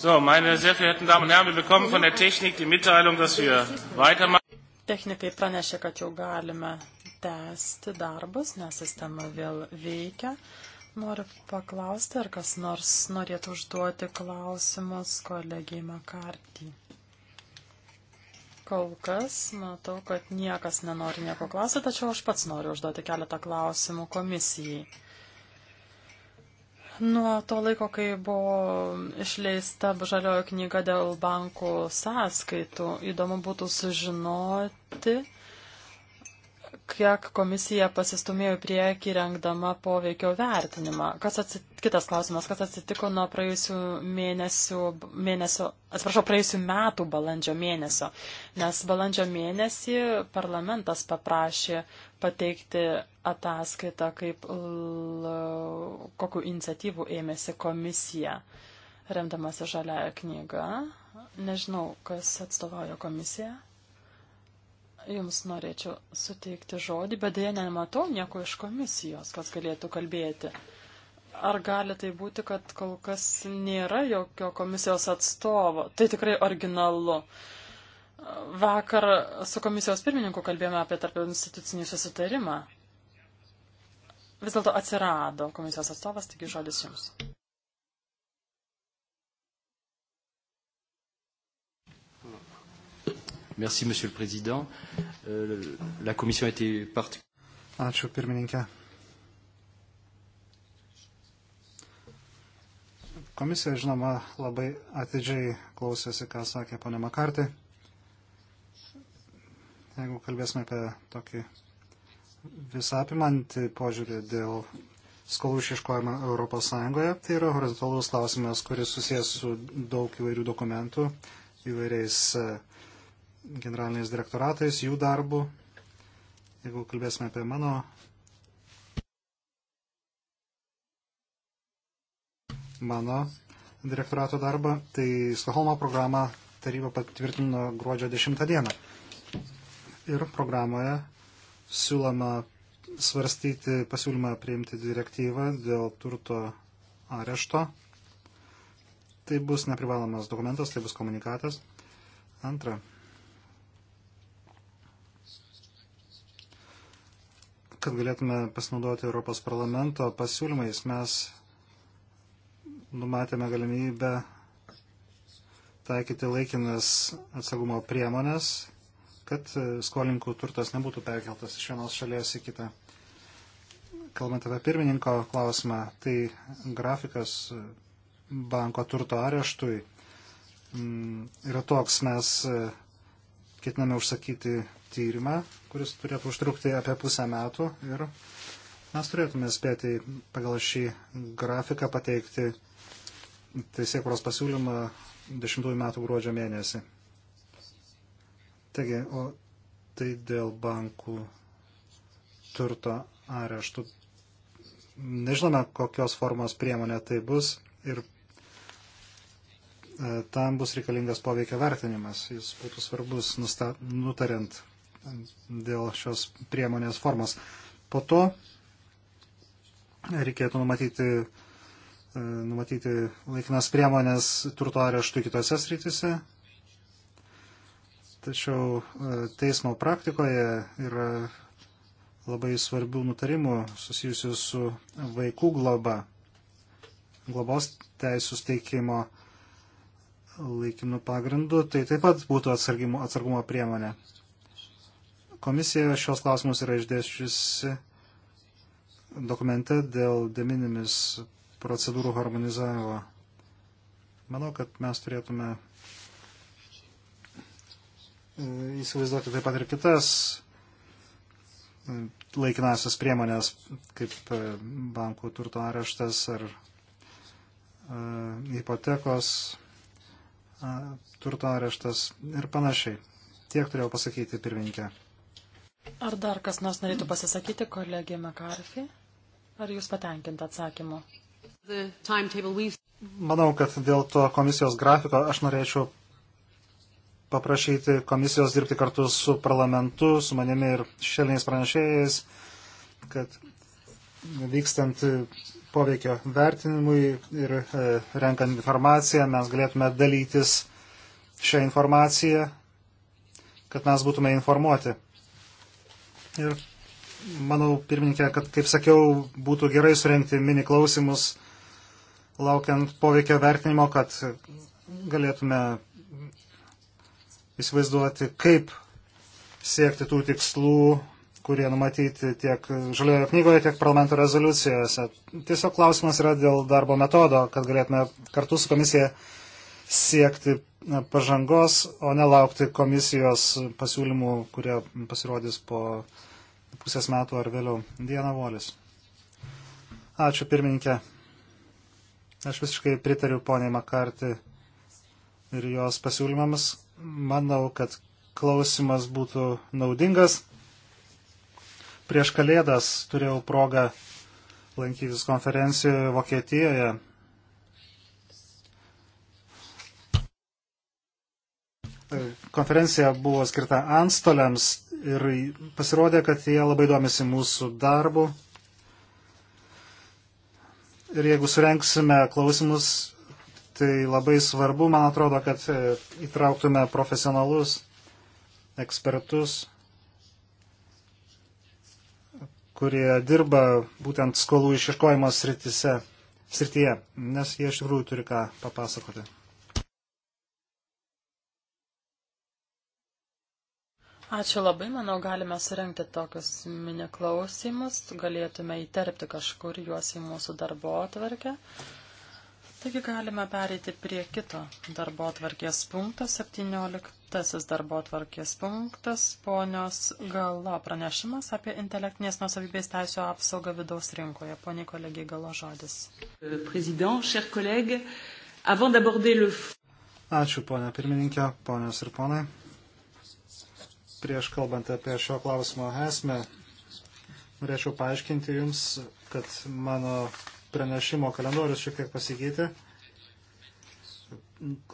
So, meine sehr verehrten Damen und Herren, wir bekommen von der Technik die Mitteilung, dass wir weitermachen. Technikai pranešė, kad jau galime tęsti darbus, nes sistema vėl veikia. Noriu paklausti, ar kas nors norėtų užduoti klausimus kolegijai Makartį. Kol kas matau, kad niekas nenori nieko klausyti, tačiau aš pats noriu užduoti keletą klausimų komisijai. Nuo to laiko, kai buvo išleista žaliojo knyga dėl bankų sąskaitų, įdomu būtų sužinoti, kiek komisija pasistumėjo į priekį rengdama poveikio vertinimą. Kas atsit... Kitas klausimas, kas atsitiko nuo praėjusių mėnesių, mėnesio, atsiprašau, praėjusių metų balandžio mėnesio, nes balandžio mėnesį parlamentas paprašė pateikti ataskaitą, kaip l... kokiu iniciatyvu ėmėsi komisija, remdamasi žaliąją knygą. Nežinau, kas atstovauja komisiją. Jums norėčiau suteikti žodį, bet dėja nematau nieko iš komisijos, kas galėtų kalbėti. Ar gali tai būti, kad kol kas nėra jokio komisijos atstovo? Tai tikrai originalu. Vakar su komisijos pirmininku kalbėjome apie tarp institucinį susitarimą. Vis dėlto atsirado komisijos atstovas, taigi žodis jums. Merci, Monsieur le Président. Euh, la Commission a été particulièrement. Ačiū, pirmininkė. Komisija, žinoma, labai atidžiai klausėsi, ką sakė ponė Makartė. Jeigu kalbėsime apie tokį visapimantį požiūrį dėl skolų išieškojimą Europos Sąjungoje. Tai yra horizontalus klausimas, kuris susijęs su daug įvairių dokumentų, įvairiais generaliniais direktoratais, jų darbu. Jeigu kalbėsime apie mano mano direktorato darbą, tai Stokholmo programą taryba patvirtino gruodžio 10 dieną. Ir programoje siūloma svarstyti pasiūlymą priimti direktyvą dėl turto arešto. Tai bus neprivalomas dokumentas, tai bus komunikatas. Antra, kad galėtume pasinaudoti Europos parlamento pasiūlymais, mes numatėme galimybę taikyti laikinas atsagumo priemonės, kad skolininkų turtas nebūtų perkeltas iš vienos šalies į kitą. Kalbant apie pirmininko klausimą, tai grafikas banko turto areštui mm, yra toks, mes e, ketiname užsakyti tyrimą kuris turėtų užtrukti apie pusę metų ir mes turėtume spėti pagal šį grafiką pateikti teisėkuros pasiūlymą 10 metų gruodžio mėnesį. Taigi, o tai dėl bankų turto areštų. Nežinome, kokios formos priemonė tai bus ir e, tam bus reikalingas poveikio vertinimas. Jis būtų svarbus nutariant dėl šios priemonės formos. Po to reikėtų numatyti, e, numatyti laikinas priemonės turto areštų kitose srityse. Tačiau e, teismo praktikoje yra labai svarbių nutarimų susijusių su vaikų globa, globos teisų steikimo laikinų pagrindų, tai taip pat būtų atsargumo priemonė. Komisija šios klausimus yra išdėščiusi dokumente dėl deminimis procedūrų harmonizavimo. Manau, kad mes turėtume e, įsivaizduoti taip pat ir kitas e, laikinasias priemonės, kaip e, bankų turto areštas ar hipotekos turto areštas ir panašiai. Tiek turėjau pasakyti pirmininkė. Ar dar kas nors norėtų pasisakyti, kolegė McCarthy? Ar jūs patenkinta atsakymu? Manau, kad dėl to komisijos grafiko aš norėčiau paprašyti komisijos dirbti kartu su parlamentu, su manimi ir šeliniais pranešėjais, kad vykstant poveikio vertinimui ir e, renkant informaciją mes galėtume dalytis šią informaciją, kad mes būtume informuoti. Ir manau, pirmininkė, kad, kaip sakiau, būtų gerai surenkti mini klausimus, laukiant poveikio vertinimo, kad galėtume įsivaizduoti, kaip siekti tų tikslų, kurie numatyti tiek žaliojo knygoje, tiek parlamento rezoliucijose. Tiesiog klausimas yra dėl darbo metodo, kad galėtume kartu su komisija siekti pažangos, o nelaukti komisijos pasiūlymų, kurie pasirodys po pusės metų ar vėliau. Diena Volis. Ačiū pirmininkė. Aš visiškai pritariu poniai Makarti ir jos pasiūlymams. Manau, kad klausimas būtų naudingas. Prieš kalėdas turėjau progą lankytis konferencijoje Vokietijoje konferencija buvo skirta anstoliams ir pasirodė, kad jie labai domisi mūsų darbu. Ir jeigu surenksime klausimus, tai labai svarbu, man atrodo, kad e, įtrauktume profesionalus, ekspertus, kurie dirba būtent skolų išieškojimo srityse, srityje, nes jie iš tikrųjų turi ką papasakoti. Ačiū labai, manau, galime surenkti tokius mini klausimus, galėtume įterpti kažkur juos į mūsų darbo atvarkę. Taigi galime pereiti prie kito darbo atvarkės punkto, 17 darbo atvarkės punktas, ponios galo pranešimas apie intelektinės nusavybės teisų apsaugą vidaus rinkoje. Poniai kolegiai galo žodis. Ačiū, ponia pirmininkė, ponios ir ponai prieš kalbant apie šio klausimo esmę, norėčiau paaiškinti Jums, kad mano pranešimo kalendorius šiek tiek pasikeitė.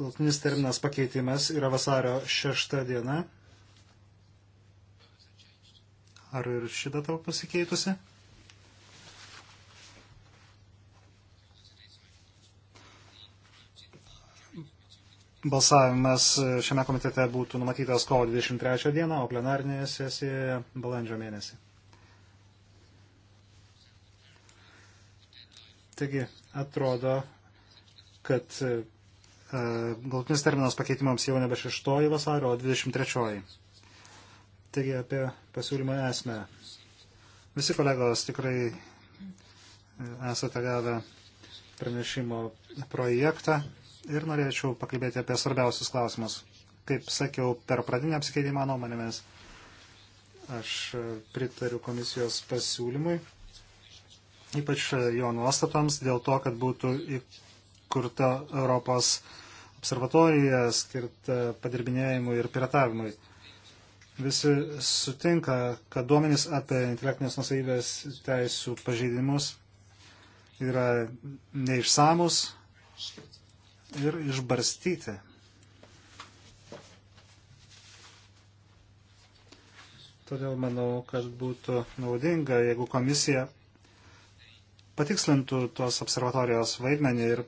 Galtinis terminas pakeitimas yra vasario 6 diena. Ar ir ši data pasikeitusi? Balsavimas e, šiame komitete būtų numatytas kovo 23 dieną, o plenarinėje sesijoje balandžio mėnesį. Taigi, atrodo, kad e, e galutinis terminas pakeitimams jau nebe 6 vasario, o 23. Taigi, apie pasiūlymą esmę. Visi kolegos tikrai e, esate gavę pranešimo projektą ir norėčiau pakalbėti apie svarbiausius klausimus. Kaip sakiau, per pradinę apsikeitimą nuomonėmis aš pritariu komisijos pasiūlymui, ypač jo nuostatams, dėl to, kad būtų įkurta Europos observatorija skirta padirbinėjimui ir piratavimui. Visi sutinka, kad duomenys apie intelektinės nusavybės teisų pažeidimus yra neišsamus ir išbarstyti. Todėl manau, kad būtų naudinga, jeigu komisija patikslintų tos observatorijos vaidmenį ir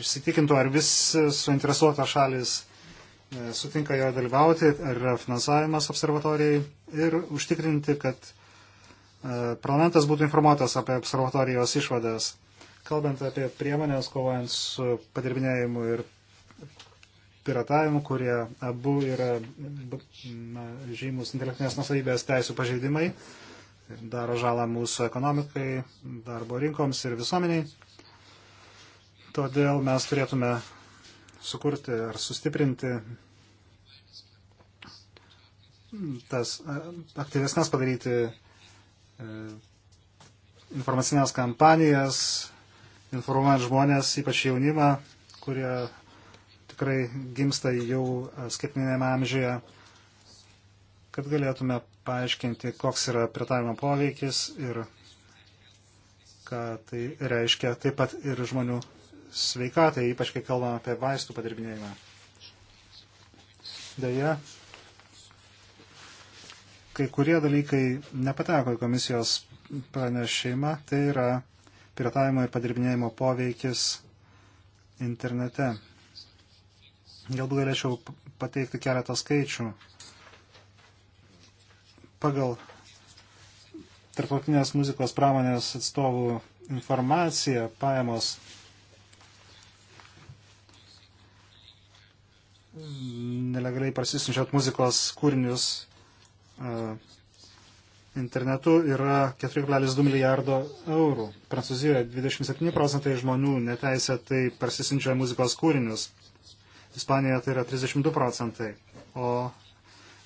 išsitikintų, ar vis suinteresuotos šalis e, sutinka jo dalyvauti, ar yra finansavimas observatorijai ir užtikrinti, kad e, parlamentas būtų informuotas apie observatorijos išvadas. Kalbant apie priemonės kovojant su padirbinėjimu ir piratavimu, kurie abu yra na, žymus intelektinės nusavybės teisų pažeidimai, daro žalą mūsų ekonomikai, darbo rinkoms ir visuomeniai. Todėl mes turėtume sukurti ar sustiprinti tas aktyvesnės padaryti e, informacinės kampanijas, informuojant žmonės, ypač jaunimą, kurie tikrai gimsta jau e, skaitminėme amžiuje, kad galėtume paaiškinti, koks yra pritaikymo poveikis ir ką tai reiškia taip pat ir žmonių sveikatai, ypač kai kalbame apie vaistų padirbinėjimą. Deja, kai kurie dalykai nepateko į komisijos pranešimą, tai yra piratavimo ir padirbinėjimo poveikis internete. Galbūt galėčiau pateikti keletą skaičių. Pagal tarptautinės muzikos pramonės atstovų informaciją pajamos nelegaliai prasisinčiot muzikos kūrinius internetu yra 4,2 milijardo eurų. Prancūzijoje 27 procentai žmonių neteisė tai persisinčia muzikos kūrinius. Ispanijoje tai yra 32 procentai, o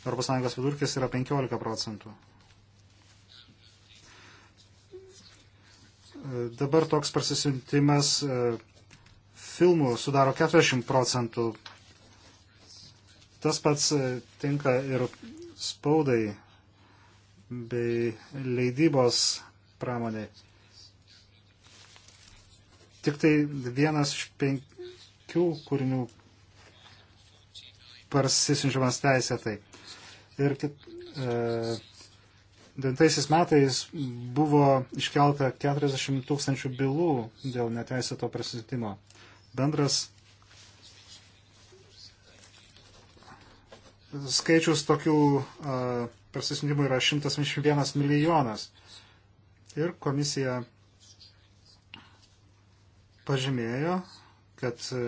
ES vidurkis yra 15 procentų. Dabar toks persisintimas e, filmų sudaro 40 procentų. Tas pats e, tinka ir spaudai bei leidybos pramoniai. Tik tai vienas iš penkių kūrinių parsisinčiamas teisėtai. Ir kit, e, Dantaisiais metais buvo iškelta 40 tūkstančių bylų dėl neteisėto prasitimo. Bendras skaičius tokių uh, persisundimų yra 121 milijonas. Ir komisija pažymėjo, kad e,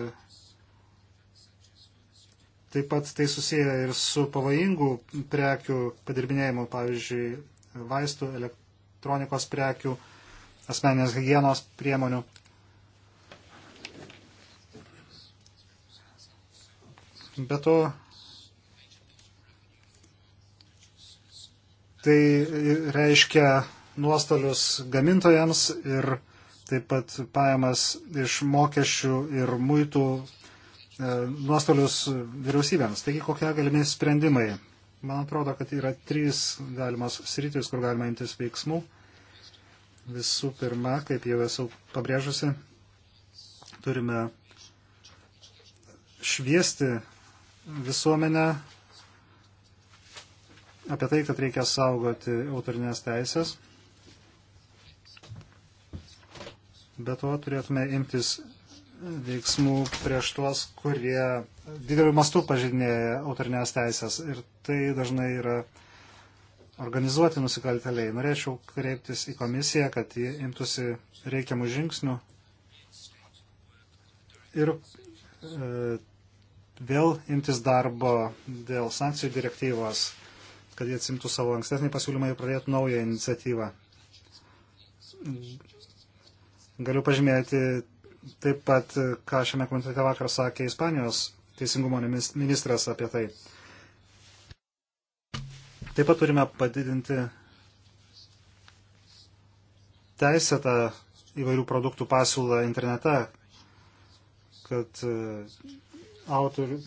taip pat tai susiję ir su pavojingų prekių padirbinėjimu, pavyzdžiui, vaistų, elektronikos prekių, asmeninės hygienos priemonių. Be to, Tai reiškia nuostolius gamintojams ir taip pat pajamas iš mokesčių ir muitų e, nuostolius vyriausybėms. Taigi kokie galimi sprendimai? Man atrodo, kad yra trys galimos sritis, kur galima imtis veiksmų. Visų pirma, kaip jau esu pabrėžusi, turime šviesti visuomenę apie tai, kad reikia saugoti autorinės teisės. Be to turėtume imtis veiksmų prieš tuos, kurie dideliu mastu pažydinėja autorinės teisės. Ir tai dažnai yra organizuoti nusikalteliai. Norėčiau kreiptis į komisiją, kad ji imtųsi reikiamų žingsnių ir e, vėl imtis darbo dėl sankcijų direktyvos kad jie atsimtų savo ankstesnį pasiūlymą ir pradėtų naują iniciatyvą. Galiu pažymėti taip pat, ką šiame komitete vakar sakė Ispanijos teisingumo ministras apie tai. Taip pat turime padidinti teisėtą įvairių produktų pasiūlą internete, kad e, autorių,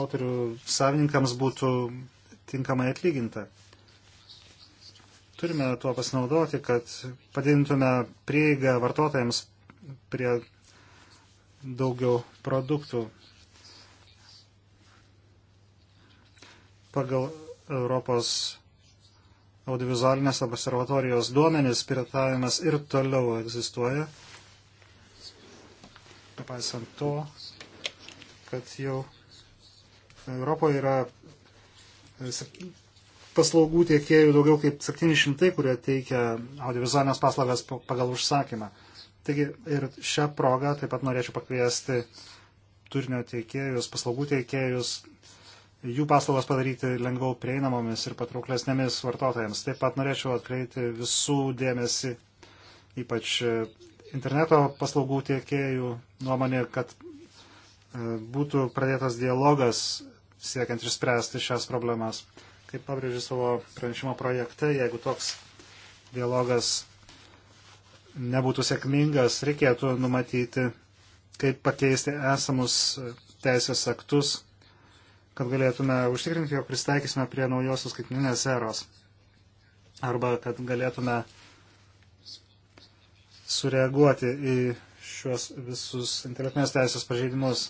autorių savininkams būtų tinkamai atlyginta. Turime tuo pasinaudoti, kad padidintume prieigą vartotojams prie daugiau produktų pagal Europos audiovizualinės observatorijos duomenys piratavimas ir toliau egzistuoja. Nepaisant to, kad jau Europoje yra paslaugų tiekėjų daugiau kaip 700, kurie teikia audiovizualinės paslaugas pagal užsakymą. Taigi ir šią progą taip pat norėčiau pakviesti turinio teikėjus, paslaugų teikėjus, jų paslaugas padaryti lengviau prieinamomis ir patrauklesnėmis vartotojams. Taip pat norėčiau atkreipti visų dėmesį, ypač e, interneto paslaugų tiekėjų nuomonė, kad e, būtų pradėtas dialogas siekiant išspręsti šias problemas. Kaip pabrėžiu savo pranešimo projekte, jeigu toks dialogas nebūtų sėkmingas, reikėtų numatyti, kaip pakeisti esamus teisės aktus, kad galėtume užtikrinti, jog pristaikysime prie naujosios skaitminės eros. Arba kad galėtume sureaguoti į šiuos visus intelektinės teisės pažeidimus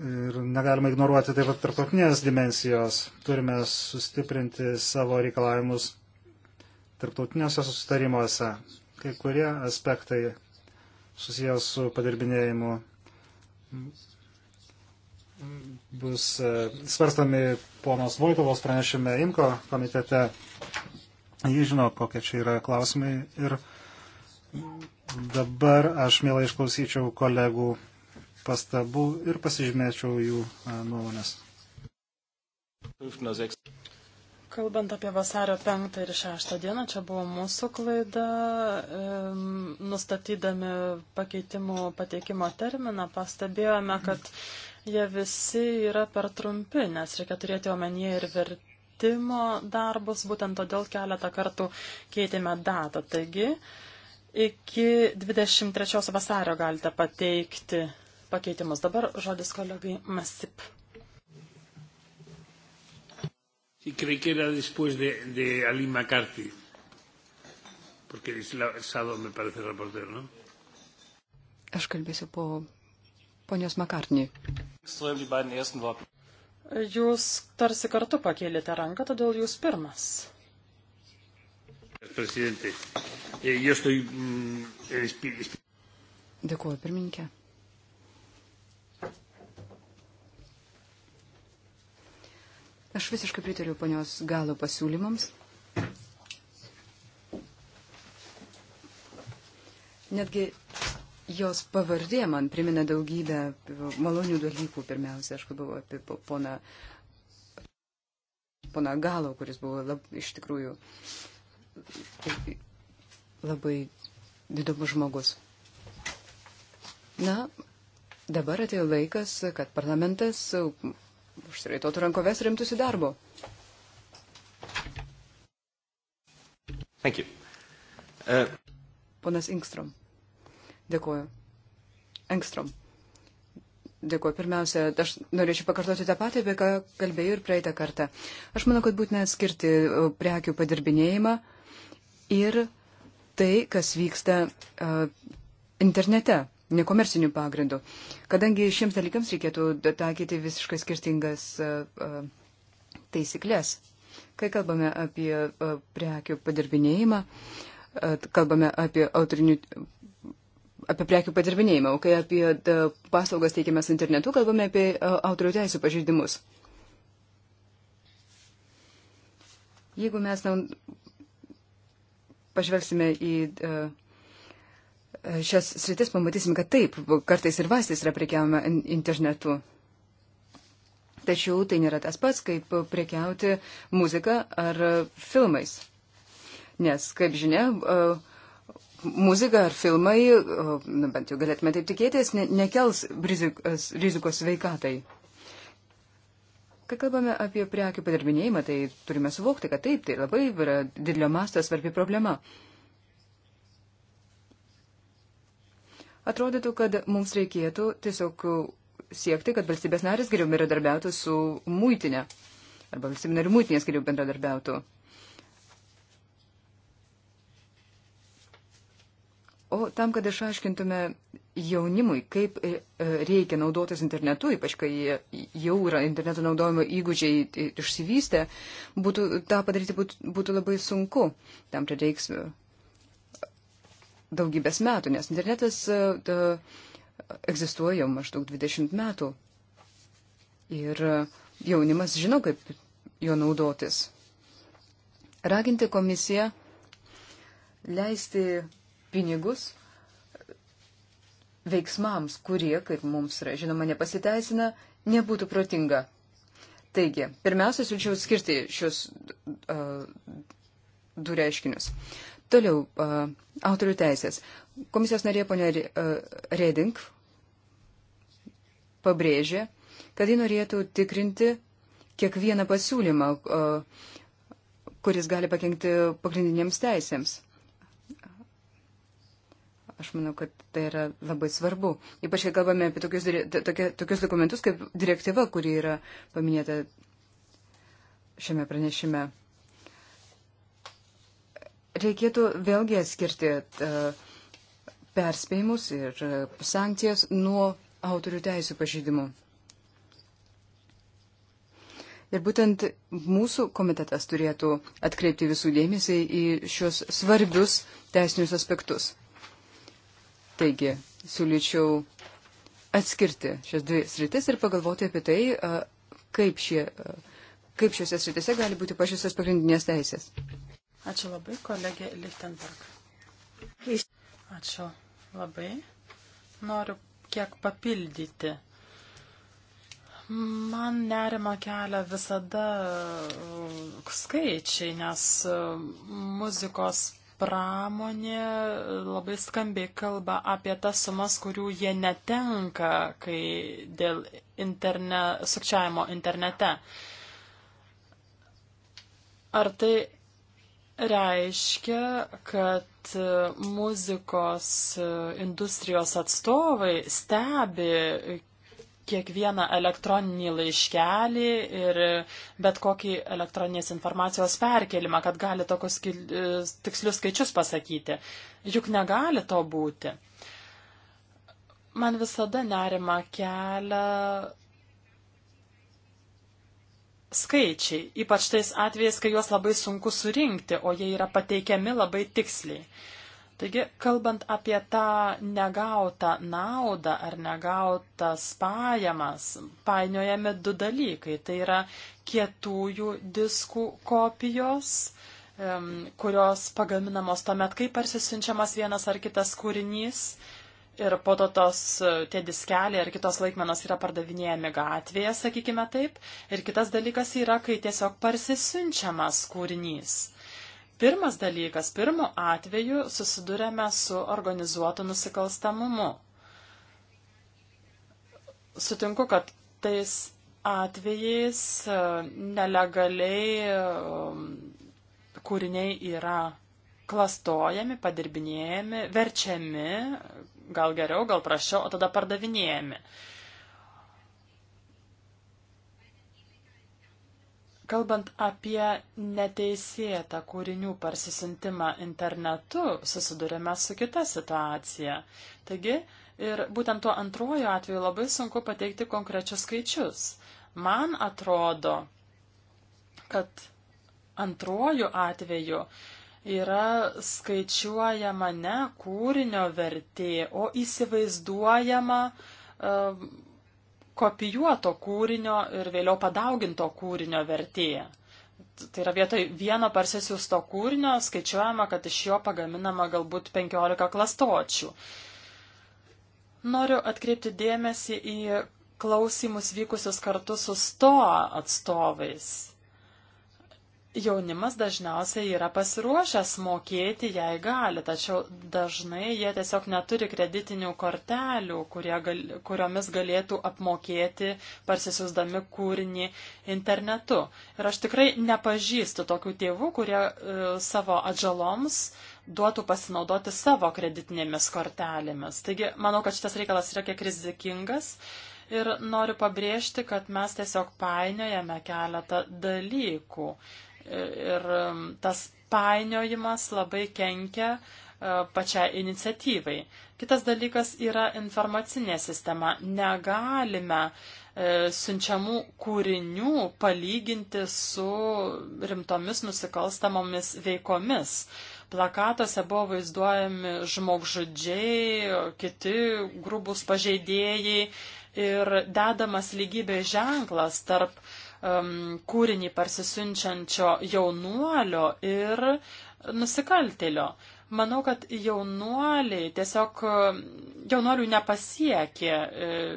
ir negalima ignoruoti taip pat tarptautinės dimensijos. Turime sustiprinti savo reikalavimus tarptautiniuose susitarimuose. Kai kurie aspektai susijęs su padirbinėjimu bus e, svarstami ponos Vojtovos pranešime Imko komitete. Jis žino, kokie čia yra klausimai ir dabar aš mielai išklausyčiau kolegų pastabų ir pasižymėčiau jų nuomonės. Kalbant apie vasario 5 ir 6 dieną, čia buvo mūsų klaida, nustatydami pakeitimų pateikimo terminą, pastebėjome, kad jie visi yra per trumpi, nes reikia turėti omenyje ir vertimo darbus, būtent todėl keletą kartų keitėme datą. Taigi, iki 23 vasario galite pateikti pakeitimus. Dabar žodis kolegai Masip. Sí, creí que era después de, de Ali McCarthy, porque Sado me parece reportero, ¿no? Aš kalbėsiu po ponios McCartney. Jūs tarsi kartu pakėlėte ranką, todėl jūs pirmas. Presidente, eh, yo estoy... Mm, Dėkuoju, pirmininkė. Aš visiškai pritariu ponios galo pasiūlymams. Netgi jos pavardė man primena daugybę malonių dalykų. Pirmiausia, aš kalbėjau apie poną, poną Galo, kuris buvo lab, iš tikrųjų labai didomus žmogus. Na, dabar atėjo laikas, kad parlamentas užsireitotų rankoves ir imtųsi darbo. Thank you. Uh... Ponas Ingstrom. Dėkuoju. Engstrom. Dėkuoju. Pirmiausia, aš norėčiau pakartoti tą patį, apie ką kalbėjau ir praeitą kartą. Aš manau, kad būtina atskirti uh, prekių padirbinėjimą ir tai, kas vyksta uh, internete nekomersinių pagrindų. Kadangi šiems dalykams reikėtų taikyti visiškai skirtingas taisyklės. Kai kalbame apie prekių padirbinėjimą, kalbame apie autorinių apie prekių padirbinėjimą, o kai apie paslaugas teikiamas internetu, kalbame apie autorių teisų pažeidimus. Jeigu mes pažvelgsime į uh, šias sritis, pamatysim, kad taip, kartais ir vaistais yra prekiaujama internetu. Tačiau tai nėra tas pats, kaip prekiauti muziką ar filmais. Nes, kaip žinia, e, muzika ar filmai, e, na, nu, bent jau galėtume taip tikėtis, ne, nekels rizikos, rizikos veikatai. Kai kalbame apie prekių padirbinėjimą, tai turime suvokti, kad taip, tai labai yra didelio masto svarbi problema. Atrodytų, kad mums reikėtų tiesiog siekti, kad valstybės narės geriau bendradarbiautų su muitinė arba valstybinė ir muitinės geriau bendradarbiautų. O tam, kad išaiškintume jaunimui, kaip e, e, reikia naudotis internetu, ypač kai jau yra interneto naudojimo įgūdžiai išsivystę, būtų, tą padaryti būtų, būtų labai sunku. Tam prireiks daugybės metų, nes internetas e, egzistuoja jau maždaug 20 metų. Ir jaunimas žino, kaip jo naudotis. Raginti komisiją leisti pinigus veiksmams, kurie, kaip mums yra žinoma, nepasiteisina, nebūtų protinga. Taigi, pirmiausia, siūlyčiau skirti šios uh, du reiškinius. Toliau, autorių teisės. Komisijos narė ponė Reding pabrėžė, kad ji norėtų tikrinti kiekvieną pasiūlymą, kuris gali pakengti pagrindinėms teisėms. Aš manau, kad tai yra labai svarbu. Ypač, kai kalbame apie tokius, tokia, tokius dokumentus kaip direktyva, kuri yra paminėta šiame pranešime reikėtų vėlgi atskirti e, perspėjimus ir e, sankcijas nuo autorių teisų pažydimų. Ir būtent mūsų komitetas turėtų atkreipti visų dėmesį į šios svarbius teisinius aspektus. Taigi, siūlyčiau atskirti šias dvi sritis ir pagalvoti apie tai, e, kaip, šie, kaip šiuose sritise gali būti pažįstas pagrindinės teisės. Ačiū labai, kolegė Lichtenberg. Ačiū labai. Noriu kiek papildyti. Man nerima kelia visada uh, skaičiai, nes uh, muzikos pramonė labai skambiai kalba apie tas sumas, kurių jie netenka, kai dėl interne, sukčiavimo internete. Ar tai reiškia, kad e, muzikos e, industrijos atstovai stebi kiekvieną elektroninį laiškelį ir bet kokį elektroninės informacijos perkelimą, kad gali tokius e, tikslius skaičius pasakyti. Juk negali to būti. Man visada nerima kelia skaičiai, ypač tais atvejais, kai juos labai sunku surinkti, o jie yra pateikiami labai tiksliai. Taigi, kalbant apie tą negautą naudą ar negautas pajamas, painiojami du dalykai. Tai yra kietųjų diskų kopijos, kurios pagaminamos tuomet, kai parsisinčiamas vienas ar kitas kūrinys ir po to tos, e, tie diskeliai ar kitos laikmenos yra pardavinėjami gatvėje, sakykime taip. Ir kitas dalykas yra, kai tiesiog parsisiunčiamas kūrinys. Pirmas dalykas, pirmu atveju susidurėme su organizuotu nusikalstamumu. Sutinku, kad tais atvejais e, nelegaliai e, kūriniai yra klastojami, padirbinėjami, verčiami, gal geriau, gal prašiau, o tada pardavinėjami. Kalbant apie neteisėtą kūrinių parsisintimą internetu, susidurėme su kita situacija. Taigi, ir būtent tuo antrojo atveju labai sunku pateikti konkrečius skaičius. Man atrodo, kad antrojų atveju uh, yra skaičiuojama ne kūrinio vertė, o įsivaizduojama e, kopijuoto kūrinio ir vėliau padauginto kūrinio vertė. Tai yra vietoj vieno parsisiųsto kūrinio skaičiuojama, kad iš jo pagaminama galbūt 15 klastočių. Noriu atkreipti dėmesį į klausimus vykusius kartu su STO atstovais jaunimas dažniausiai yra pasiruošęs mokėti, jei gali, tačiau dažnai jie tiesiog neturi kreditinių kortelių, gal, kuriomis galėtų apmokėti parsisiusdami kūrinį internetu. Ir aš tikrai nepažįstu tokių tėvų, kurie e, savo atžaloms duotų pasinaudoti savo kreditinėmis kortelėmis. Taigi, manau, kad šitas reikalas yra kiek rizikingas. Ir noriu pabrėžti, kad mes tiesiog painiojame keletą dalykų. Uh, ir um, tas painiojimas labai kenkia uh, pačiai iniciatyvai. Kitas dalykas yra informacinė sistema. Negalime uh, siunčiamų kūrinių palyginti su rimtomis nusikalstamomis veikomis. Plakatuose buvo vaizduojami žmogžudžiai, kiti grubus pažeidėjai ir dedamas lygybės ženklas tarp uh, um, kūrinį parsisiunčiančio jaunuolio ir nusikaltėlio. Manau, kad jaunuoliai tiesiog um, jaunuolių nepasiekė uh,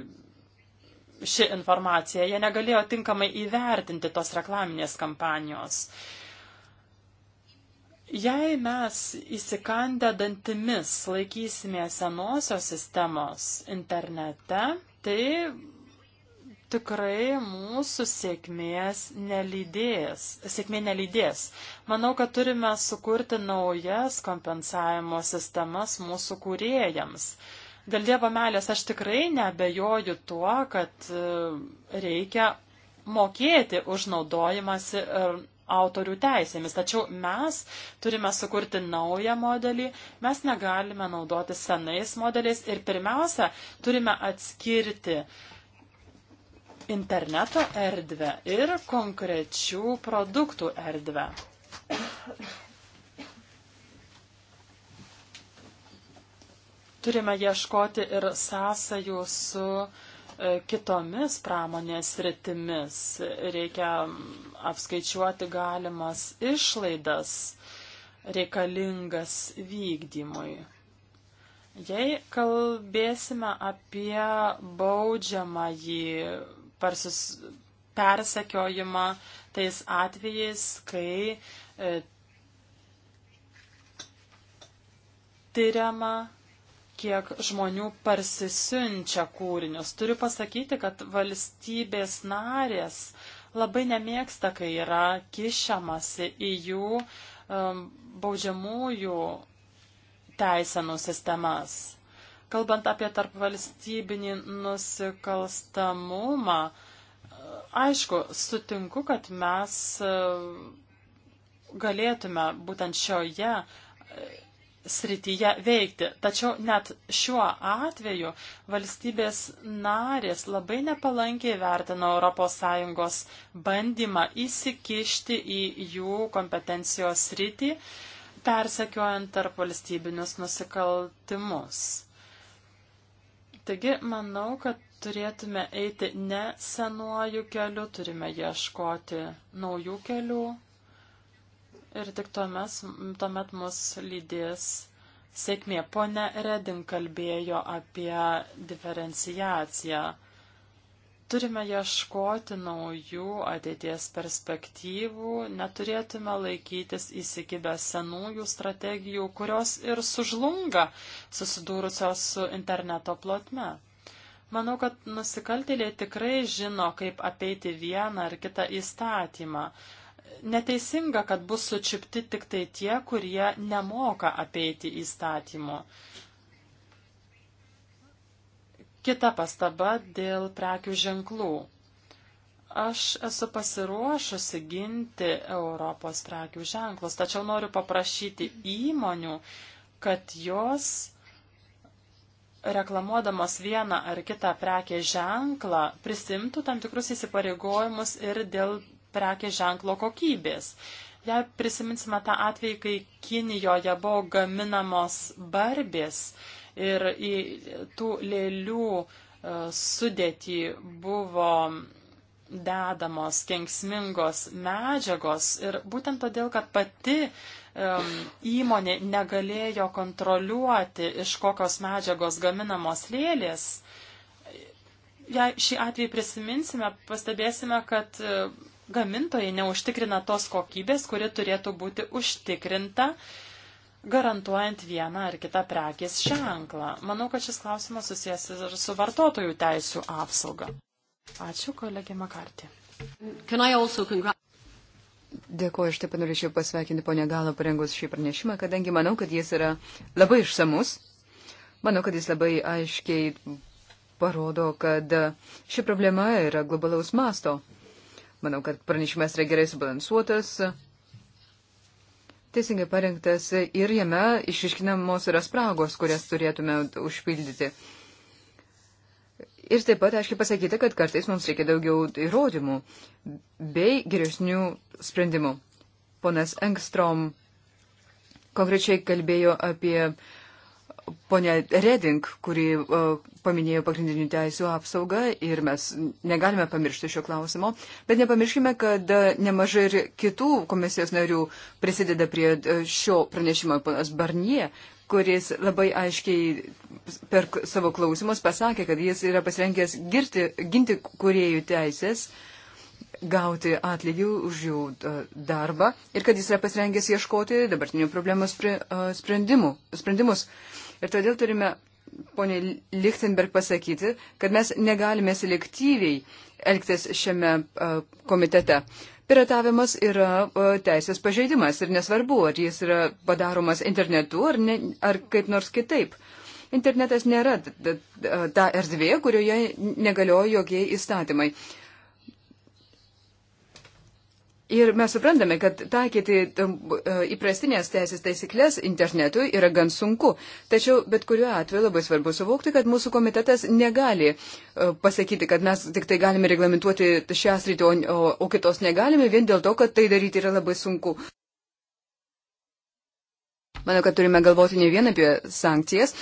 ši informacija, jie negalėjo tinkamai įvertinti tos reklaminės kampanijos. Jei mes įsikandę dantimis laikysime senosios sistemos internete, tai tikrai mūsų sėkmės nelydės. Sėkmė nelydės. Manau, kad turime sukurti naujas kompensavimo sistemas mūsų kūrėjams. Dėl Dievo melės aš tikrai nebejoju tuo, kad e, reikia mokėti už naudojimąsi e, autorių teisėmis. Tačiau mes turime sukurti naują modelį, mes negalime naudoti senais modeliais ir pirmiausia, turime atskirti uh, interneto erdvę ir konkrečių produktų erdvę. Turime ieškoti ir sąsajų su e, kitomis pramonės rytimis. Reikia apskaičiuoti galimas išlaidas reikalingas vykdymui. Jei kalbėsime apie baudžiamąjį persus, persekiojimą tais atvejais, kai e, tyriama, kiek žmonių parsisiunčia kūrinius. Turiu pasakyti, kad valstybės narės labai nemėgsta, kai yra kišamasi į jų um, baudžiamųjų teisenų sistemas. Kalbant apie tarpvalstybinį nusikalstamumą, aišku, sutinku, kad mes e, galėtume būtent šioje e, srityje veikti. Tačiau net šiuo atveju valstybės narės labai nepalankiai vertino ES bandymą įsikišti į jų kompetencijos sritį, persekiojant tarp valstybinius nusikaltimus. Taigi, manau, kad turėtume eiti ne senuoju keliu, turime ieškoti naujų kelių ir tik tuomet, tuomet mus lydės sėkmė. Pone Redin kalbėjo apie diferenciaciją. Turime ieškoti naujų ateities perspektyvų, neturėtume laikytis įsikibę senųjų strategijų, kurios ir sužlunga susidūrusios su interneto plotme. Manau, kad nusikaltėliai tikrai žino, kaip apeiti vieną ar kitą įstatymą. Neteisinga, kad bus sučipti tik tai tie, kurie nemoka apeiti įstatymų. Kita pastaba dėl prekių ženklų. Aš esu pasiruošusi ginti Europos prekių ženklus, tačiau noriu paprašyti įmonių, kad jos reklamuodamos vieną ar kitą prekės ženklą prisimtų tam tikrus įsipareigojimus ir dėl prekės ženklo kokybės. Jei prisiminsime tą atvejį, kai Kinijoje buvo gaminamos barbės, uh, ir į tų lėlių e, sudėtį buvo dedamos kenksmingos medžiagos ir būtent todėl, kad pati um, įmonė negalėjo kontroliuoti, iš kokios medžiagos gaminamos lėlės, jei šį atvejį prisiminsime, pastebėsime, kad e, gamintojai neužtikrina tos kokybės, kuri turėtų būti užtikrinta. Uh, garantuojant vieną ar kitą prekės ženklą. Manau, kad šis klausimas susijęs ir su vartotojų teisų apsauga. Ačiū, kolegė Makartė. Dėkuoju, aš taip pat norėčiau pasveikinti ponę Galą parengus šį pranešimą, kadangi manau, kad jis yra labai išsamus. Manau, kad jis labai aiškiai parodo, kad ši problema yra globalaus masto. Manau, kad pranešimas yra gerai subalansuotas, teisingai parengtas ir jame išiškinamos yra spragos, kurias turėtume užpildyti. Ir taip pat aiškiai pasakyti, kad kartais mums reikia daugiau įrodymų bei geresnių sprendimų. Ponas Engstrom konkrečiai kalbėjo apie uh, ponia Reding, kuri e, paminėjo pagrindinių teisų apsaugą ir mes negalime pamiršti šio klausimo, bet nepamirškime, kad e, nemažai ir kitų komisijos narių prisideda prie e, šio pranešimo ponas Barnie kuris labai aiškiai per savo klausimus pasakė, kad jis yra pasirengęs girti, ginti kuriejų teisės, gauti atlygį už jų darbą ir kad jis yra pasirengęs ieškoti dabartinių problemų sprendimus. Ir todėl turime, ponė Lichtenberg, pasakyti, kad mes negalime selektyviai elgtis šiame komitete. Piratavimas yra teisės pažeidimas ir nesvarbu, ar jis yra padaromas internetu ar, ne, ar kaip nors kitaip. Internetas nėra ta erdvė, kurioje negalioja jokie įstatymai. Ir mes suprantame, kad taikyti um, e, įprastinės teisės taisyklės internetui yra gan sunku. Tačiau bet kuriuo atveju labai svarbu suvokti, kad mūsų komitetas negali e, pasakyti, kad mes tik tai galime reglamentuoti šią sritį, o, o, o kitos negalime, vien dėl to, kad tai daryti yra labai sunku. Manau, kad turime galvoti ne vien apie sankcijas,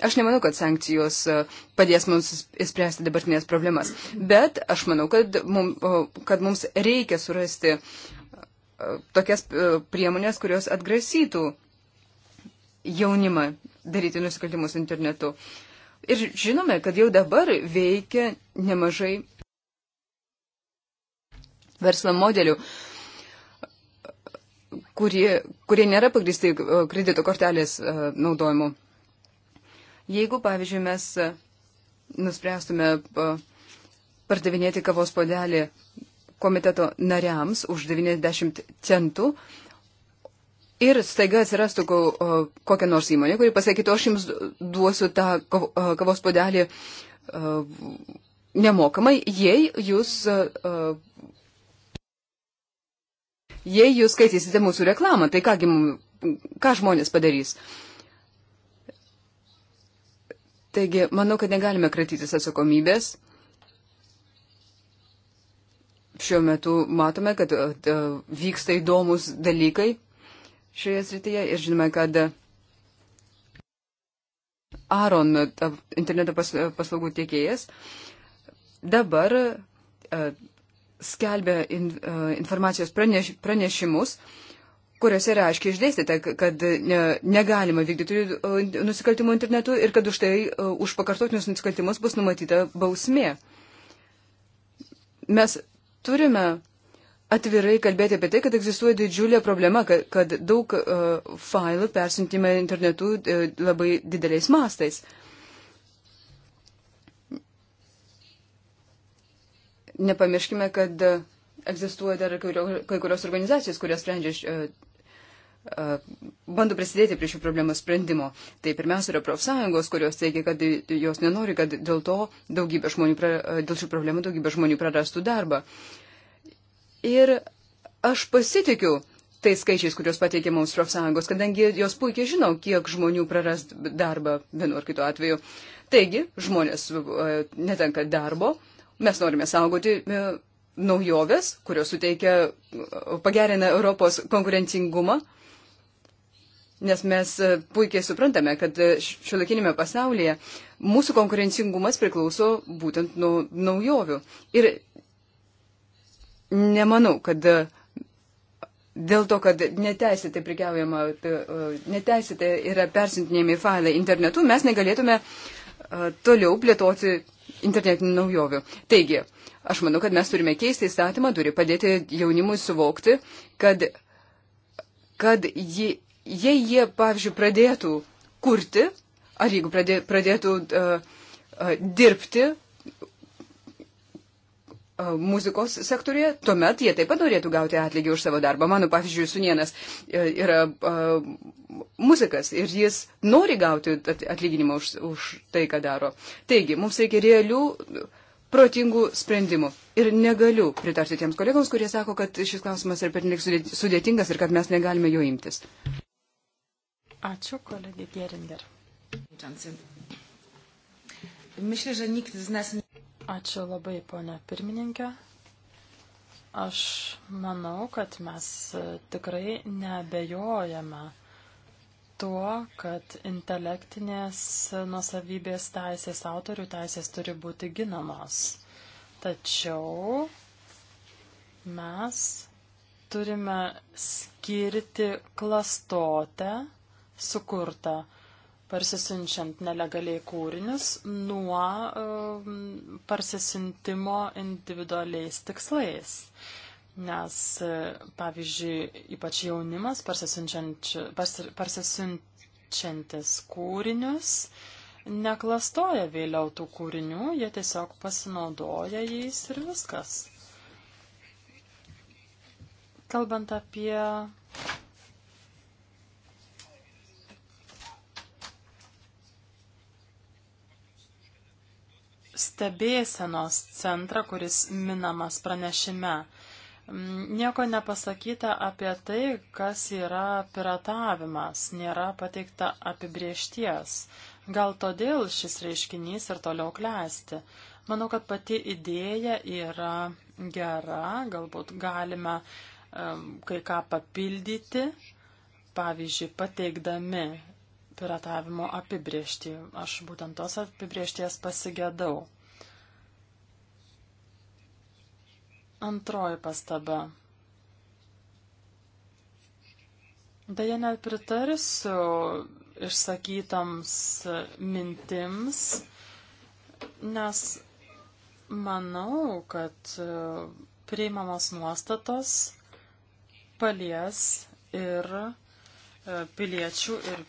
Aš nemanau, kad sankcijos e, padės mums įspręsti dabartinės problemas, bet aš manau, kad, mum, kad mums reikia surasti e, tokias e, priemonės, kurios atgrasytų jaunimą daryti nusikaltimus internetu. Ir žinome, kad jau dabar veikia nemažai verslo modelių, kurie, kurie nėra pagristi kredito kortelės naudojimu. Jeigu, pavyzdžiui, mes e, nuspręstume e, pardavinėti kavos podelį komiteto nariams už 90 centų ir staiga atsirastų e, kokia nors įmonė, kuri pasakytų, aš jums duosiu tą kavos podelį nemokamai, jei jūs, jei jūs skaitysite mūsų reklamą, tai kągi, ką žmonės padarys? Taigi, manau, kad negalime kratytis atsakomybės. Šiuo metu matome, kad e, vyksta įdomus dalykai šioje srityje ir žinome, kad Aron, interneto paslaugų tiekėjas, dabar e, skelbia e, informacijos praneš, pranešimus kuriuose yra aiškiai išdėstyta, kad negalima vykdyti uh, nusikaltimų internetu ir kad už tai, uh, už pakartotinius nusikaltimus bus numatyta bausmė. Mes turime atvirai kalbėti apie tai, kad egzistuoja didžiulė problema, kad, kad daug uh, failų persiuntime internetu uh, labai dideliais mastais. Nepamirškime, kad uh, egzistuoja dar kai kurios organizacijos, kurios sprendžia, e, e, bando prisidėti prie šių problemų sprendimo. Tai pirmiausia yra profsąjungos, kurios teigia, kad jos nenori, kad dėl, to daugybė žmonių, e, dėl šių problemų daugybė žmonių prarastų darbą. Ir aš pasitikiu tais skaičiais, kuriuos pateikė mums profsąjungos, kadangi jos puikiai žino, kiek žmonių praras darbą vienu ar kitu atveju. Taigi, žmonės netenka darbo, mes norime saugoti naujoves, kurios suteikia, pagerina Europos konkurencingumą. Nes mes e, puikiai suprantame, kad e, šiuolaikinėme pasaulyje mūsų konkurencingumas priklauso būtent nuo naujovių. Ir nemanau, kad e, dėl to, kad neteisėtai prikiaujama, neteisėtai yra persintinėjami failai internetu, mes negalėtume toliau plėtoti internetinių naujovių. Taigi, aš manau, kad mes turime keisti įstatymą, turi padėti jaunimui suvokti, kad, kad jie, jei jie, pavyzdžiui, pradėtų kurti, ar jeigu pradėtų uh, uh, dirbti, muzikos sektorėje, tuomet jie taip pat norėtų gauti atlygį už savo darbą. Mano, pavyzdžiui, sunienas e, yra muzikas ir jis nori gauti atlyginimą už, už tai, ką daro. Taigi, mums reikia realių, protingų sprendimų. Ir negaliu pritarti tiems kolegams, kurie sako, kad šis klausimas yra pernelik sudėtingas ir kad mes negalime jo imtis. Ačiū, kolegė Geringer. Myślę, że nikt z nas nie... Ačiū labai, ponia pirmininkė. Aš manau, kad mes tikrai nebejojame tuo, kad intelektinės nusavybės teisės, autorių teisės turi būti ginamos. Tačiau mes turime skirti klastotę sukurtą parsisinčiant nelegaliai kūrinius nuo uh, parsisintimo individualiais tikslais. Nes, e, pavyzdžiui, ypač jaunimas parsisinčiantis kūrinius neklastoja vėliau tų kūrinių, jie tiesiog pasinaudoja jais ir viskas. Kalbant apie stebėsenos centrą, kuris minamas pranešime. Mm, nieko nepasakyta apie tai, kas yra piratavimas, nėra pateikta apibriešties. Gal todėl šis reiškinys ir toliau klesti. Manau, kad pati idėja yra gera, galbūt galime um, kai ką papildyti, pavyzdžiui, pateikdami piratavimo apibriežtį. Aš būtent tos apibriežties pasigėdau. Antroji pastaba. Deja, nepritarsiu išsakytoms mintims, nes manau, kad priimamos nuostatos palies ir piliečių ir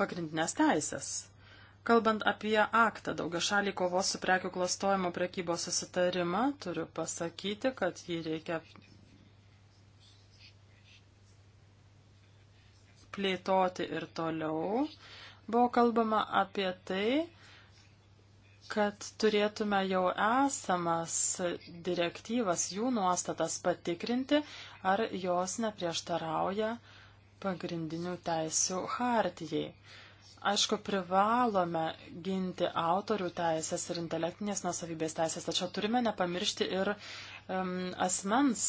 pagrindinės teisės. Kalbant apie aktą daugia šalį kovos su prekių klastojimo prekybos susitarimą, turiu pasakyti, kad jį reikia plėtoti ir toliau. Buvo kalbama apie tai, kad turėtume jau esamas direktyvas, jų nuostatas patikrinti, ar jos neprieštarauja uh, pagrindinių teisių hartijai. Aišku, privalome ginti autorių teisės ir intelektinės nusavybės teisės, tačiau turime nepamiršti ir um, asmens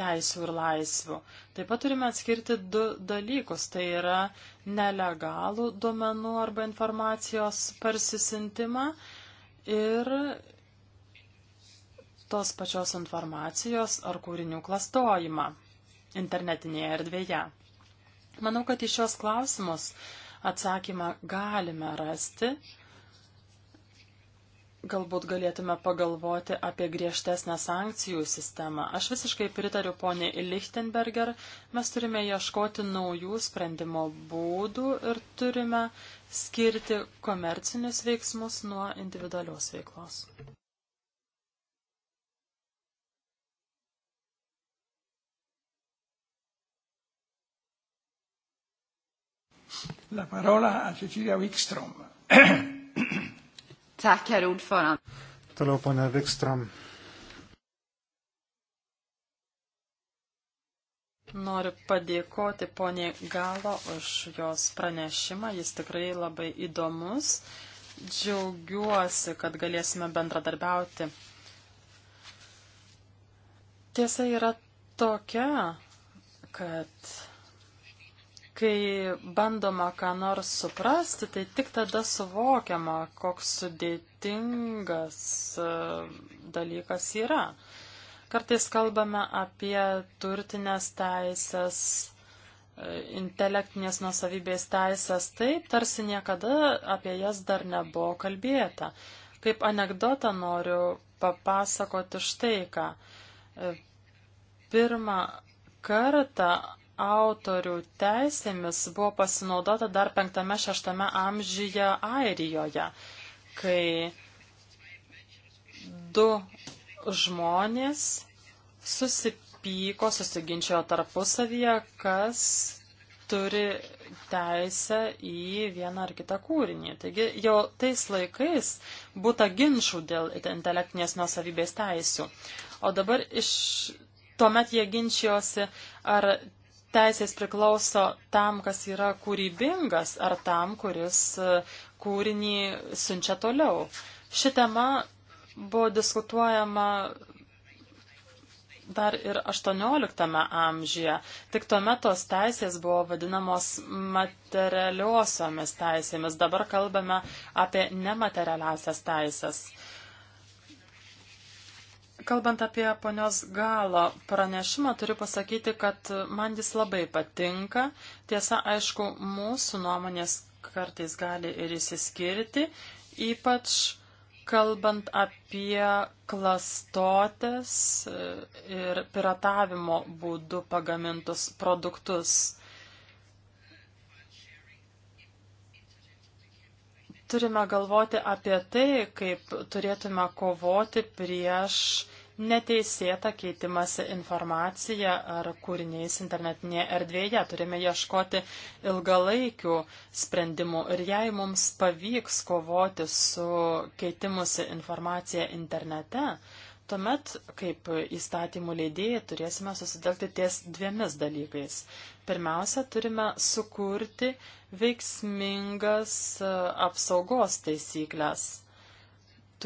teisų ir laisvių. Taip pat turime atskirti du dalykus, tai yra nelegalų duomenų arba informacijos persisintimą ir tos pačios informacijos ar kūrinių klastojimą internetinėje erdvėje. Manau, kad į šios klausimus atsakymą galime rasti. Galbūt galėtume pagalvoti apie griežtesnę sankcijų sistemą. Aš visiškai pritariu ponė Lichtenberger, mes turime ieškoti naujų sprendimo būdų ir turime skirti komercinius veiksmus nuo individualios veiklos. La parola a Cecilia Wikstrom. Tack, herr ordförande. Toliau, ponia Wikstrom. Noriu padėkoti poniai Galo už jos pranešimą, jis tikrai labai įdomus. Džiaugiuosi, kad galėsime bendradarbiauti. Tiesa yra tokia, kad kai bandoma ką nors suprasti, tai tik tada suvokiama, koks sudėtingas e, dalykas yra. Kartais kalbame apie turtinės teisės, e, intelektinės nusavybės teisės, taip tarsi niekada apie jas dar nebuvo kalbėta. Kaip anegdotą noriu papasakoti štai ką. E, pirmą kartą autorių teisėmis buvo pasinaudota dar 5-6 amžiuje Airijoje, kai du žmonės susipyko, susiginčiojo tarpusavyje, kas turi teisę į vieną ar kitą kūrinį. Taigi jau tais laikais būta ginčių dėl intelektinės nuosavybės teisių. O dabar iš tuomet jie ginčijosi, ar teisės priklauso tam, kas yra kūrybingas, ar tam, kuris e, kūrinį siunčia toliau. Ši tema buvo diskutuojama dar ir 18 amžyje. Tik tuomet tos teisės buvo vadinamos materialiosiomis teisėmis. Dabar kalbame apie nematerialiasias teisės. Kalbant apie ponios galo pranešimą, turiu pasakyti, kad man jis labai patinka. Tiesa, aišku, mūsų nuomonės kartais gali ir įsiskirti, ypač kalbant apie klastotės e, ir piratavimo būdu pagamintus produktus. turime galvoti apie tai, kaip turėtume kovoti prieš neteisėtą keitimąsi informaciją ar kūriniais internetinėje erdvėje. Turime ieškoti ilgalaikių sprendimų ir jei mums pavyks kovoti su keitimusi informacija internete, Tuomet, kaip įstatymų leidėjai, turėsime susidelti ties dviemis dalykais. Pirmiausia, turime sukurti veiksmingas e, apsaugos taisyklės.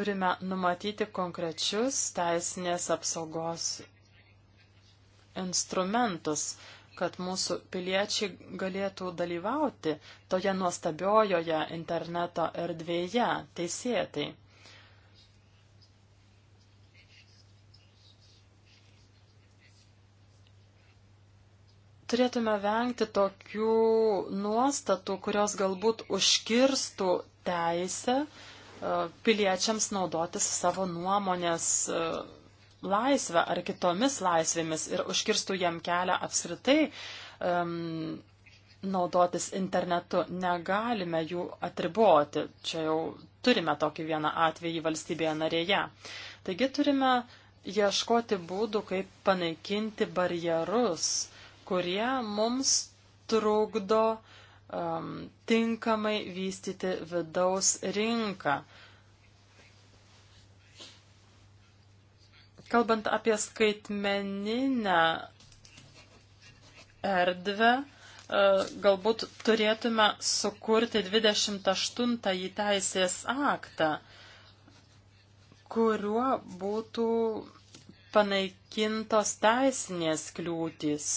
Turime numatyti konkrečius teisinės apsaugos instrumentus, kad mūsų piliečiai galėtų dalyvauti toje nuostabiojoje interneto erdvėje teisėtai. turėtume vengti tokių nuostatų, kurios galbūt užkirstų teisę e, piliečiams naudotis savo nuomonės e, laisvę ar kitomis laisvėmis ir užkirstų jam kelią apskritai um, naudotis internetu. Negalime jų atriboti. Čia jau turime tokį vieną atvejį valstybėje narėje. Taigi turime ieškoti būdų, kaip panaikinti barjerus kurie mums trukdo um, tinkamai vystyti vidaus rinką. Kalbant apie skaitmeninę erdvę, e, galbūt turėtume sukurti 28-ąjį teisės aktą, kuriuo būtų panaikintos teisinės kliūtis.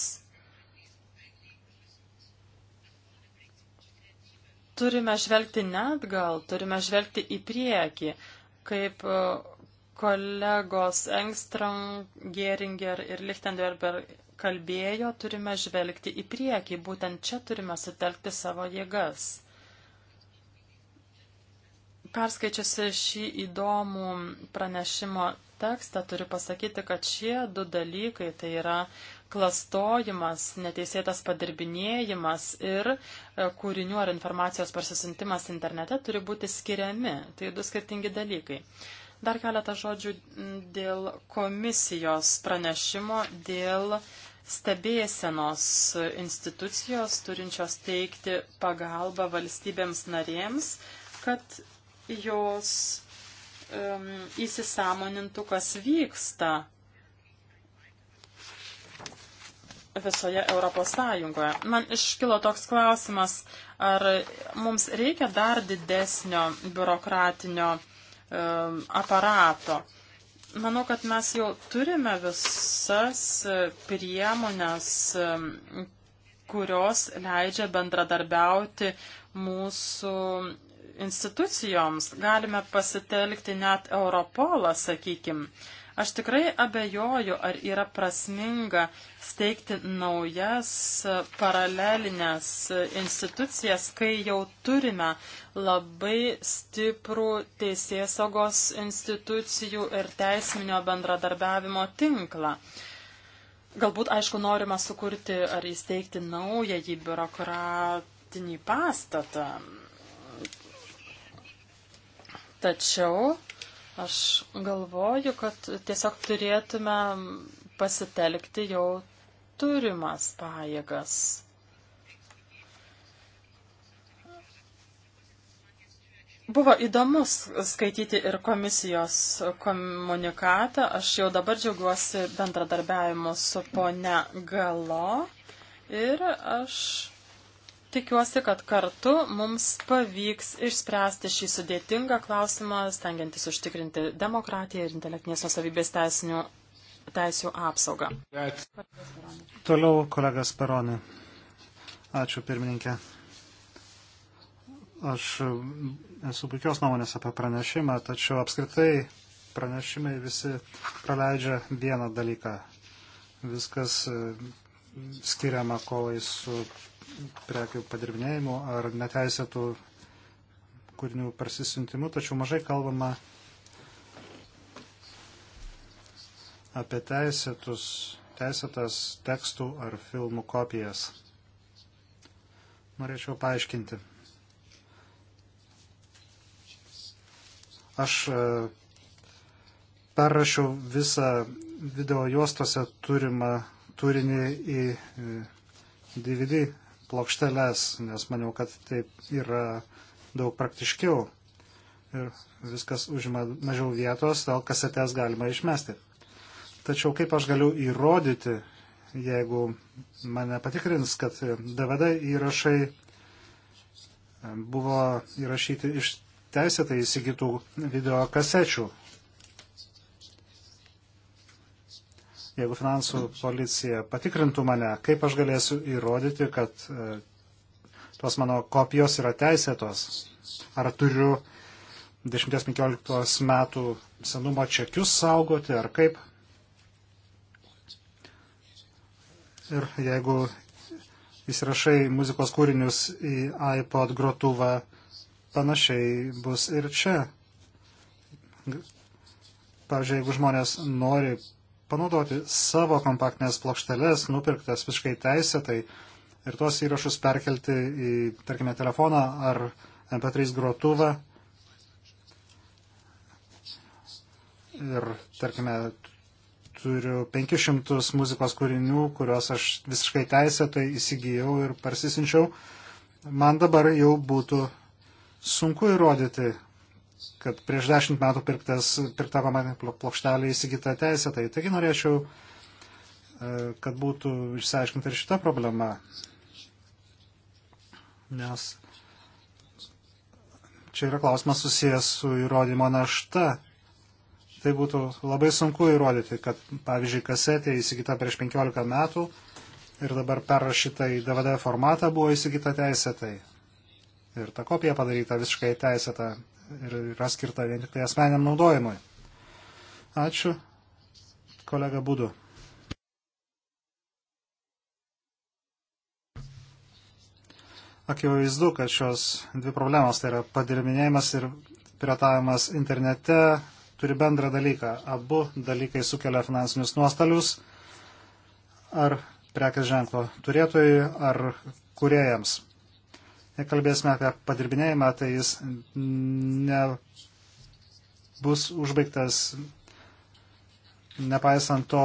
turime žvelgti ne atgal, turime žvelgti į priekį, kaip e, kolegos Engstrom, Geringer ir Lichtenberger kalbėjo, turime žvelgti į priekį, būtent čia turime sutelkti savo jėgas. Perskaičiusi šį įdomų pranešimo tekstą, turiu pasakyti, kad šie du dalykai, tai yra klastojimas, neteisėtas padirbinėjimas ir e, kūrinių ar informacijos parsisintimas internete turi būti skiriami. Tai du skirtingi dalykai. Dar keletą žodžių dėl komisijos pranešimo, dėl stebėsenos institucijos turinčios teikti pagalbą valstybėms narėms, kad jos um, įsisamonintų, kas vyksta visoje Europos Sąjungoje. Man iškilo toks klausimas, ar mums reikia dar didesnio biurokratinio um, aparato. Manau, kad mes jau turime visas e, priemonės, kurios leidžia bendradarbiauti mūsų institucijoms. Galime pasitelkti net Europolą, sakykime. Aš tikrai abejoju, ar yra prasminga steigti naujas paralelinės institucijas, kai jau turime labai stiprų teisėsaugos institucijų ir teisminio bendradarbiavimo tinklą. Galbūt, aišku, norima sukurti ar įsteigti naują jį biurokratinį pastatą. Tačiau Aš galvoju, kad tiesiog turėtume pasitelkti jau turimas pajėgas. Buvo įdomus skaityti ir komisijos komunikatą. Aš jau dabar džiaugiuosi bendradarbiavimu su ponia Galo ir aš Tikiuosi, kad kartu mums pavyks išspręsti šį sudėtingą klausimą, stengiantis užtikrinti demokratiją ir intelektinės nusavybės teisinių teisų apsaugą. Toliau kolegas Peronė. Ačiū pirmininkė. Aš esu puikios nuomonės apie pranešimą, tačiau apskritai pranešimai visi praleidžia vieną dalyką. Viskas e, skiriama kovai su prekių padirbinėjimu ar neteisėtų kūrinių persisintimu, tačiau mažai kalbama apie teisėtus, teisėtas tekstų ar filmų kopijas. Norėčiau paaiškinti. Aš e, perrašiau visą video juostose turimą turinį į DVD e, plokšteles, nes maniau, kad taip yra daug praktiškiau ir viskas užima mažiau vietos, todėl kasetės galima išmesti. Tačiau kaip aš galiu įrodyti, jeigu mane patikrins, kad DVD įrašai e, buvo įrašyti iš teisėtai įsigytų video kasečių. jeigu finansų policija patikrintų mane, kaip aš galėsiu įrodyti, kad e, tos mano kopijos yra teisėtos? Ar turiu 10-15 metų senumo čekius saugoti, ar kaip? Ir jeigu įsirašai muzikos kūrinius į iPod grotuvą, panašiai bus ir čia. Pavyzdžiui, jeigu žmonės nori panaudoti savo kompaktinės plokšteles, nupirktas visiškai teisėtai ir tuos įrašus perkelti į, tarkime, telefoną ar MP3 grotuvą. Ir, tarkime, turiu 500 muzikos kūrinių, kuriuos aš visiškai teisėtai įsigijau ir persisinčiau. Man dabar jau būtų sunku įrodyti, kad prieš dešimt metų pirktas, pirktą pamatinį plokštelį įsigyta teisė. Tai taigi norėčiau, e, kad būtų išsiaiškinta ir šita problema. Nes čia yra klausimas susijęs su įrodymo našta. Tai būtų labai sunku įrodyti, kad, pavyzdžiui, kasetė įsigyta prieš 15 metų ir dabar perrašyta į DVD formatą buvo įsigyta teisėtai. Ir ta kopija padaryta visiškai teisėta ir yra skirta vien tik tai asmeniam naudojimui. Ačiū, kolega Būdu. Akivaizdu, kad šios dvi problemos, tai yra padirbinėjimas ir piratavimas internete, turi bendrą dalyką. Abu dalykai sukelia finansinius nuostolius ar prekės ženklo turėtojai, ar kuriejams kalbėsime apie padirbinėjimą, tai jis nebus užbaigtas nepaisant to,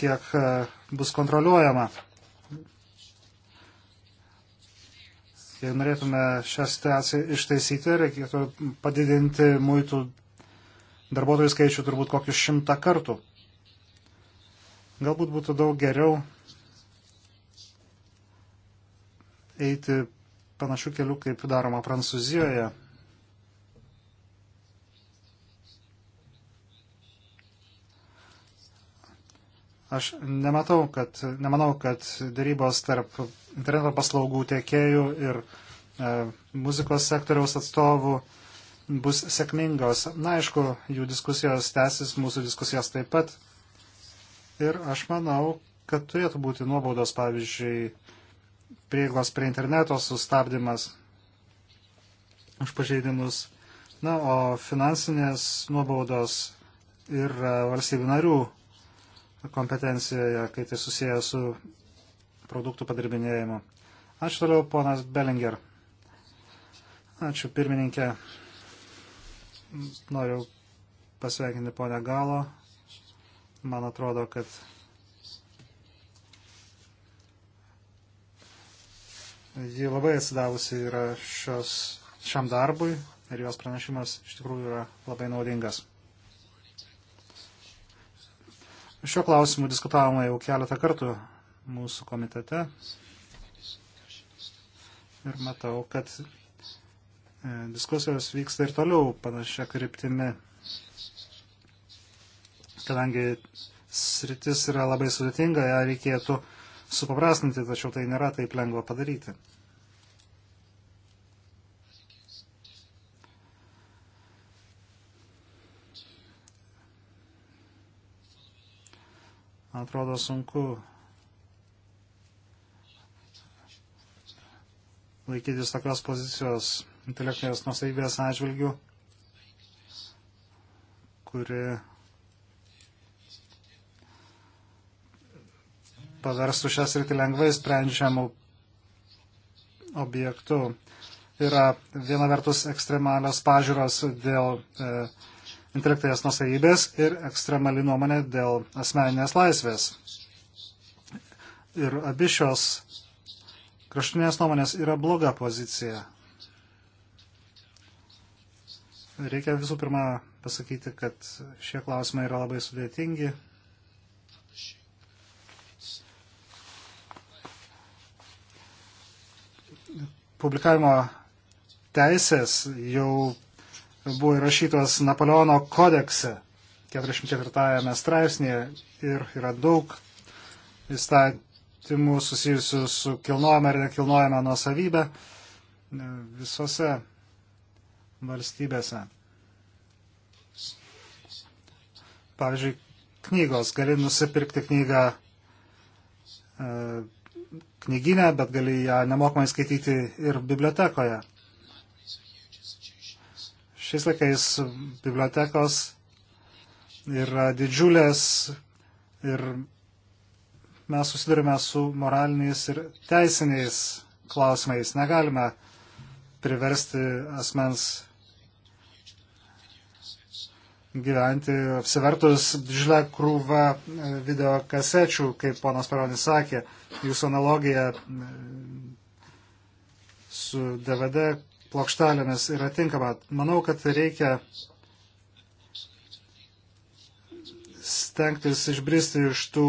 kiek e, bus kontroliuojama. Jei norėtume šią situaciją ištaisyti, reikėtų padidinti muitų darbuotojų skaičių turbūt kokius šimtą kartų. Galbūt būtų daug geriau eiti panašių kelių, kaip daroma Prancūzijoje. Aš nematau, kad, nemanau, kad dėrybos tarp interneto paslaugų tiekėjų ir e, muzikos sektoriaus atstovų bus sėkmingos. Na, aišku, jų diskusijos tęsis, mūsų diskusijos taip pat. Ir aš manau, kad turėtų būti nuobaudos, pavyzdžiui, prieigos prie interneto sustabdymas už pažeidimus. Na, o finansinės nuobaudos ir e, valstybių narių kompetencijoje, kai tai susiję su produktų padirbinėjimu. Ačiū toliau, ponas Bellinger. Ačiū, pirmininkė. Noriu pasveikinti ponę Galo. Man atrodo, kad Ji labai atsidavusi yra šios, šiam darbui ir jos pranešimas iš tikrųjų yra labai naudingas. Šiuo klausimu diskutavome jau keletą kartų mūsų komitete ir matau, kad e, diskusijos vyksta ir toliau panašia kryptimi, kadangi sritis yra labai sudėtinga, ją reikėtų supaprastinti, tačiau tai nėra taip lengva padaryti. Atrodo sunku laikytis tokios pozicijos intelektinės nusavybės atžvilgių, kuri paverstų šias rytį lengvai sprendžiamų objektų. Yra viena vertus ekstremalios pažiūros dėl e, intelektinės nusavybės ir ekstremali nuomonė dėl asmeninės laisvės. Ir abi šios kraštutinės nuomonės yra bloga pozicija. Reikia visų pirma pasakyti, kad šie klausimai yra labai sudėtingi publikavimo teisės jau buvo įrašytos Napoleono kodekse 44 straipsnėje ir yra daug įstatymų susijusių su kilnojama ir nekilnojama nuosavybė e, visose valstybėse. Pavyzdžiui, knygos. Gali nusipirkti knygą e, knyginę, bet gali ją nemokamai skaityti ir bibliotekoje. Šiais laikais bibliotekos yra didžiulės ir mes susidurime su moraliniais ir teisiniais klausimais. Negalime priversti asmens gyventi apsivertus didžiulę krūvą e, video kasečių, kaip ponas Peronis sakė. Jūsų analogija e, su DVD plokštelėmis yra tinkama. Manau, kad reikia stengtis išbristi iš tų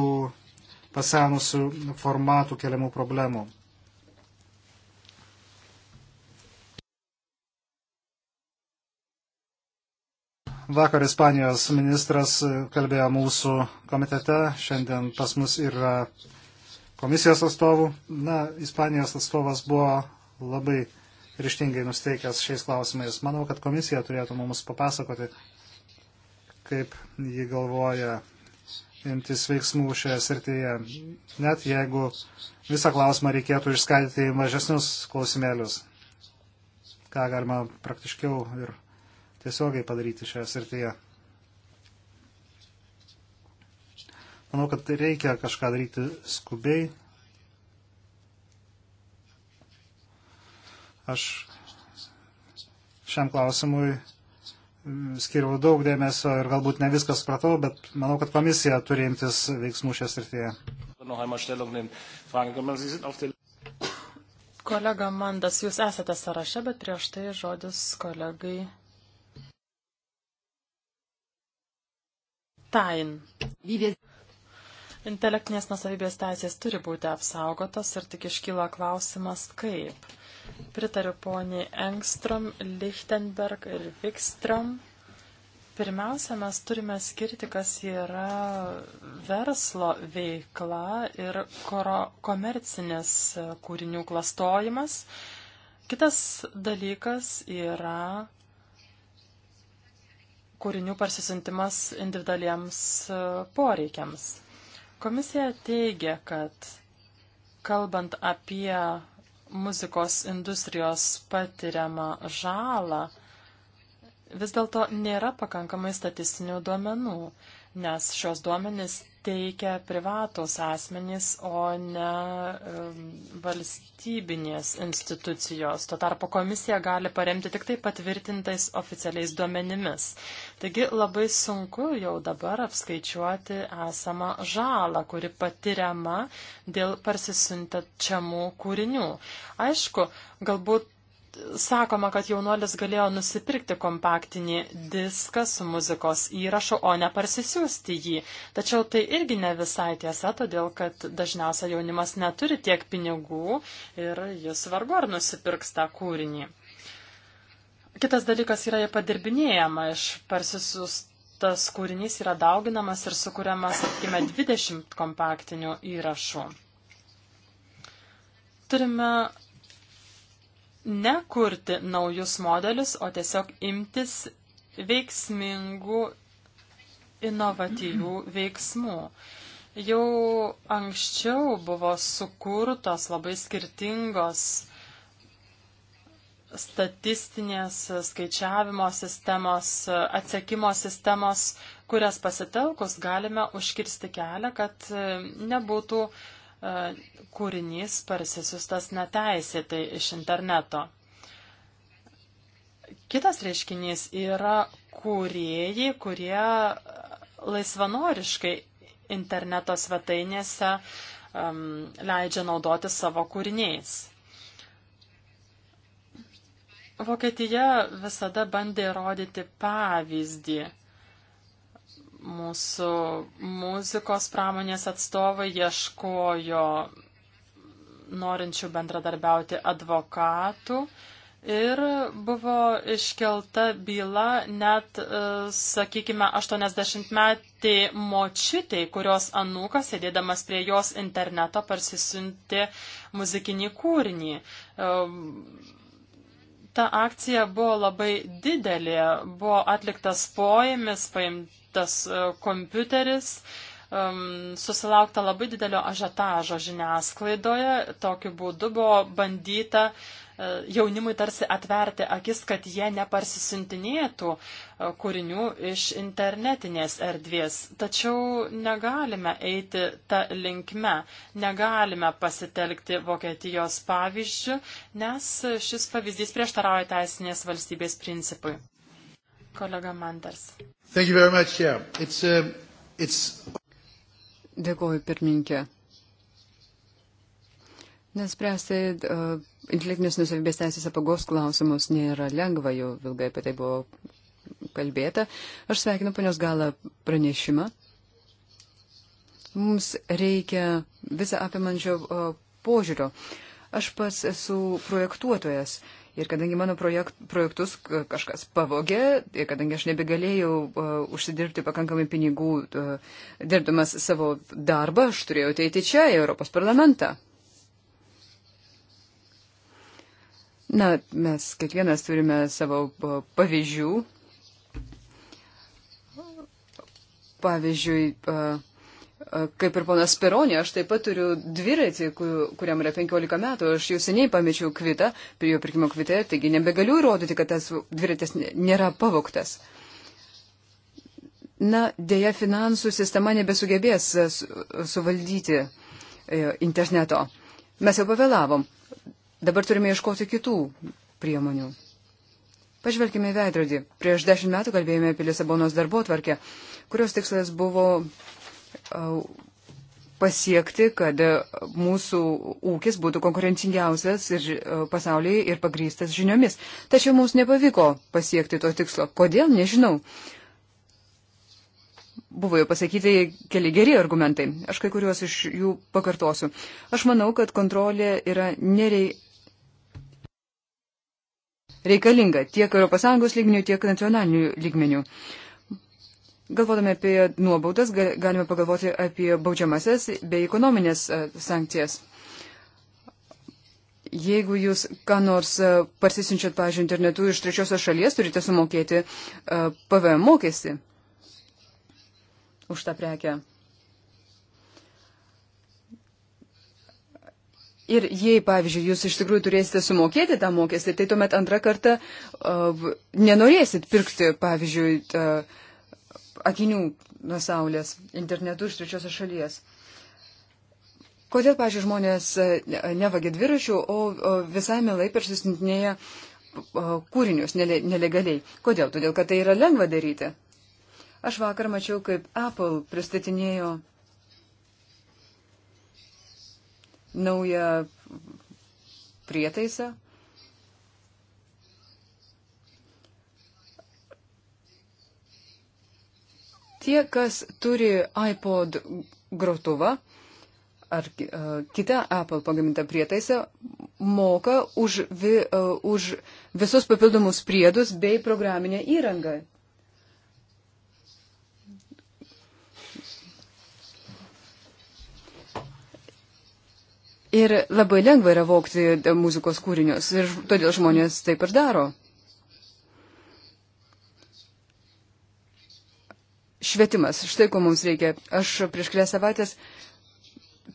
pasenusių formatų keliamų problemų. Vakar Ispanijos ministras kalbėjo mūsų komitete, šiandien pas mus yra komisijos atstovų. Na, Ispanijos atstovas buvo labai ryštingai nusteikęs šiais klausimais. Manau, kad komisija turėtų mums papasakoti, kaip ji galvoja imtis veiksmų šioje srityje, net jeigu visą klausimą reikėtų išskaidyti į mažesnius klausimėlius, ką galima praktiškiau ir tiesiogiai padaryti šioje srityje. Manau, kad reikia kažką daryti skubiai. Aš šiam klausimui skiriau daug dėmesio ir galbūt ne viską supratau, bet manau, kad komisija turi imtis veiksmų šią srityje. Kolega Mandas, jūs esate sąraše, bet prieš tai žodis kolegai Štain. Intelektinės nusavybės teisės turi būti apsaugotos ir tik iškyla klausimas, kaip. Pritariu poniai Engstrom, Lichtenberg ir Wikstrom. Pirmiausia, mes turime skirti, kas yra verslo veikla ir komercinis kūrinių klastojimas. Kitas dalykas yra kūrinių parsisintimas individualiems e, poreikiams. Komisija teigia, kad kalbant apie muzikos industrijos patiriamą žalą, vis dėlto nėra pakankamai statistinių duomenų nes šios duomenys teikia privatos asmenys, o ne valstybinės institucijos. Tuo tarpu komisija gali paremti tik tai patvirtintais oficialiais duomenimis. Taigi labai sunku jau dabar apskaičiuoti esamą žalą, kuri patiriama dėl persisuntačiamų kūrinių. Aišku, galbūt sakoma, kad jaunuolis galėjo nusipirkti kompaktinį diską su muzikos įrašu, o ne parsisiųsti jį. Tačiau tai irgi ne visai tiesa, todėl kad dažniausiai jaunimas neturi tiek pinigų ir jis vargu ar nusipirks tą kūrinį. Kitas dalykas yra jie padirbinėjama iš parsisiųstų. Tas kūrinys yra dauginamas ir sukūriamas, sakykime, 20 kompaktinių įrašų. Turime nekurti naujus modelius, o tiesiog imtis veiksmingų, inovatyvių veiksmų. Jau anksčiau buvo sukurtos labai skirtingos statistinės skaičiavimo sistemos, atsekimo sistemos, kurias pasitelkus galime užkirsti kelią, kad nebūtų uh, E, kūrinys parsisiustas neteisėtai iš interneto. Kitas reiškinys yra kūrėjai, kurie laisvanoriškai interneto svetainėse um, leidžia naudoti savo kūriniais. Vokietija visada bandė rodyti pavyzdį. Mūsų muzikos pramonės atstovai ieškojo norinčių bendradarbiauti advokatų ir buvo iškelta byla net, e, sakykime, 80-metį močiutį, kurios anūkas, sėdėdamas prie jos interneto, parsisiunti muzikinį kūrinį e, ta akcija buvo labai didelė, buvo atliktas poėmis, paimti pirktas e, kompiuteris, susilaukta labai didelio ažetažo žiniasklaidoje. Tokiu būdu buvo bandyta e, jaunimui tarsi atverti akis, kad jie neparsisintinėtų e, kūrinių iš internetinės erdvės. Tačiau negalime eiti tą linkme, negalime pasitelkti Vokietijos pavyzdžių, nes šis pavyzdys prieštarauja teisinės valstybės principui kolega Manders. Much, yeah. it's, uh, it's... Dėkuoju, pirmininkė. Nespręsti uh, intelektinės nusavybės teisės apagos klausimus nėra lengva, jau ilgai apie tai buvo kalbėta. Aš sveikinu ponios galą pranešimą. Mums reikia visą apimančio uh, požiūrio. Aš pats esu projektuotojas Ir kadangi mano projekt, projektus kažkas pavogė, ir kadangi aš nebegalėjau uh, užsidirbti pakankamai pinigų, uh, dirbdamas savo darbą, aš turėjau ateiti čia į Europos parlamentą. Na, mes kiekvienas turime savo pavyzdžių. Pavyzdžiui, uh, Kaip ir ponas Peronė, aš taip pat turiu dviratį, kuriam yra 15 metų. Aš jau seniai pamečiau kvitą, prie jo pirkimo kvitą, taigi nebegaliu įrodyti, kad tas dviratis nėra pavoktas. Na, dėja, finansų sistema nebesugebės suvaldyti e, interneto. Mes jau pavėlavom. Dabar turime ieškoti kitų priemonių. Pažvelkime į veidrodį. Prieš dešimt metų kalbėjome apie Lisabonos darbo tvarkę, kurios tikslas buvo pasiekti, kad mūsų ūkis būtų konkurencingiausias ir e, pasaulyje ir pagrystas žiniomis. Tačiau mums nepavyko pasiekti to tikslo. Kodėl, nežinau. Buvo jau pasakyti keli geri argumentai. Aš kai kuriuos iš jų pakartosiu. Aš manau, kad kontrolė yra nerei... reikalinga tiek ES lygmenių, tiek nacionalinių lygmenių. Uh, Galvodami apie nuobaudas, galime pagalvoti apie baudžiamasias bei ekonominės e, sankcijas. Jeigu jūs ką nors e, pasisinčiat, pažiūrėjau, internetu iš trečiosios šalies, turite sumokėti e, PVM mokestį už tą prekę. Ir jei, pavyzdžiui, jūs iš tikrųjų turėsite sumokėti tą mokestį, tai tuomet antrą kartą uh, nenorėsit pirkti, pavyzdžiui, uh, akinių nuo saulės internetu iš trečiosios šalies. Kodėl, pažiūrėjau, žmonės e, nevagia dviračių, o visai melai persisintinėja e, kūrinius nelegaliai? Kodėl? Todėl, kad tai yra lengva daryti. Aš vakar mačiau, kaip Apple pristatinėjo naują prietaisą, Tie, kas turi iPod grotuvą ar e, kitą Apple pagamintą prietaisą, moka už, vi, e, už visus papildomus priedus bei programinę įrangą. Ir labai lengva yra vokti muzikos kūrinius ir todėl žmonės taip ir daro. švietimas. Štai ko mums reikia. Aš prieš kelias savaitės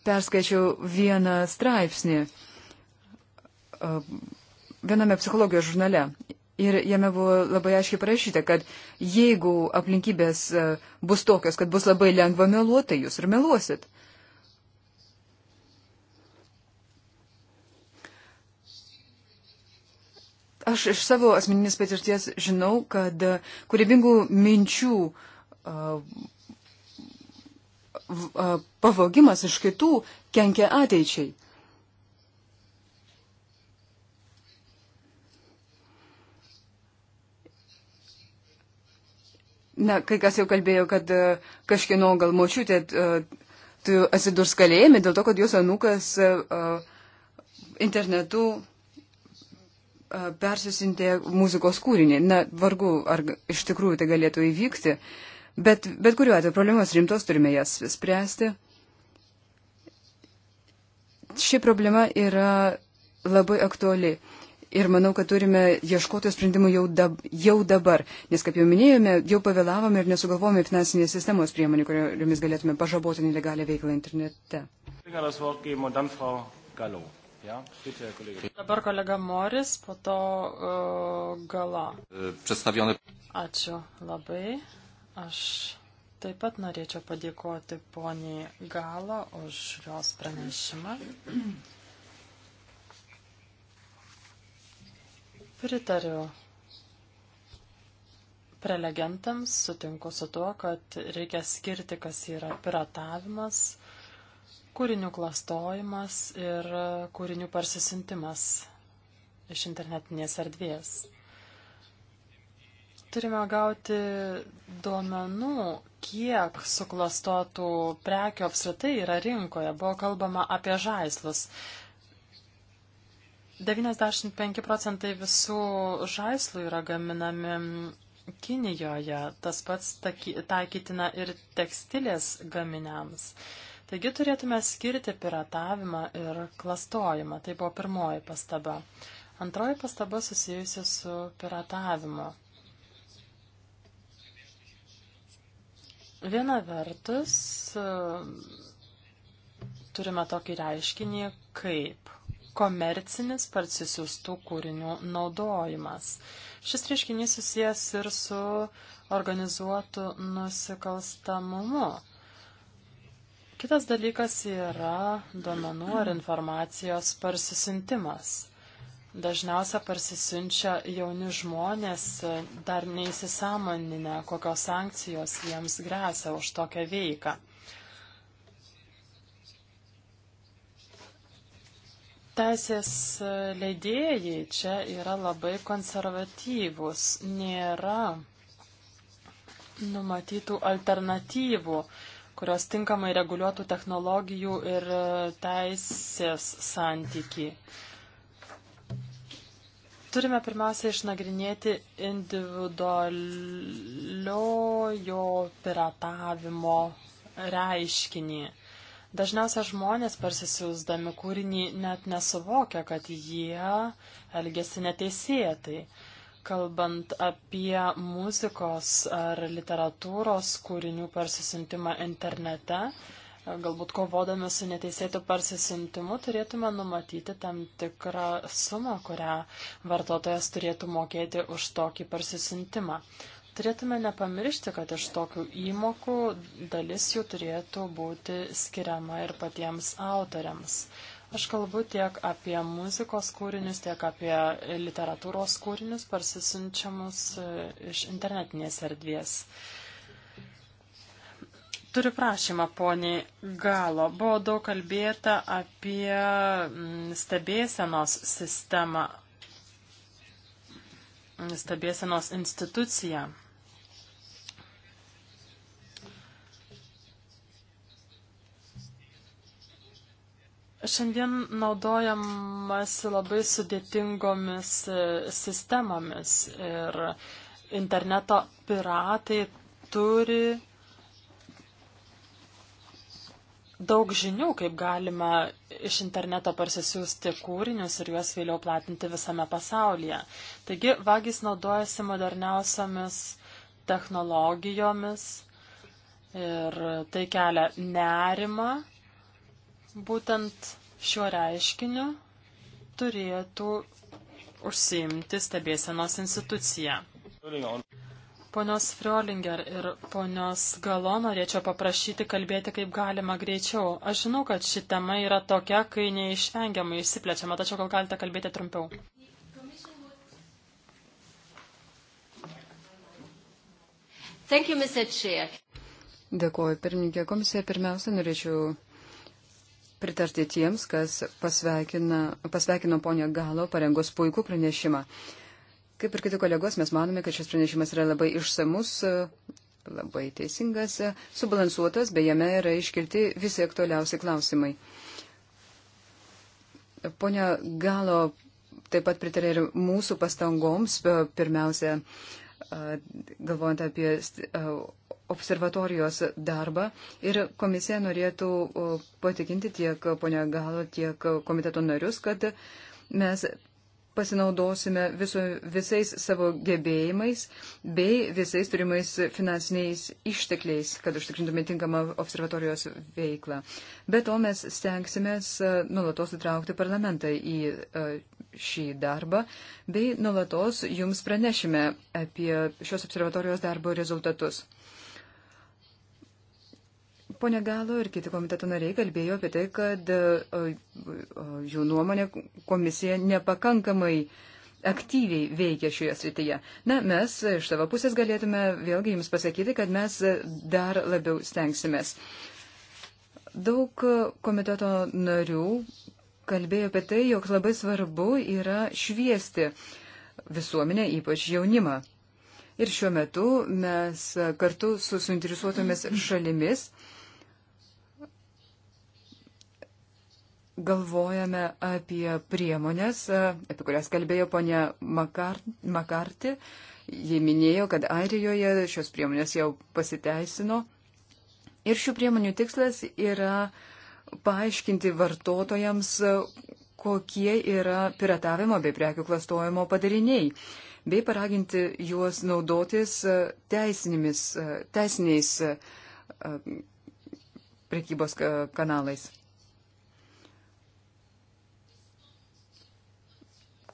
perskaičiau vieną straipsnį viename psichologijos žurnale. Ir jame buvo labai aiškiai parašyta, kad jeigu aplinkybės bus tokios, kad bus labai lengva meluoti, tai jūs ir meluosit. Aš iš savo asmeninės patirties žinau, kad kūrybingų minčių uh, pavogimas iš kitų kenkia ateičiai. Na, kai kas jau kalbėjo, kad kažkieno gal močiutė atsidurs kalėjime dėl to, kad jos anukas internetu persisintė muzikos kūrinį. Na, vargu, ar iš tikrųjų tai galėtų įvykti. Uh, Bet, bet kuriuo atveju problemos rimtos, turime jas spręsti. Ši problema yra labai aktuali. Ir manau, kad turime ieškoti sprendimų jau, dab, jau dabar, nes, kaip jau minėjome, jau pavėlavome ir nesugalvojome finansinės sistemos priemonių, kuriomis galėtume pažaboti nelegalią veiklą internete. Dabar kolega Moris, po to uh, gala. Ačiū labai. Aš taip pat norėčiau padėkoti poniai Galo už jos pranešimą. Pritariu prelegentams, sutinku su tuo, kad reikia skirti, kas yra piratavimas, kūrinių klastojimas ir kūrinių parsisintimas iš internetinės erdvės turime gauti duomenų, kiek suklastotų prekių apskritai yra rinkoje. Buvo kalbama apie žaislus. 95 procentai visų žaislų yra gaminami Kinijoje. Tas pats taikytina ir tekstilės gaminiams. Taigi turėtume skirti piratavimą ir klastojimą. Tai buvo pirmoji pastaba. Antroji pastaba susijusi su piratavimu. Viena vertus turime tokį reiškinį kaip komercinis parsisiųstų kūrinių naudojimas. Šis reiškinys susijęs ir su organizuotu nusikalstamumu. Kitas dalykas yra duomenų ar informacijos parsisintimas dažniausia parsisiunčia jauni žmonės, e, dar neįsisamoninę, kokios sankcijos jiems grėsia už tokią veiką. Teisės e, leidėjai čia yra labai konservatyvūs, nėra numatytų alternatyvų, kurios tinkamai reguliuotų technologijų ir e, teisės santyki turime pirmiausia išnagrinėti individualiojo piratavimo reiškinį. Dažniausia žmonės parsisiūsdami kūrinį net nesuvokia, kad jie elgesi neteisėtai. Kalbant apie muzikos ar literatūros kūrinių parsisintimą internete, galbūt kovodami su neteisėtu persisintimu turėtume numatyti tam tikrą sumą, kurią vartotojas turėtų mokėti už tokį persisintimą. Turėtume nepamiršti, kad iš tokių įmokų dalis jų turėtų būti skiriama ir patiems autoriams. Aš kalbu tiek apie muzikos kūrinius, tiek apie literatūros kūrinius parsisinčiamus e, iš internetinės erdvės. Uh, Turiu prašymą, poniai Galo. Buvo daug kalbėta apie mm, stebėsenos sistemą, mm, stebėsenos instituciją. Šiandien naudojamasi labai sudėtingomis e, sistemomis ir interneto piratai turi daug žinių, kaip galima iš interneto parsisiųsti kūrinius ir juos vėliau platinti visame pasaulyje. Taigi vagys naudojasi moderniausiamis technologijomis ir tai kelia nerimą. Būtent šiuo reiškiniu turėtų užsiimti stebėsenos institucija. Ponios Friolinger ir ponios Galo norėčiau paprašyti kalbėti kaip galima greičiau. Aš žinau, kad ši tema yra tokia, kai neišvengiamai išsiplečiama, tačiau gal galite kalbėti trumpiau. Thank you, Mr. Chair. Dėkuoju, pirmininkė komisija. Pirmiausia, norėčiau pritarti tiems, kas pasveikino ponę Galo parengus puikų pranešimą. Uh, Kaip ir kiti kolegos, mes manome, kad šis pranešimas yra labai išsamus, labai teisingas, subalansuotas, bei jame yra iškelti visi aktualiausi klausimai. Pone Galo taip pat pritarė ir mūsų pastangoms, e, pirmiausia, e, galvojant apie e, observatorijos darbą ir komisija norėtų patikinti tiek ponia Galo, tiek komiteto narius, kad mes pasinaudosime viso, visais savo gebėjimais bei visais turimais finansiniais ištekliais, kad užtikrintume tinkamą observatorijos veiklą. Be to mes stengsime nulatos įtraukti parlamentą į e, šį darbą bei nulatos jums pranešime apie šios observatorijos darbo rezultatus. Pone Galo ir kiti komiteto nariai kalbėjo apie tai, kad e, e, jų nuomonė komisija nepakankamai aktyviai veikia šioje srityje. Na, mes iš savo pusės galėtume vėlgi jums pasakyti, kad mes dar labiau stengsimės. Daug komiteto narių kalbėjo apie tai, jog labai svarbu yra šviesti visuomenę, ypač jaunimą. Ir šiuo metu mes kartu su suinteresuotomis šalimis uh, galvojame apie priemonės, e, apie kurias kalbėjo ponia Makarti. Jie minėjo, kad Airijoje šios priemonės jau pasiteisino. Ir šių priemonių tikslas yra paaiškinti vartotojams, kokie yra piratavimo bei prekių klastojimo padariniai, bei paraginti juos naudotis e, e, teisiniais prekybos kanalais.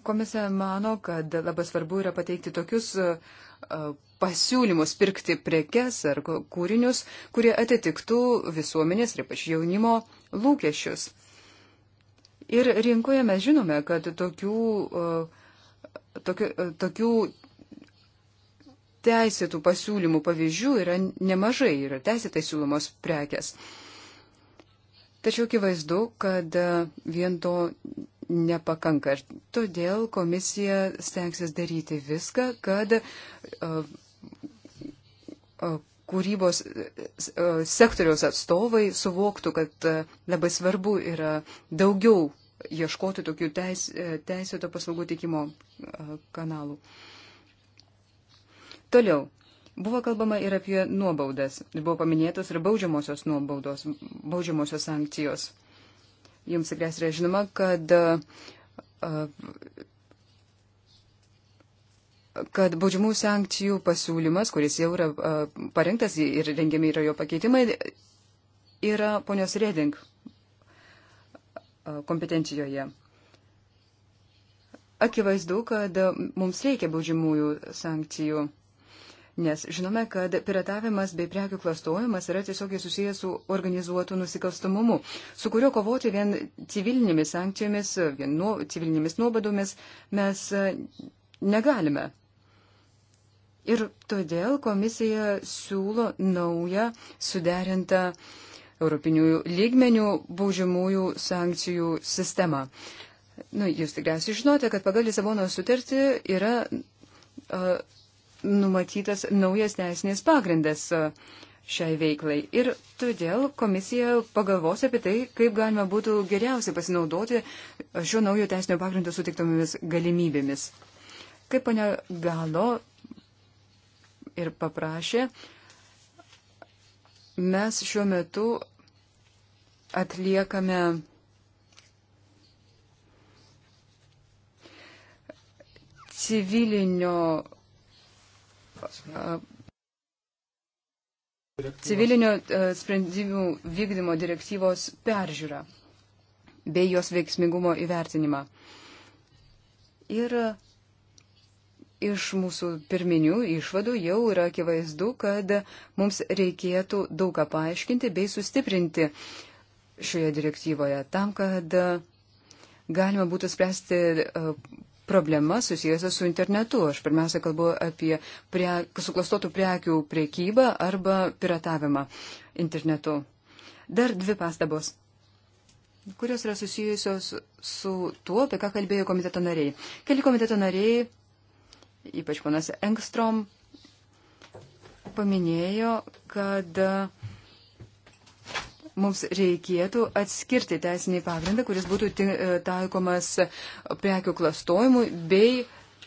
Komisija mano, kad labai svarbu yra pateikti tokius e, e, pasiūlymus pirkti prekes ar kūrinius, kurie atitiktų visuomenės ir ypač jaunimo lūkesčius. Ir rinkoje mes žinome, kad tokių, e, tokių, tokių teisėtų pasiūlymų pavyzdžių yra nemažai, yra teisėtai siūlomos prekes. Tačiau akivaizdu, kad vien to nepakanka. Ir todėl komisija stengsis daryti viską, kad kūrybos sektoriaus atstovai suvoktų, kad labai svarbu yra daugiau ieškoti tokių teis, teisėto paslaugų teikimo kanalų. Toliau. Buvo kalbama ir apie nuobaudas. Buvo paminėtos ir baudžiamosios nuobaudos, baudžiamosios sankcijos. Jums tikriausiai yra žinoma, kad, e, kad baudžiamų sankcijų pasiūlymas, kuris jau yra e, parengtas ir rengiami yra jo pakeitimai, yra ponios Reding e, kompetencijoje. Akivaizdu, kad mums reikia baudžiamųjų sankcijų nes žinome, kad piratavimas bei prekių klastojimas yra tiesiogiai susijęs su organizuotu nusikalstamumu, su kuriuo kovoti vien civilinėmis sankcijomis, vien nuo, civilinėmis nuobadomis mes e, negalime. Ir todėl komisija siūlo naują suderintą Europinių lygmenių baudžiamųjų sankcijų sistemą. Nu, jūs tikriausiai žinote, kad pagal Lisabono sutartį yra uh, numatytas naujas teisinės pagrindas e, šiai veiklai. Ir todėl komisija pagalvos apie tai, kaip galima būtų geriausiai pasinaudoti šio naujo teisinio pagrindo sutiktomis galimybėmis. Kaip ponia Galo ir paprašė, mes šiuo metu atliekame civilinio civilinio e, sprendimų vykdymo direktyvos peržiūrą bei jos veiksmingumo įvertinimą. Ir iš mūsų pirminių išvadų jau yra akivaizdu, kad mums reikėtų daug ką paaiškinti bei sustiprinti šioje direktyvoje tam, kad galima būtų spręsti e, problemas susijusias su internetu. Aš pirmiausia kalbu apie prie, suklastotų prekių priekybą arba piratavimą internetu. Dar dvi pastabos kurios yra susijusios su tuo, apie ką kalbėjo komiteto nariai. Keli komiteto nariai, ypač ponas Engstrom, paminėjo, kad mums reikėtų atskirti teisinį pagrindą, kuris būtų e, taikomas prekių klastojimui bei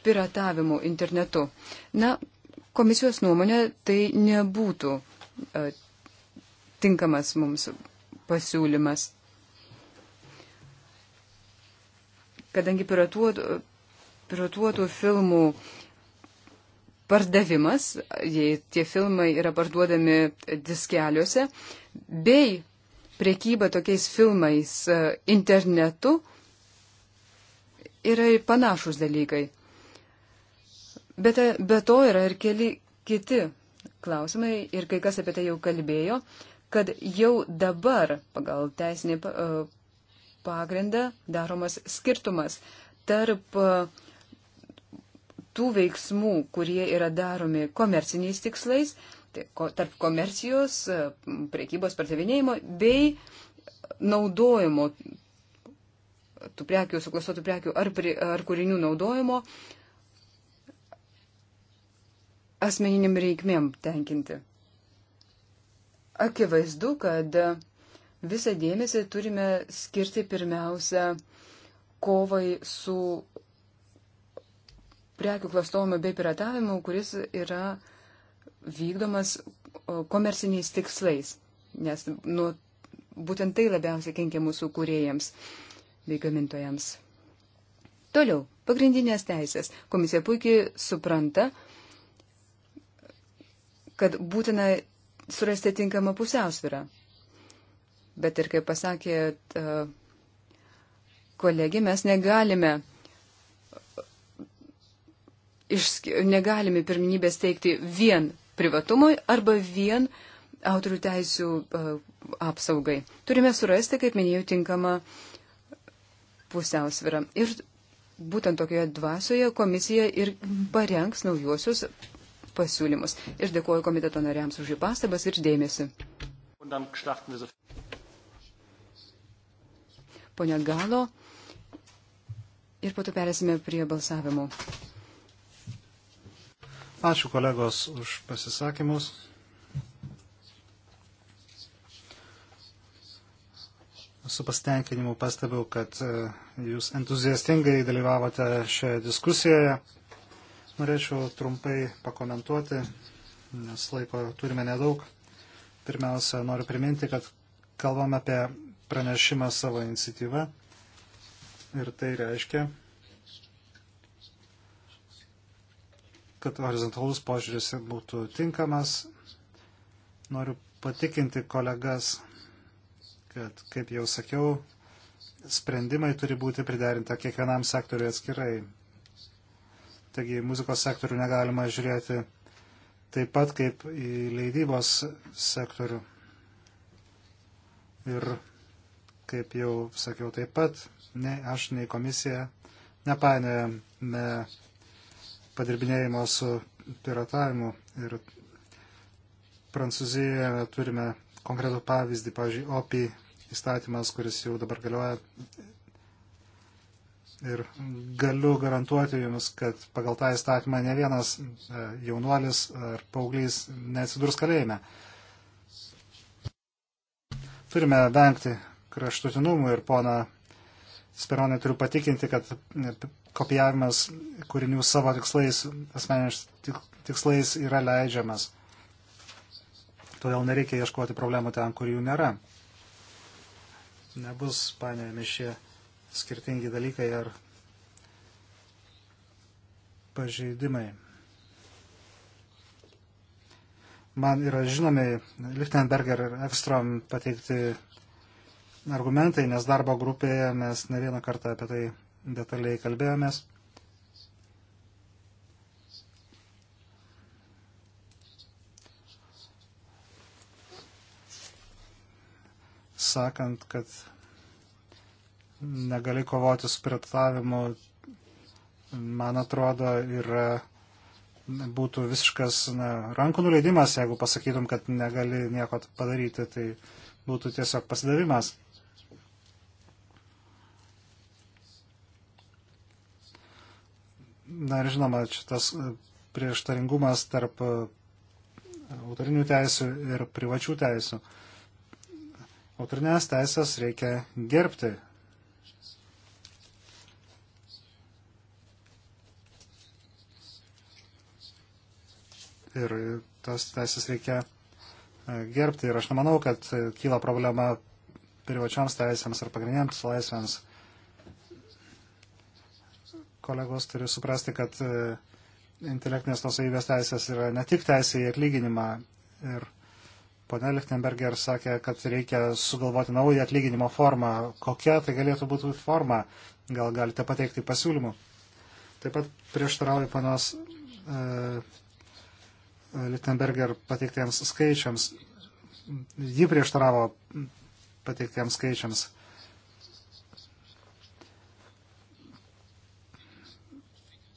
piratavimu internetu. Na, komisijos nuomonė tai nebūtų e, tinkamas mums pasiūlymas. Kadangi piratuotų, piratuotų filmų pardavimas, jei tie filmai yra parduodami diskeliuose, bei priekyba tokiais filmais e, internetu yra panašus dalykai. Bet e, be to yra ir keli kiti klausimai ir kai kas apie tai jau kalbėjo, kad jau dabar pagal teisinį e, pagrindą daromas skirtumas tarp tų veiksmų, kurie yra daromi komerciniais tikslais tarp komercijos, priekybos pardavinėjimo bei naudojimo tų prekių, suklastotų prekių ar, pri, ar kūrinių naudojimo asmeniniam reikmėm tenkinti. Akivaizdu, kad visą dėmesį turime skirti pirmiausia kovai su prekių klastojimu bei piratavimu, kuris yra vykdomas komerciniais tikslais, nes nu, būtent tai labiausiai kenkia mūsų kūrėjams bei gamintojams. Toliau, pagrindinės teisės. Komisija puikiai supranta, kad būtina surasti tinkamą pusiausvyrą. Bet ir kaip pasakė kolegė, mes negalime, iš, negalime pirminybės teikti vien privatumui arba vien autorių teisų e, apsaugai. Turime surasti, kaip minėjau, tinkamą pusiausvirą. Ir būtent tokioje dvasioje komisija ir parengs naujuosius pasiūlymus. Ir dėkoju komiteto nariams už jų pastabas ir dėmesį. Pone Galo. Ir po to perėsime prie balsavimo. Ačiū kolegos už pasisakymus. Su pasitenkinimu pastebiu, kad e, jūs entuziastingai dalyvavote šioje diskusijoje. Norėčiau trumpai pakomentuoti, nes laiko turime nedaug. Pirmiausia, noriu priminti, kad kalbam apie pranešimą savo iniciatyvą. Ir tai reiškia, kad horizontalus požiūris būtų tinkamas. Noriu patikinti kolegas, kad, kaip jau sakiau, sprendimai turi būti priderinta kiekvienam sektoriui atskirai. Taigi muzikos sektorių negalima žiūrėti taip pat kaip į leidybos sektorių. Ir kaip jau sakiau taip pat, nei aš, nei komisija nepainėjame ne padirbinėjimo su piratavimu. Ir Prancūzijoje turime konkretų pavyzdį, pavyzdžiui, OPI įstatymas, kuris jau dabar galioja. Ir galiu garantuoti Jums, kad pagal tą įstatymą ne vienas e, jaunuolis ar paauglys neatsidurs kalėjime. Turime vengti kraštutinumų ir pona Speronė turiu patikinti, kad kopijavimas kūrinių savo tikslais, asmeniais tikslais yra leidžiamas. Todėl nereikia ieškoti problemų ten, kur jų nėra. Nebus panėjami šie skirtingi dalykai ar pažeidimai. Man yra žinomi Lichtenberger ir Ekstrom pateikti argumentai, nes darbo grupėje mes ne vieną kartą apie tai detaliai kalbėjomės. Sakant, kad negali kovoti su piratavimu, man atrodo, yra būtų visiškas na, rankų nuleidimas, jeigu pasakytum, kad negali nieko padaryti, tai būtų tiesiog pasidavimas. Na ir žinoma, šitas e, prieštaringumas tarp e, autorinių teisų ir privačių teisų. Autorinės teisės reikia gerbti. Ir tas teisės reikia e, gerbti. Ir aš nemanau, kad kyla problema privačioms teisėms ar pagrindiniams laisvėms kolegos turi suprasti, kad e, intelektinės nusavybės teisės yra ne tik teisė į atlyginimą. Ir ponia Lichtenberger sakė, kad reikia sugalvoti naują atlyginimo formą. Kokia tai galėtų būti forma? Gal galite pateikti pasiūlymų? Taip pat prieštarauju panos uh, e, Lichtenberger pateiktiems skaičiams. Ji prieštaravo pateiktiems skaičiams. Uh,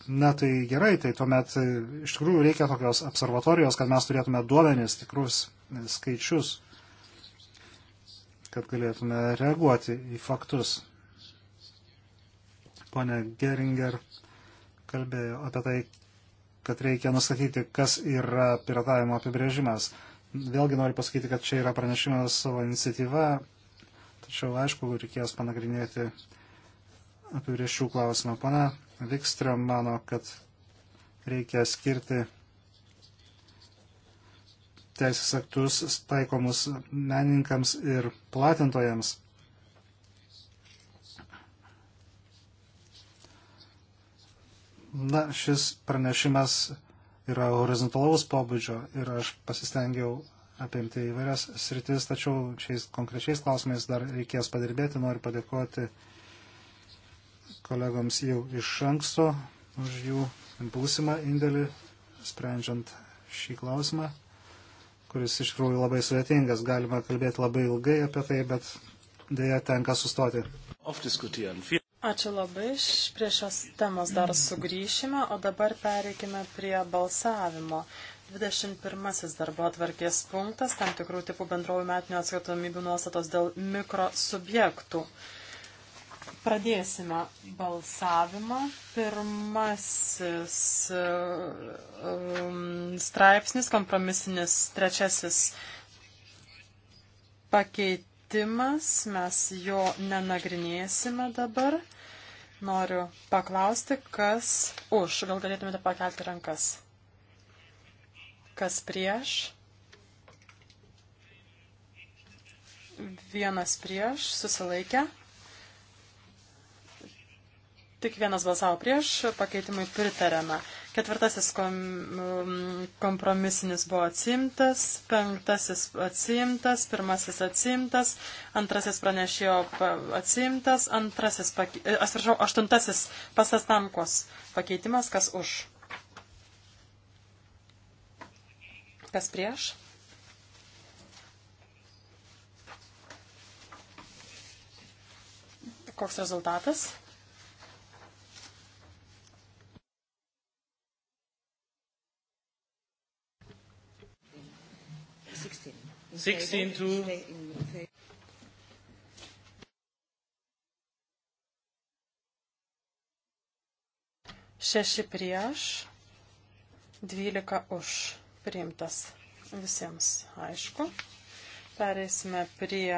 na tai gerai, tai tuomet e, iš tikrųjų reikia tokios observatorijos, kad mes turėtume duomenis, tikrus e, skaičius, kad galėtume reaguoti į faktus. Pone Geringer kalbėjo apie tai, kad reikia nustatyti, kas yra piratavimo apibrėžimas. Vėlgi noriu pasakyti, kad čia yra pranešimas savo iniciatyva, tačiau aišku, reikės panagrinėti apibrėžčių klausimą. Pana Vikström mano, kad reikia skirti teisės aktus taikomus menininkams ir platintojams. Na, šis pranešimas yra horizontalaus pobūdžio ir aš pasistengiau apimti įvairias sritis, tačiau šiais konkrečiais klausimais dar reikės padirbėti. Noriu padėkoti uh, kolegoms jau iš anksto už jų būsimą indėlį, sprendžiant šį klausimą, kuris iš tikrųjų labai sudėtingas. Galima kalbėti labai ilgai apie tai, bet dėja tenka sustoti. Ačiū labai. Prie šios temos dar sugrįšime, o dabar pereikime prie balsavimo. 21 darbo atvarkės punktas, tam tikrų tipų bendrovų metinio atskaitomybių nuostatos dėl mikrosubjektų. subjektų. Pradėsime balsavimą. Pirmasis um, straipsnis, kompromisinis trečiasis pakeitimas, mes jo nenagrinėsime dabar. Noriu paklausti, kas už. Gal galėtumėte pakelti rankas? Kas prieš? Vienas prieš, susilaikę. Tik vienas balsavo prieš, pakeitimui pritarėme. Ketvirtasis kom, um, kompromisinis buvo atsimtas, penktasis atsimtas, pirmasis atsimtas, antrasis pranešėjo atsimtas, antrasis, pake, e, atsiprašau, aštuntasis pasastamkos pakeitimas, kas už. Kas prieš? Koks rezultatas? 16 to... Šeši prieš, dvylika už priimtas visiems aišku. Pereisime prie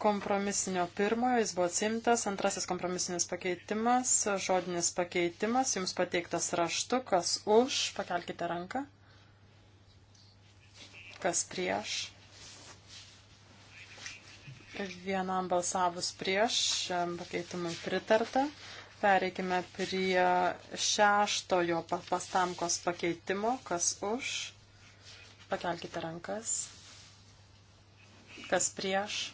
kompromisinio pirmojo, jis buvo atsimtas, antrasis kompromisinis pakeitimas, žodinis pakeitimas, jums pateiktas raštu, kas už, pakelkite ranką, kas prieš. Vienam balsavus prieš, šiam pakeitimui pritarta. Pereikime prie šeštojo pastamkos pakeitimo, kas už. Pakelkite rankas. Kas prieš.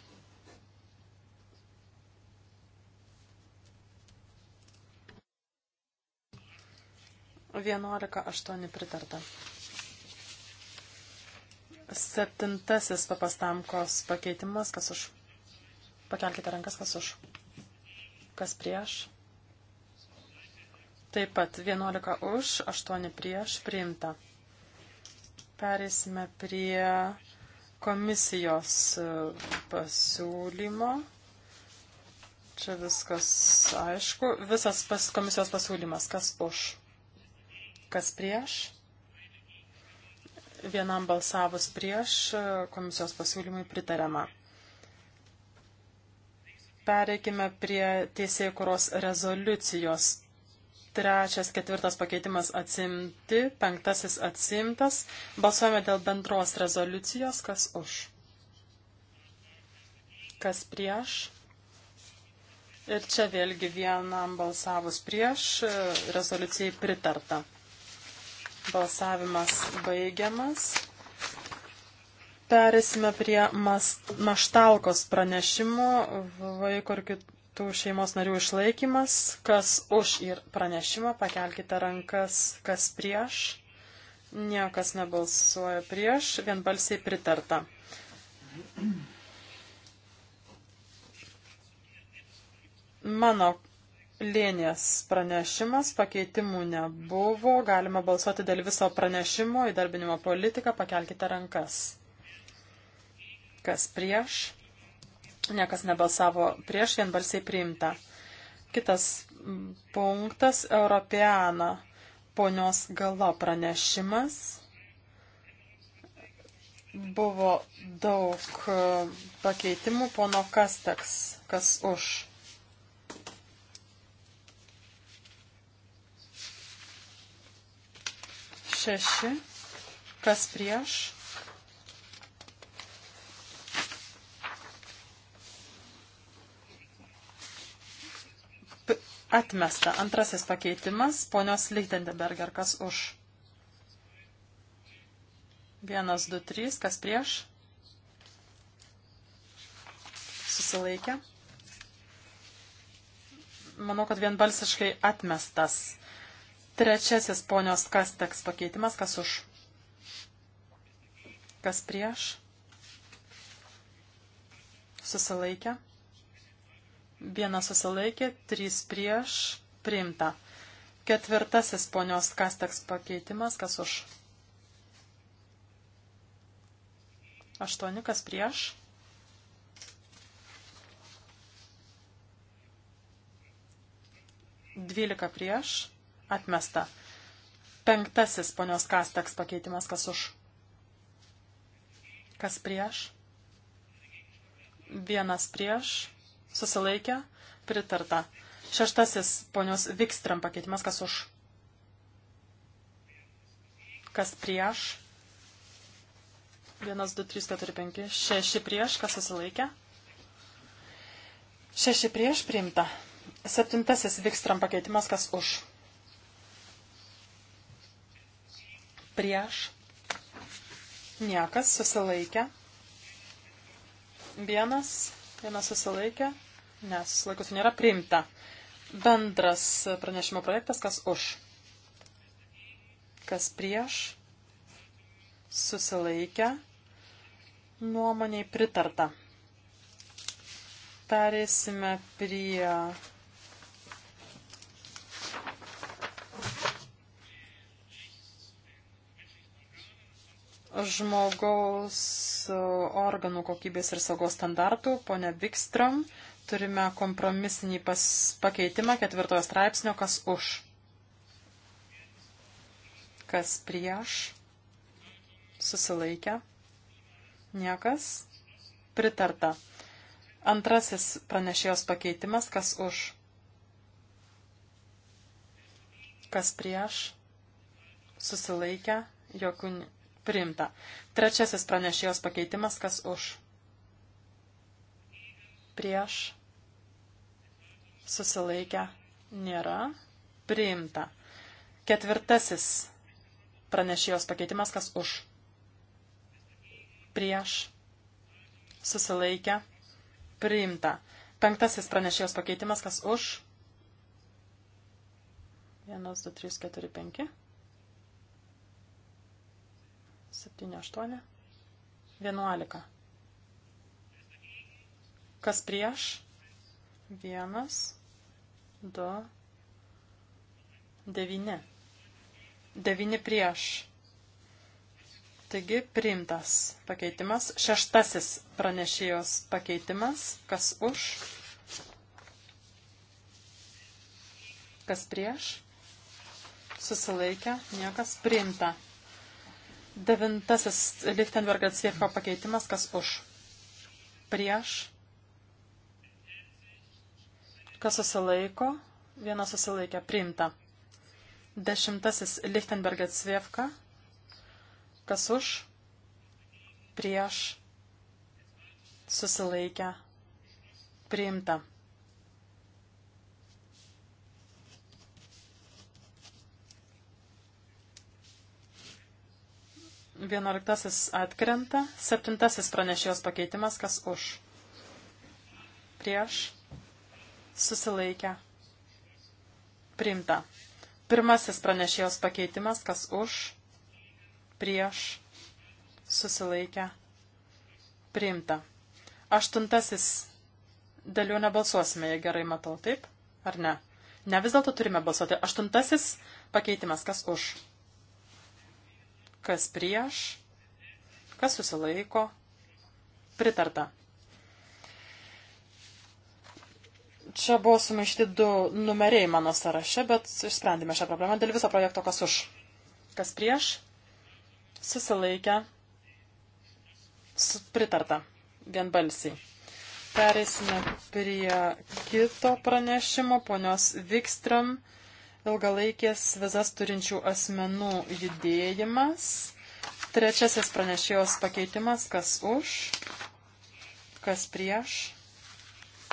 Vienuolika aštuoni pritarta. Septintasis papastamkos pakeitimas, kas už. Pakelkite rankas, kas už. Kas prieš. Taip pat 11 už, 8 prieš, priimta. Perėsime prie komisijos e, pasiūlymo. Čia viskas aišku. Visas pas, komisijos pasiūlymas, kas už, kas prieš vienam balsavus prieš komisijos pasiūlymui pritariama. Pereikime prie teisėjų kuros rezoliucijos. Trečias, ketvirtas pakeitimas atsimti, penktasis atsimtas. Balsuojame dėl bendros rezoliucijos, kas už. Kas prieš. Ir čia vėlgi vienam balsavus prieš rezoliucijai pritarta. Balsavimas baigiamas. Perėsime prie maštalkos pranešimų vaiko ir kitų šeimos narių išlaikymas. Kas už ir pranešimą, pakelkite rankas, kas prieš. Niekas nebalsuoja prieš, vienbalsiai pritarta. Mano Lėnės pranešimas, pakeitimų nebuvo, galima balsuoti dėl viso pranešimo, įdarbinimo politiką, pakelkite rankas. Kas prieš? Niekas nebalsavo prieš, vienbalsiai priimta. Kitas punktas - Europeana ponios galo pranešimas. Buvo daug e, pakeitimų, pono Kasteks, kas už 6, kas prieš. Atmesta antrasis pakeitimas, ponios Lichtenberger, kas už. Vienas, du, trys, kas prieš. Susilaikė. Manau, kad vienbalsiškai atmestas. Trečiasis ponios Kasteks pakeitimas, kas už? Kas prieš? Susilaikė. Vienas susilaikė, trys prieš, priimta. Ketvirtasis ponios Kasteks pakeitimas, kas už? Aštuoni, kas prieš? Dvylika prieš. Atmesta. Penktasis ponios Kasteks pakeitimas, kas už. Kas prieš? Vienas prieš. Susilaikė. Pritarta. Šeštasis ponios Vikstram pakeitimas, kas už. Kas prieš? 1, 2, 3, 4, 5, 6 prieš, kas susilaikė? 6 prieš priimta. Septintasis Vikstram pakeitimas, kas už? prieš, niekas susilaikė. Vienas, vienas susilaikė, nes susilaikusių nėra priimta. Bendras pranešimo projektas, kas už, kas prieš, susilaikė, nuomoniai pritarta. Perėsime prie žmogaus e, organų kokybės ir saugos standartų, ponia Vikstram, turime kompromisinį pas, pakeitimą ketvirtojo straipsnio, kas už, kas prieš, susilaikę, niekas, pritarta. Antrasis pranešėjos pakeitimas, kas už, kas prieš, susilaikę, jokių Primta. Trečiasis pranešėjos pakeitimas, kas už. Prieš. Susilaikę. Nėra. Priimta. Ketvirtasis pranešėjos pakeitimas, kas už. Prieš. Susilaikę. Priimta. Penktasis pranešėjos pakeitimas, kas už. 1, 2, 3, 4, 5. 7, 8, 11. Kas prieš? 1, 2, 9. 9 prieš. Taigi priimtas pakeitimas. Šeštasis pranešėjos pakeitimas. Kas už? Kas prieš? Susilaikę. Niekas priimta. Devintasis Lichtenberg atsieko pakeitimas, kas už. Prieš. Kas susilaiko? Vienas susilaikė. Priimta. Dešimtasis Lichtenberg atsvievka. Kas už? Prieš. Susilaikę. Priimta. Vienuoliktasis atkrenta. Septintasis pranešėjos pakeitimas, kas už. Prieš. Susilaikę. Priimta. Pirmasis pranešėjos pakeitimas, kas už. Prieš. Susilaikę. Priimta. Aštuntasis. Dėl jų nebalsuosime, jei gerai matau, taip? Ar ne? Ne, vis dėlto turime balsuoti. Aštuntasis pakeitimas, kas už kas prieš, kas susilaiko, pritarta. Čia buvo sumaišti du numeriai mano sąraše, bet išsprendėme šią problemą dėl viso projekto, kas už. Kas prieš, susilaikę, pritarta vienbalsiai. Pereisime prie kito pranešimo, ponios Vikstram ilgalaikės vizas turinčių asmenų judėjimas. Trečiasis pranešėjos pakeitimas, kas už, kas prieš,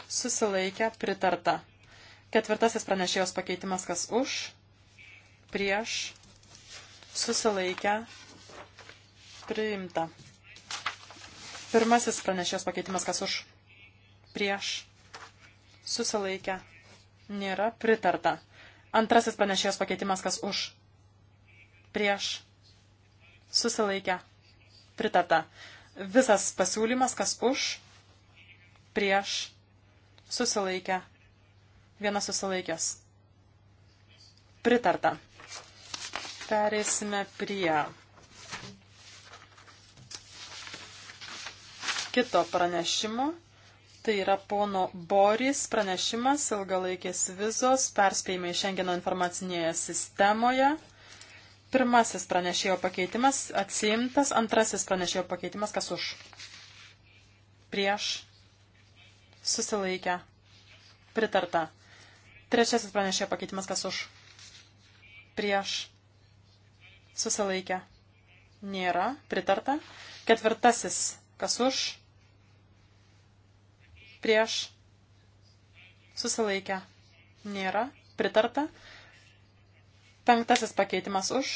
susilaikę, pritarta. Ketvirtasis pranešėjos pakeitimas, kas už, prieš, susilaikę, priimta. Pirmasis pranešėjos pakeitimas, kas už, prieš, susilaikę, nėra pritarta. Antrasis pranešėjos pakeitimas, kas už, prieš, susilaikę, pritarta. Visas pasiūlymas, kas už, prieš, susilaikę, vienas susilaikęs, pritarta. Pereisime prie kito pranešimo. Tai yra pono Boris pranešimas, ilgalaikės vizos, perspėjimai Šengeno informacinėje sistemoje. Pirmasis pranešėjo pakeitimas atsiimtas, antrasis pranešėjo pakeitimas kas už. Prieš. Susilaikę. Pritarta. Trečiasis pranešėjo pakeitimas kas už. Prieš. Susilaikę. Nėra. Pritarta. Ketvirtasis kas už prieš susilaikę nėra pritarta. Penktasis pakeitimas už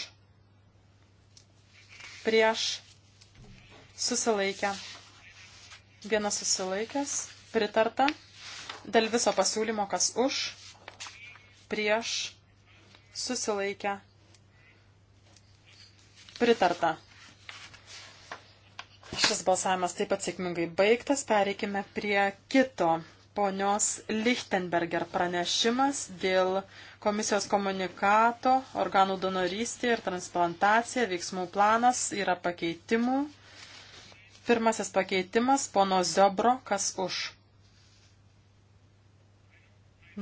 prieš susilaikę. Vienas susilaikęs, pritarta. Dėl viso pasiūlymo, kas už, prieš, susilaikę, pritarta. Šis balsavimas taip pat sėkmingai baigtas. Pereikime prie kito ponios Lichtenberger pranešimas dėl komisijos komunikato organų donorystė ir transplantacija veiksmų planas yra pakeitimų. Pirmasis pakeitimas pono Zebro, kas už.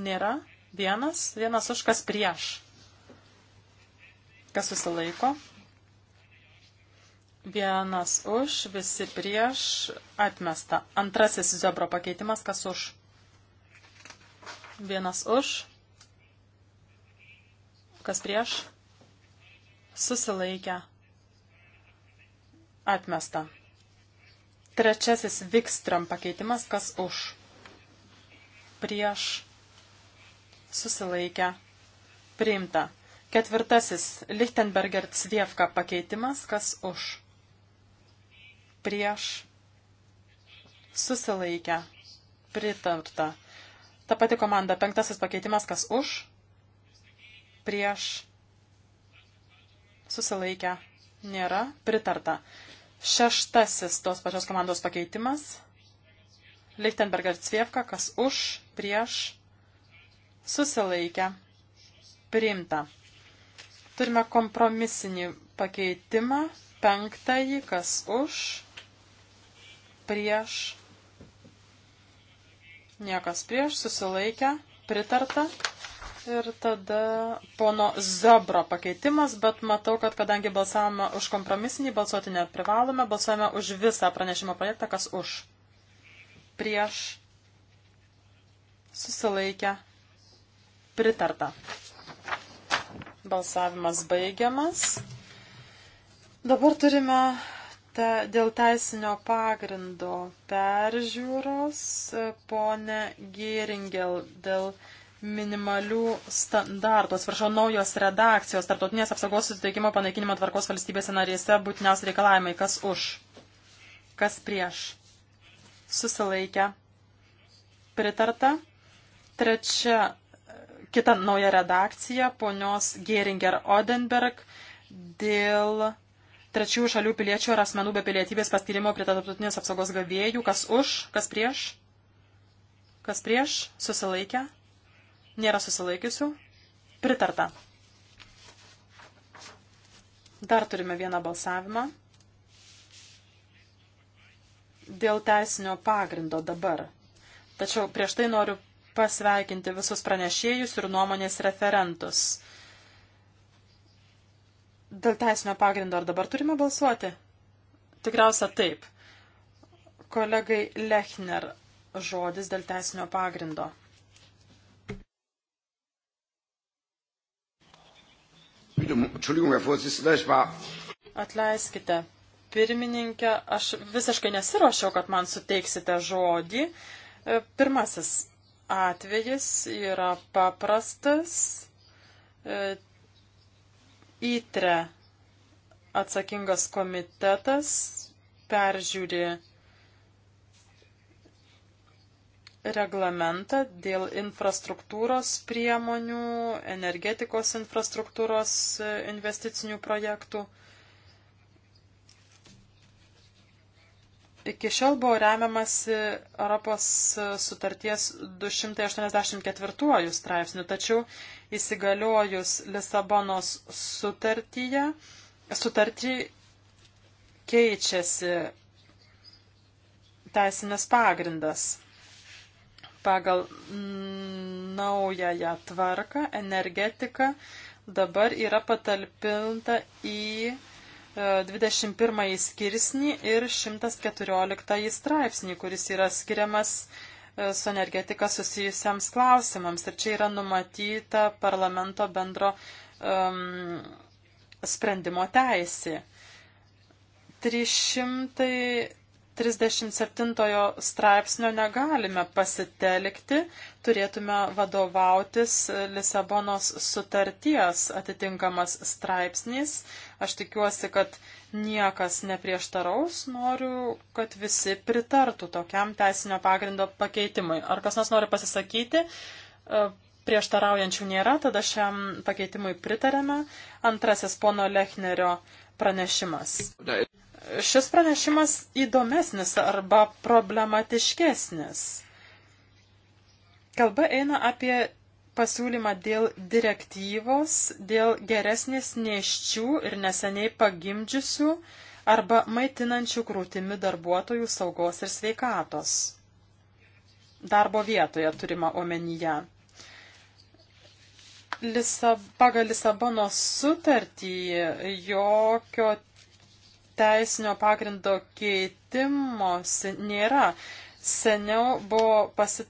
Nėra. Vienas, vienas už, kas prieš. Kas susilaiko. Vienas už, visi prieš, atmesta. Antrasis Ziobro pakeitimas, kas už? Vienas už, kas prieš, susilaikę, atmesta. Trečiasis Vikstram pakeitimas, kas už? Prieš, susilaikę, priimta. Ketvirtasis Lichtenberger Cvievka pakeitimas, kas už? prieš susilaikę pritarta. Ta pati komanda penktasis pakeitimas, kas už, prieš susilaikę nėra pritarta. Šeštasis tos pačios komandos pakeitimas. Lichtenberg ir Cvievka, kas už, prieš, susilaikę, priimta. Turime kompromisinį pakeitimą, penktąjį, kas už, prieš, niekas prieš, susilaikę, pritarta. Ir tada pono Zebro pakeitimas, bet matau, kad kadangi balsavome už kompromisinį, balsuoti neprivalome, balsuojame už visą pranešimo projektą, kas už. Prieš susilaikę, pritarta. Balsavimas baigiamas. Dabar turime ta, dėl teisinio pagrindo peržiūros, e, ponė Gėringel, dėl minimalių standartų, atsiprašau, naujos redakcijos, tarptautinės apsaugos suteikimo panaikinimo tvarkos valstybėse narėse būtiniausi reikalavimai, kas už, kas prieš, susilaikę, pritarta, trečia, e, kita nauja redakcija, ponios Geringer Odenberg, dėl trečiųjų šalių piliečių ar asmenų be pilietybės paskirimo prie tarptautinės apsaugos gavėjų, kas už, kas prieš, kas prieš, susilaikę, nėra susilaikiusių, pritarta. Dar turime vieną balsavimą. Dėl teisinio pagrindo dabar. Tačiau prieš tai noriu pasveikinti visus pranešėjus ir nuomonės referentus. Dėl teisinio pagrindo ar dabar turime balsuoti? Tikriausia taip. Kolegai Lechner žodis dėl teisinio pagrindo. Atleiskite, pirmininkė, aš visiškai nesiuošiau, kad man suteiksite žodį. E, pirmasis atvejis yra paprastas e, įtre atsakingas komitetas peržiūri reglamentą dėl infrastruktūros priemonių, energetikos infrastruktūros e, investicinių projektų. Iki šiol buvo remiamasi Europos e, sutarties 284 straipsnių, tačiau įsigaliojus Lisabonos sutartyje, sutartį keičiasi teisinės pagrindas. Pagal naująją tvarką energetika dabar yra patalpinta į 21 e, skirsnį ir 114 straipsnį, kuris yra skiriamas E, su energetika susijusiams klausimams. Ir čia yra numatyta parlamento bendro um, sprendimo teisė. 300 37 straipsnio negalime pasitelkti, turėtume vadovautis Lisabonos sutarties atitinkamas straipsnis. Aš tikiuosi, kad niekas neprieštaraus, noriu, kad visi pritartų tokiam teisinio pagrindo pakeitimui. Ar kas nors nori pasisakyti? E, prieštaraujančių nėra, tada šiam pakeitimui pritarėme. Antrasis pono Lechnerio pranešimas šis pranešimas įdomesnis arba problematiškesnis. Kalba eina apie pasiūlymą dėl direktyvos, dėl geresnės neščių ir neseniai pagimdžiusių arba maitinančių krūtimi darbuotojų saugos ir sveikatos. Darbo vietoje turima omenyje. Lisab, pagal Lisabonos sutartį jokio teisinio pagrindo keitimosi nėra. Seniau buvo pasi...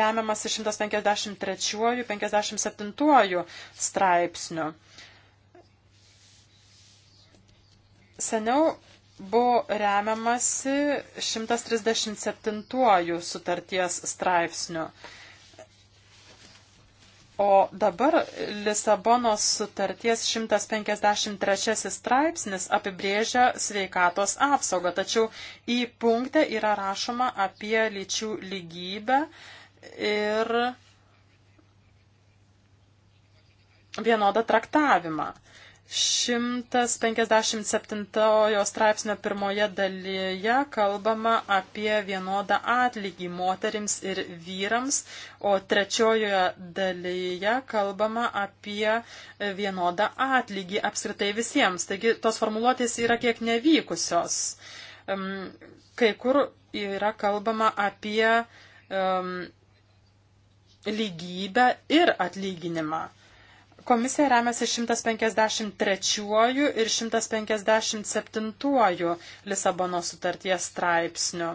remiamas 153-57 straipsnių. Seniau buvo remiamasi 137 sutarties straipsnių. O dabar Lisabonos sutarties 153 straipsnis apibrėžia sveikatos apsaugą, tačiau į punktę yra rašoma apie lyčių lygybę ir vienodą traktavimą. 157 straipsnio pirmoje dalyje kalbama apie vienodą atlygį moterims ir vyrams, o trečiojoje dalyje kalbama apie vienodą atlygį apskritai visiems. Taigi tos formuluotės yra kiek nevykusios. Kai kur yra kalbama apie um, lygybę ir atlyginimą. Komisija remiasi 153 ir 157 Lisabono sutarties straipsnių.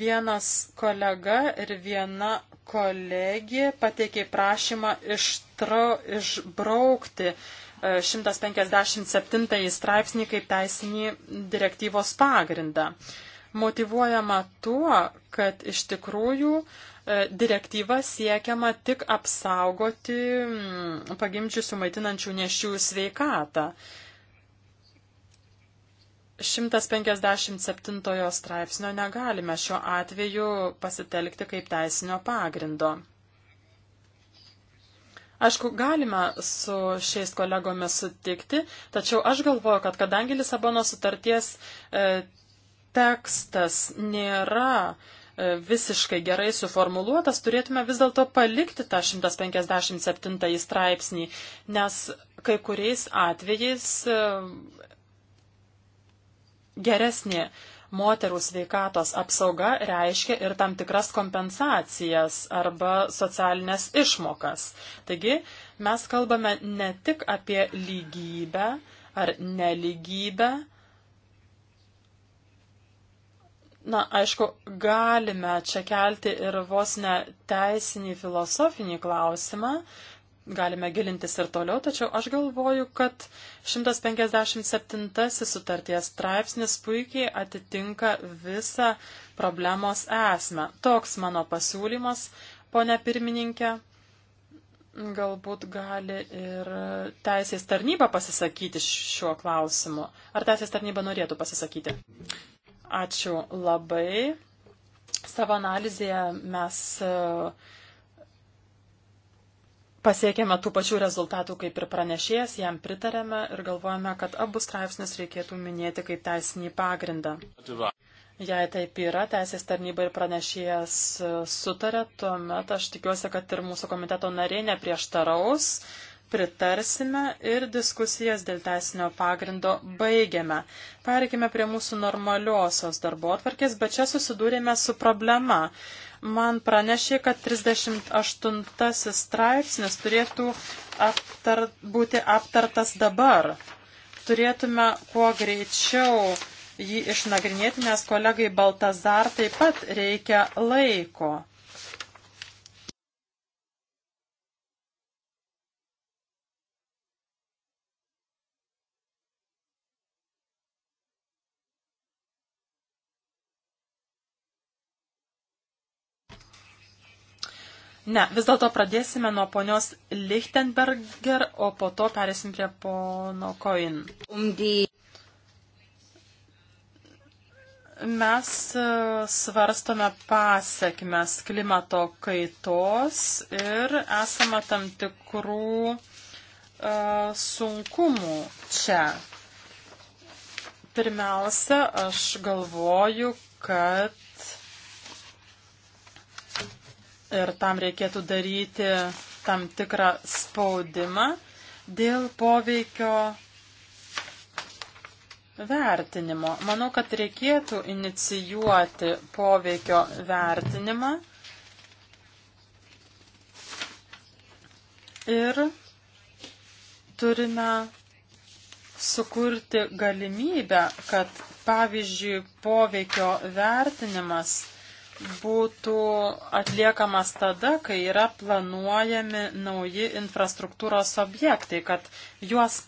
Vienas kolega ir viena kolegė pateikė prašymą ištra, išbraukti 157 e, straipsnį kaip teisinį direktyvos pagrindą motivuojama tuo, kad iš tikrųjų E, direktyva siekiama tik apsaugoti mm, pagimdžiusių maitinančių nešių sveikatą. 157 straipsnio negalime šiuo atveju pasitelkti kaip teisinio pagrindo. Aišku, galime su šiais kolegomis sutikti, tačiau aš galvoju, kad kadangi Lisabono sutarties e, tekstas nėra e, E, visiškai gerai suformuluotas, turėtume vis dėlto palikti tą 157 straipsnį, nes kai kuriais atvejais e, geresnė moterų sveikatos apsauga reiškia ir tam tikras kompensacijas arba socialinės išmokas. Taigi mes kalbame ne tik apie lygybę ar neligybę, Na, aišku, galime čia kelti ir vos ne teisinį filosofinį klausimą, galime gilintis ir toliau, tačiau aš galvoju, kad 157 sutarties straipsnis puikiai atitinka visą problemos esmę. Toks mano pasiūlymas, ponia pirmininkė, galbūt gali ir teisės tarnyba pasisakyti šiuo klausimu. Ar teisės tarnyba norėtų pasisakyti? Ačiū labai. Savo analizėje mes e, pasiekėme tų pačių rezultatų kaip ir pranešėjas, jam pritarėme ir galvojame, kad abu straipsnius reikėtų minėti kaip teisinį pagrindą. Jei taip yra, teisės tarnyba ir pranešėjas e, sutarė, tuomet aš tikiuosi, kad ir mūsų komiteto nariai neprieštaraus pritarsime ir diskusijas dėl teisinio pagrindo baigiame. Pereikime prie mūsų normaliosios darbo atvarkės, bet čia susidūrėme su problema. Man pranešė, kad 38 straipsnis turėtų aptar, būti aptartas dabar. Turėtume kuo greičiau jį išnagrinėti, nes kolegai Baltazar taip pat reikia laiko. Ne, vis dėlto pradėsime nuo ponios Lichtenberger, o po to perėsim prie pono Koin. Mes e, svarstome pasiekmes klimato kaitos ir esame tam tikrų uh, sunkumų čia. Pirmiausia, aš galvoju, kad ir tam reikėtų daryti tam tikrą spaudimą dėl poveikio vertinimo. Manau, kad reikėtų inicijuoti poveikio vertinimą ir turime sukurti galimybę, kad pavyzdžiui poveikio vertinimas būtų atliekamas tada, kai yra planuojami nauji infrastruktūros objektai, kad juos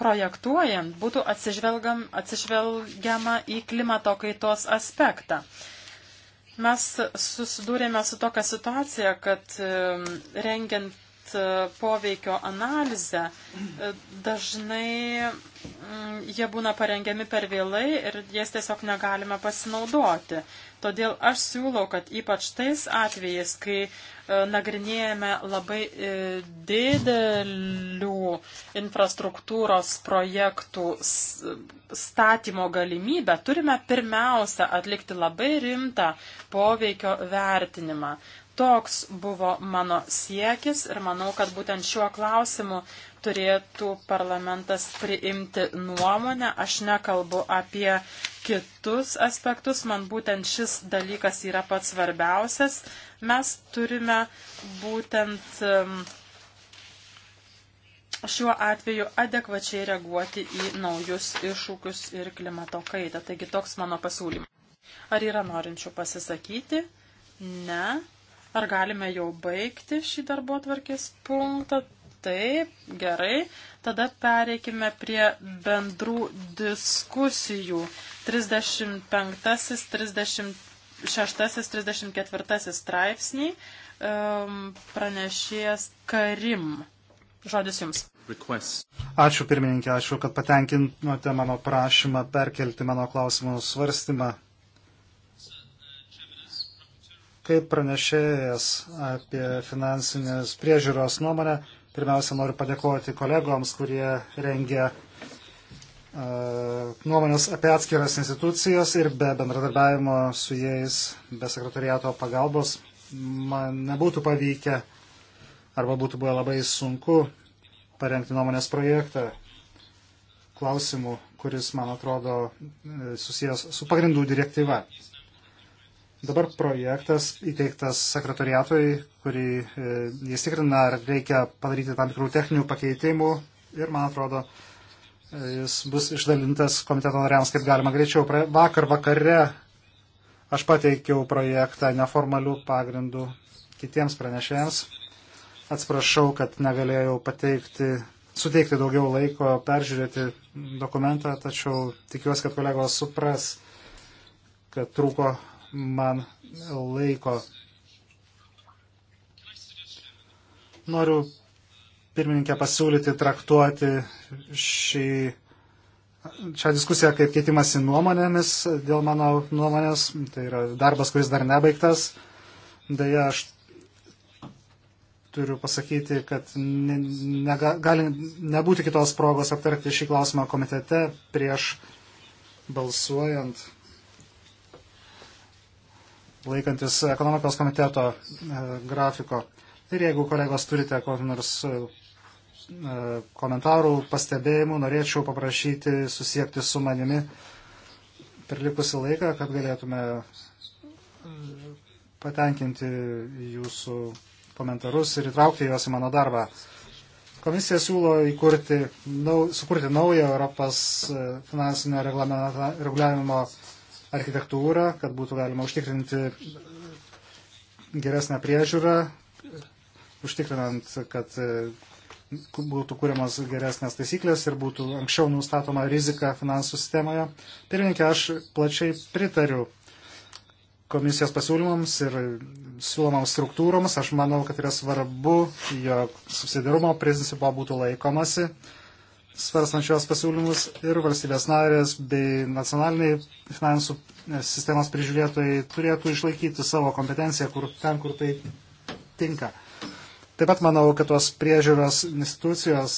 projektuojant būtų atsižvelgiama į klimato kaitos aspektą. Mes susidūrėme su tokia situacija, kad rengiant e, poveikio analizę e, dažnai Mm, jie būna parengiami per vėlai ir jas tiesiog negalime pasinaudoti. Todėl aš siūlau, kad ypač tais atvejais, kai e, nagrinėjame labai e, didelių infrastruktūros projektų statymo galimybę, turime pirmiausia atlikti labai rimtą poveikio vertinimą. Toks buvo mano siekis ir manau, kad būtent šiuo klausimu turėtų parlamentas priimti nuomonę. Aš nekalbu apie kitus aspektus, man būtent šis dalykas yra pats svarbiausias. Mes turime būtent šiuo atveju adekvačiai reaguoti į naujus iššūkius ir klimato kaitą. Taigi toks mano pasiūlymas. Ar yra norinčių pasisakyti? Ne. Ar galime jau baigti šį darbo atvarkės punktą? Taip, gerai. Tada pereikime prie bendrų diskusijų. 35, 36, 34 straipsniai. Pranešėjas Karim. Žodis jums. Request. Ačiū pirmininkė, ačiū, kad patenkinote mano prašymą perkelti mano klausimų svarstymą. Kaip pranešėjas apie finansinės priežiūros nuomonę, Pirmiausia, noriu padėkoti kolegoms, kurie rengia nuomonės apie atskiras institucijas ir be bendradarbiavimo su jais, be sekretariato pagalbos, man nebūtų pavykę arba būtų buvę labai sunku parengti nuomonės projektą klausimų, kuris, man atrodo, e, susijęs su pagrindų direktyva. Dabar projektas įteiktas sekretoriatui, kurį e, jis tikrina, ar reikia padaryti tam tikrų techninių pakeitimų ir, man atrodo, e, jis bus išdalintas komiteto nariams kaip galima greičiau. Vakar vakare aš pateikiau projektą neformalių pagrindų kitiems pranešėjams. Atsiprašau, kad negalėjau pateikti, suteikti daugiau laiko peržiūrėti dokumentą, tačiau tikiuosi, kad kolegos supras, kad trūko man laiko. Noriu pirmininkę pasiūlyti traktuoti šį, šią diskusiją kaip keitimasi nuomonėmis dėl mano nuomonės. Tai yra darbas, kuris dar nebaigtas. Deja, aš turiu pasakyti, kad ne, ne, gali nebūti kitos progos aptarti šį klausimą komitete prieš balsuojant laikantis ekonomikos komiteto e, grafiko. Ir jeigu kolegos turite kokį nors e, e, komentarų, pastebėjimų, norėčiau paprašyti susiekti su manimi per likusį laiką, kad galėtume patenkinti jūsų komentarus ir įtraukti juos į mano darbą. Komisija siūlo įkurti, nau, sukurti naują Europos finansinio reguliavimo architektūrą, kad būtų galima užtikrinti geresnę priežiūrą, užtikrinant, kad e, būtų kūriamas geresnės taisyklės ir būtų anksčiau nustatoma rizika finansų sistemoje. Pirmininkė, aš plačiai pritariu komisijos pasiūlymams ir siūlomams struktūroms. Aš manau, kad yra svarbu, jog subsidirumo principo būtų laikomasi svarstančios pasiūlymus ir valstybės narės bei nacionaliniai finansų e, sistemos prižiūrėtojai turėtų išlaikyti savo kompetenciją kur, ten, kur tai tinka. Taip pat manau, kad tos priežiūros institucijos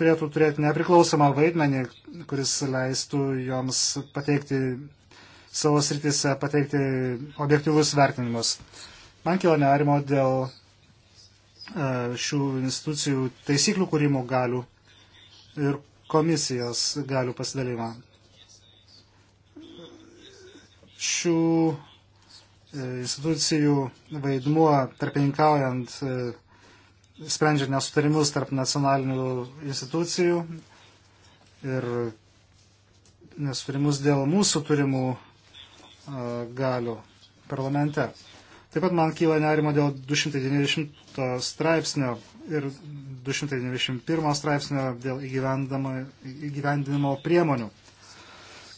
turėtų turėti nepriklausomą vaidmenį, kuris leistų joms pateikti savo sritise, pateikti objektyvus vertinimus. Man kilo nerimo dėl e, šių institucijų taisyklių kūrimo galių ir komisijos galių pasidalimą. Šių e, institucijų vaidmuo tarpininkaujant, e, sprendžiant nesutarimus tarp nacionalinių institucijų ir nesutarimus dėl mūsų turimų e, galių parlamente. Taip pat man kyla nerimo dėl 290 straipsnio ir 291 straipsnio dėl įgyvendinimo priemonių.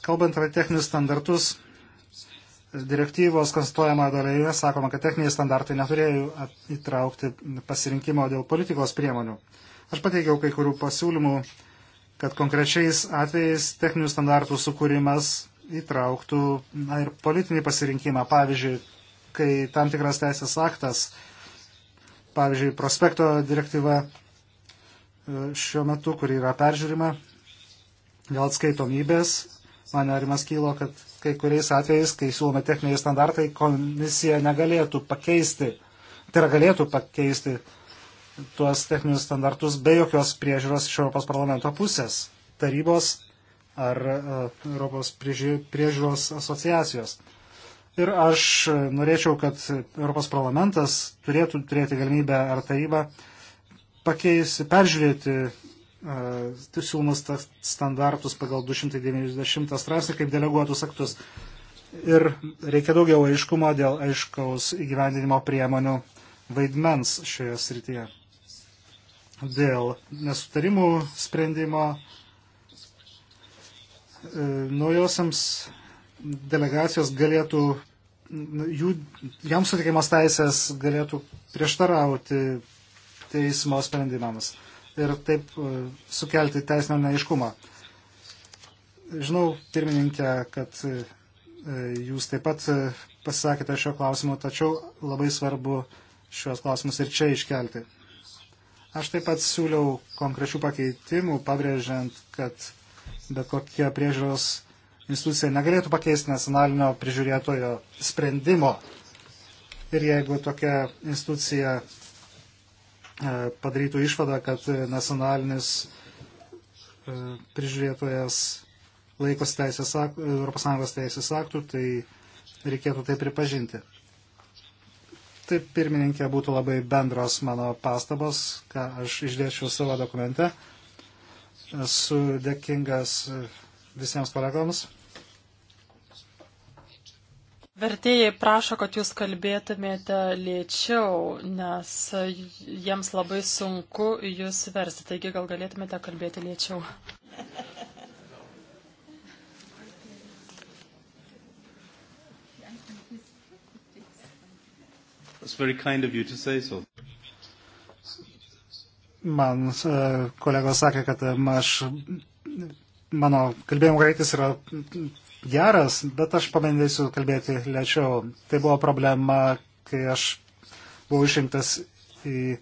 Kalbant apie techninius standartus, direktyvos konstatuojama dalyje sakoma, kad techniniai standartai neturėjo įtraukti pasirinkimo dėl politikos priemonių. Aš pateikiau kai kurių pasiūlymų, kad konkrečiais atvejais techninių standartų sukūrimas įtrauktų na, ir politinį pasirinkimą. Pavyzdžiui, kai tam tikras teisės aktas Pavyzdžiui, prospekto direktyva e, šiuo metu, kur yra peržiūrima, dėl atskaitomybės, man nerimas kylo, kad kai kuriais atvejais, kai siūlome techniniai standartai, komisija negalėtų pakeisti, tai yra galėtų pakeisti tuos techninius standartus be jokios priežiūros iš Europos parlamento pusės, tarybos ar uh, Europos priežiūros asociacijos. Ir aš norėčiau, kad Europos parlamentas turėtų turėti galimybę ar tarybą pakeisti, peržiūrėti uh, siūlomus standartus pagal 290 straipsnį kaip deleguotus aktus. Ir reikia daugiau aiškumo dėl aiškaus įgyvendinimo priemonių vaidmens šioje srityje. Dėl nesutarimų sprendimo e, naujosiams delegacijos galėtų, jų, jam sutikimas teisės galėtų prieštarauti teismo sprendimams ir taip e, sukelti teisinio neiškumą. Žinau, pirmininkė, kad e, jūs taip pat e, pasisakėte šio klausimu, tačiau labai svarbu šios klausimus ir čia iškelti. Aš taip pat siūliau konkrečių pakeitimų, pabrėžiant, kad bet kokie priežiūros institucija negalėtų pakeisti nacionalinio prižiūrėtojo sprendimo. Ir jeigu tokia institucija e, padarytų išvadą, kad nacionalinis e, prižiūrėtojas laikosi teisės aktų, ES teisės aktų, tai reikėtų tai pripažinti. Tai pirmininkė būtų labai bendros mano pastabos, ką aš išdėčiau savo dokumente. Esu dėkingas visiems kolegoms. Vertėjai prašo, kad jūs kalbėtumėte lėčiau, nes jiems labai sunku jūs versti, taigi gal galėtumėte kalbėti lėčiau. Kind of so. Man e, kolegos sakė, kad e, aš mano kalbėjimo greitis yra geras, bet aš pabandysiu kalbėti lėčiau. Tai buvo problema, kai aš buvau išrinktas į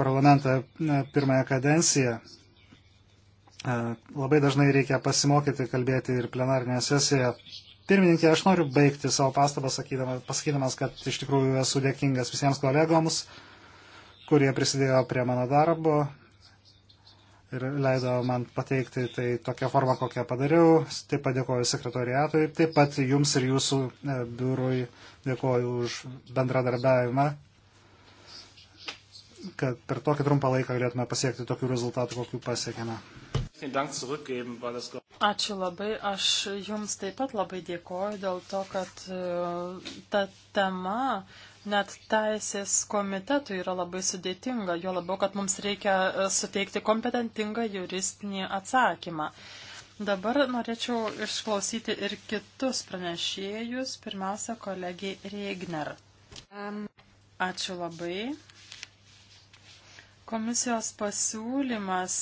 parlamentą e, pirmąją kadenciją. E, labai dažnai reikia pasimokyti kalbėti ir plenarinėje sesijoje. Pirmininkė, aš noriu baigti savo pastabą sakydamas, pasakydamas, kad iš tikrųjų esu dėkingas visiems kolegoms, kurie prisidėjo prie mano darbo ir leido man pateikti tai tokią formą, kokią padariau. Taip pat dėkoju sekretoriatui, taip pat jums ir jūsų e, biurui dėkoju už bendradarbiavimą, kad per tokį trumpą laiką galėtume pasiekti tokių rezultatų, kokių pasiekėme. Ačiū labai, aš jums taip pat labai dėkoju dėl to, kad e, ta tema, uh, Net teisės komitetui yra labai sudėtinga, jo labiau, kad mums reikia e, suteikti kompetentingą juristinį atsakymą. Dabar norėčiau išklausyti ir kitus pranešėjus, pirmiausia, kolegiai Regner. Um. Ačiū labai. Komisijos pasiūlymas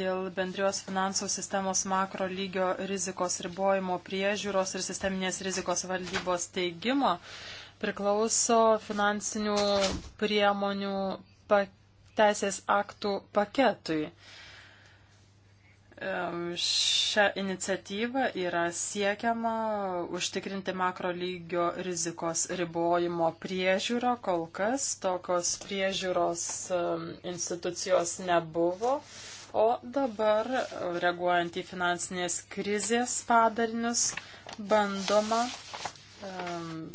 dėl bendrijos finansų sistemos makro lygio rizikos ribojimo priežiūros ir sisteminės rizikos valdybos teigimo priklauso finansinių priemonių teisės aktų paketui. Šią iniciatyvą yra siekiama užtikrinti makro lygio rizikos ribojimo priežiūrą. Kol kas tokios priežiūros institucijos nebuvo. O dabar, reaguojant į finansinės krizės padarinius, bandoma um,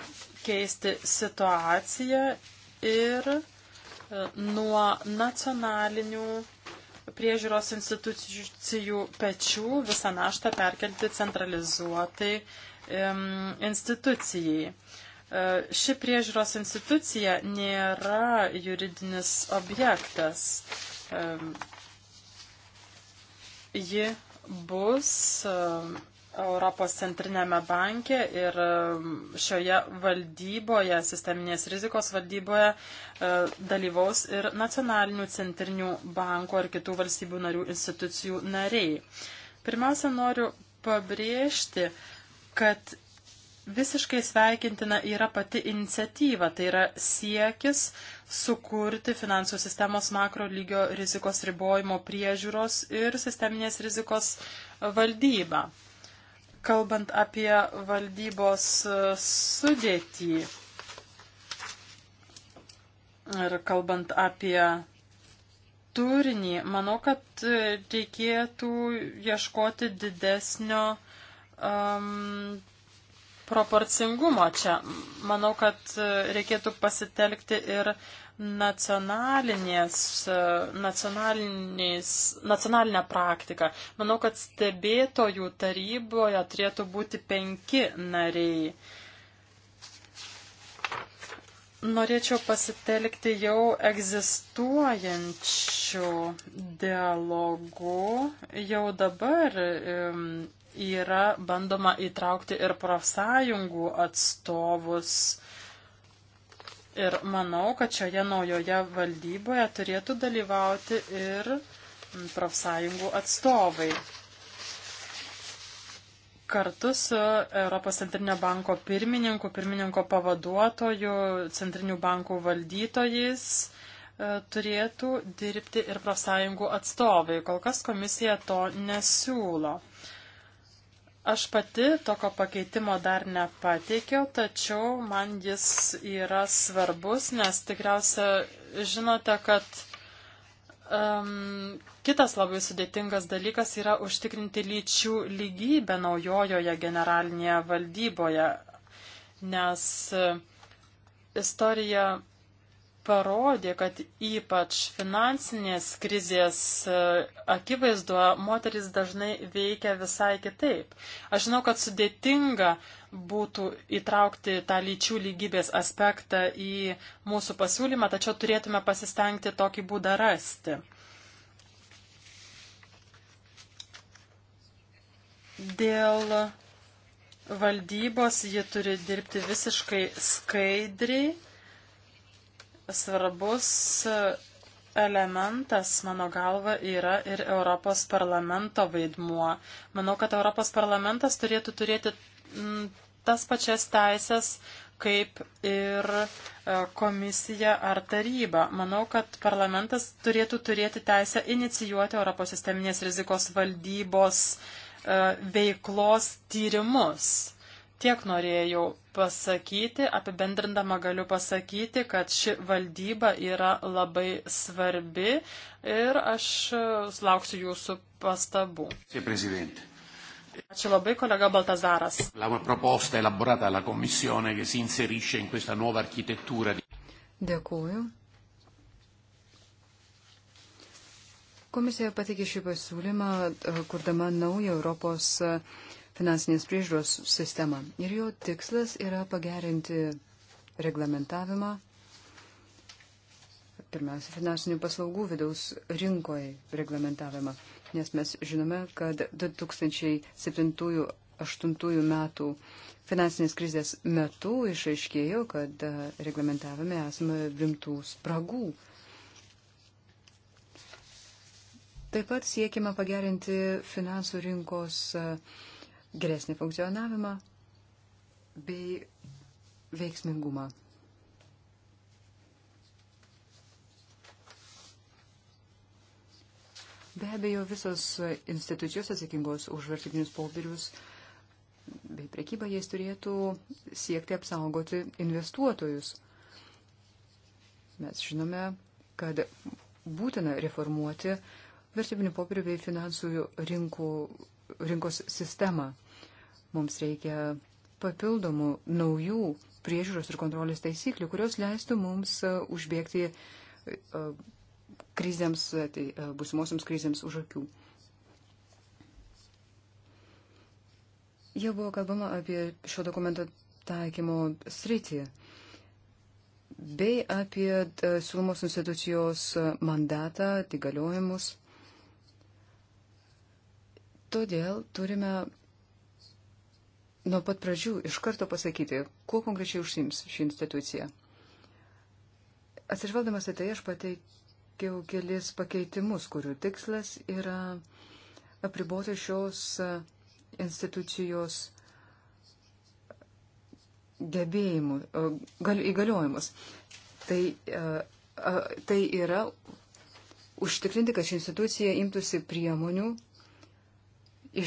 keisti situaciją ir e, nuo nacionalinių priežiūros institucijų pečių visą naštą perkelti centralizuotai institucijai. E, ši priežiūros institucija nėra juridinis objektas. Ji bus Europos centrinėme banke ir um, šioje valdyboje, sisteminės rizikos valdyboje, uh, dalyvaus ir nacionalinių centrinių banko ir kitų valstybių narių institucijų nariai. Pirmiausia, noriu pabrėžti, kad visiškai sveikintina yra pati iniciatyva, tai yra siekis sukurti finansų sistemos makro lygio rizikos ribojimo priežiūros ir sisteminės rizikos valdybą kalbant apie valdybos e, sudėtį ir kalbant apie turinį, manau, kad e, reikėtų ieškoti didesnio um, proporcingumo čia. Manau, kad e, reikėtų pasitelkti ir uh, nacionalinę praktiką. Manau, kad stebėtojų taryboje turėtų būti penki nariai. Norėčiau pasitelkti jau egzistuojančių dialogų. Jau dabar yra bandoma įtraukti ir profsąjungų atstovus Ir manau, kad šioje naujoje valdyboje turėtų dalyvauti ir profsąjungų atstovai. Kartu su Europos centrinio banko pirmininku, pirmininko pavaduotoju, centrinių bankų valdytojais e, turėtų dirbti ir profsąjungų atstovai. Kol kas komisija to nesiūlo. Aš pati tokio pakeitimo dar nepateikiau, tačiau man jis yra svarbus, nes tikriausia žinote, kad um, kitas labai sudėtingas dalykas yra užtikrinti lyčių lygybę naujojoje generalinėje valdyboje, nes istorija parodė, kad ypač finansinės krizės e, akivaizdoje moteris dažnai veikia visai kitaip. Aš žinau, kad sudėtinga būtų įtraukti tą lyčių lygybės aspektą į mūsų pasiūlymą, tačiau turėtume pasistengti tokį būdą rasti. Dėl valdybos ji turi dirbti visiškai skaidriai svarbus elementas, mano galva, yra ir Europos parlamento vaidmuo. Manau, kad Europos parlamentas turėtų turėti mm, tas pačias teisės kaip ir e, komisija ar taryba. Manau, kad parlamentas turėtų turėti teisę inicijuoti Europos sisteminės rizikos valdybos e, veiklos tyrimus. Tiek norėjau pasakyti, apibendrindama galiu pasakyti, kad ši valdyba yra labai svarbi ir aš lauksiu jūsų pastabų. Ačiū labai, kolega Baltazaras. Dėkuoju. Komisija patikė šį pasiūlymą, e, kurdama naują Europos e, finansinės priežiūros sistemą. Ir jo tikslas yra pagerinti reglamentavimą, pirmiausia, finansinių paslaugų vidaus rinkoje reglamentavimą. Nes mes žinome, kad 2007-2008 metų finansinės krizės metu išaiškėjo, kad e, reglamentavime esame rimtų spragų. Taip pat siekime pagerinti finansų rinkos uh, geresnį funkcionavimą bei veiksmingumą. Be abejo, visos institucijos atsakingos už vertybinius popierius bei prekybą jais turėtų siekti apsaugoti investuotojus. Mes žinome, kad būtina reformuoti vertybinių popierių bei finansų rinkų, rinkos sistemą. Mums reikia papildomų naujų priežiūros ir kontrolės taisyklių, kurios leistų mums e, užbėgti e, krizėms, tai e, busimosiams krizėms už akių. Jau buvo kalbama apie šio dokumento taikymo sritį bei apie siūlomos institucijos mandatą, įgaliojimus. Todėl turime nuo pat pradžių iš karto pasakyti, kuo konkrečiai užsims ši institucija. Atsižvelgdamas į tai, aš pateikiau kelis pakeitimus, kurių tikslas yra apriboti šios institucijos gebėjimų, gal, įgaliojimus. Tai, e, tai yra užtikrinti, kad ši institucija imtųsi priemonių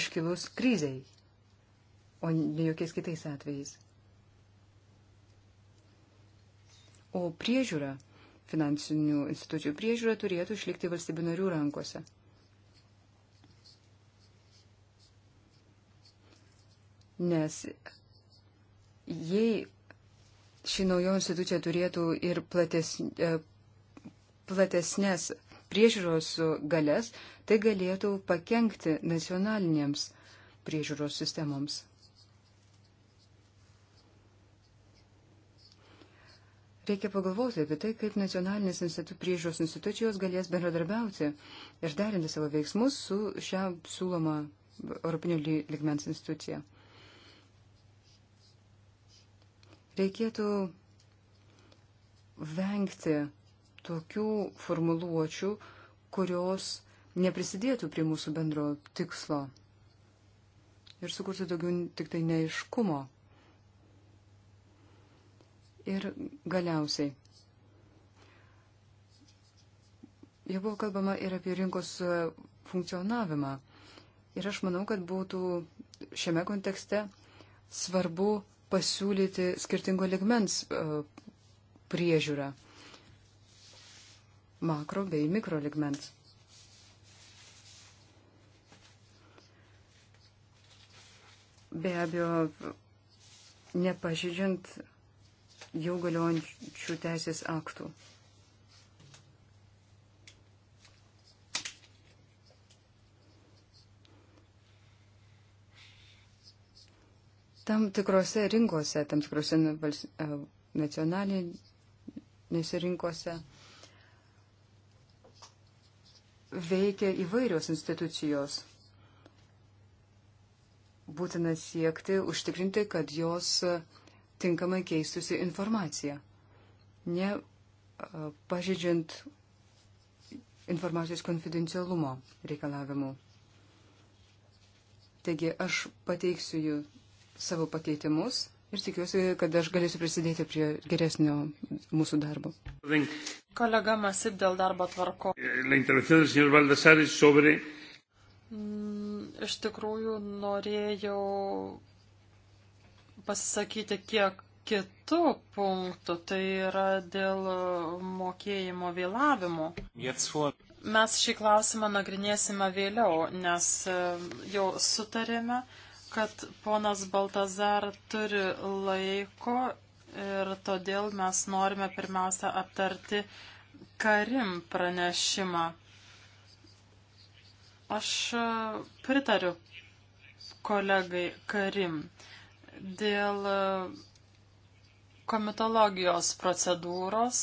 iškilus kriziai o ne jokiais kitais atvejais. O priežiūra, finansinių institucijų priežiūra turėtų išlikti valstybių narių rankose. Nes jei ši naujo institucija turėtų ir plates, e, platesnės priežiūros galės, tai galėtų pakengti nacionalinėms priežiūros sistemoms. reikia pagalvoti apie tai, kaip nacionalinės institu, priežiūros institucijos galės bendradarbiauti ir derinti savo veiksmus su šią siūloma Europinio lygmens institucija. Reikėtų vengti tokių formuluočių, kurios neprisidėtų prie mūsų bendro tikslo ir sukurti daugiau tik tai neiškumo Ir galiausiai. Jau buvo kalbama ir apie rinkos e, funkcionavimą. Ir aš manau, kad būtų šiame kontekste svarbu pasiūlyti skirtingo ligmens e, priežiūrą - makro bei mikro ligmens. Be abejo, nepažydžiant jau galiojančių teisės aktų. Tam tikrose rinkose, tam tikrose e, nacionalinėse rinkose veikia įvairios institucijos. Būtina siekti, užtikrinti, kad jos uh, tinkamai keistusi informacija, ne e, pažydžiant informacijos konfidencialumo reikalavimų. Taigi aš pateiksiu jų savo pakeitimus ir tikiuosi, kad aš galėsiu prisidėti prie geresnio mūsų darbo. Kolega Masip dėl darbo tvarko. Sobre... Mm, iš tikrųjų norėjau pasisakyti kiek kitų punktų, tai yra dėl mokėjimo vėlavimo. Mes šį klausimą nagrinėsime vėliau, nes e, jau sutarėme, kad ponas Baltazar turi laiko ir todėl mes norime pirmiausia aptarti Karim pranešimą. Aš e, pritariu kolegai Karim. Uh, Dėl e, komitologijos procedūros.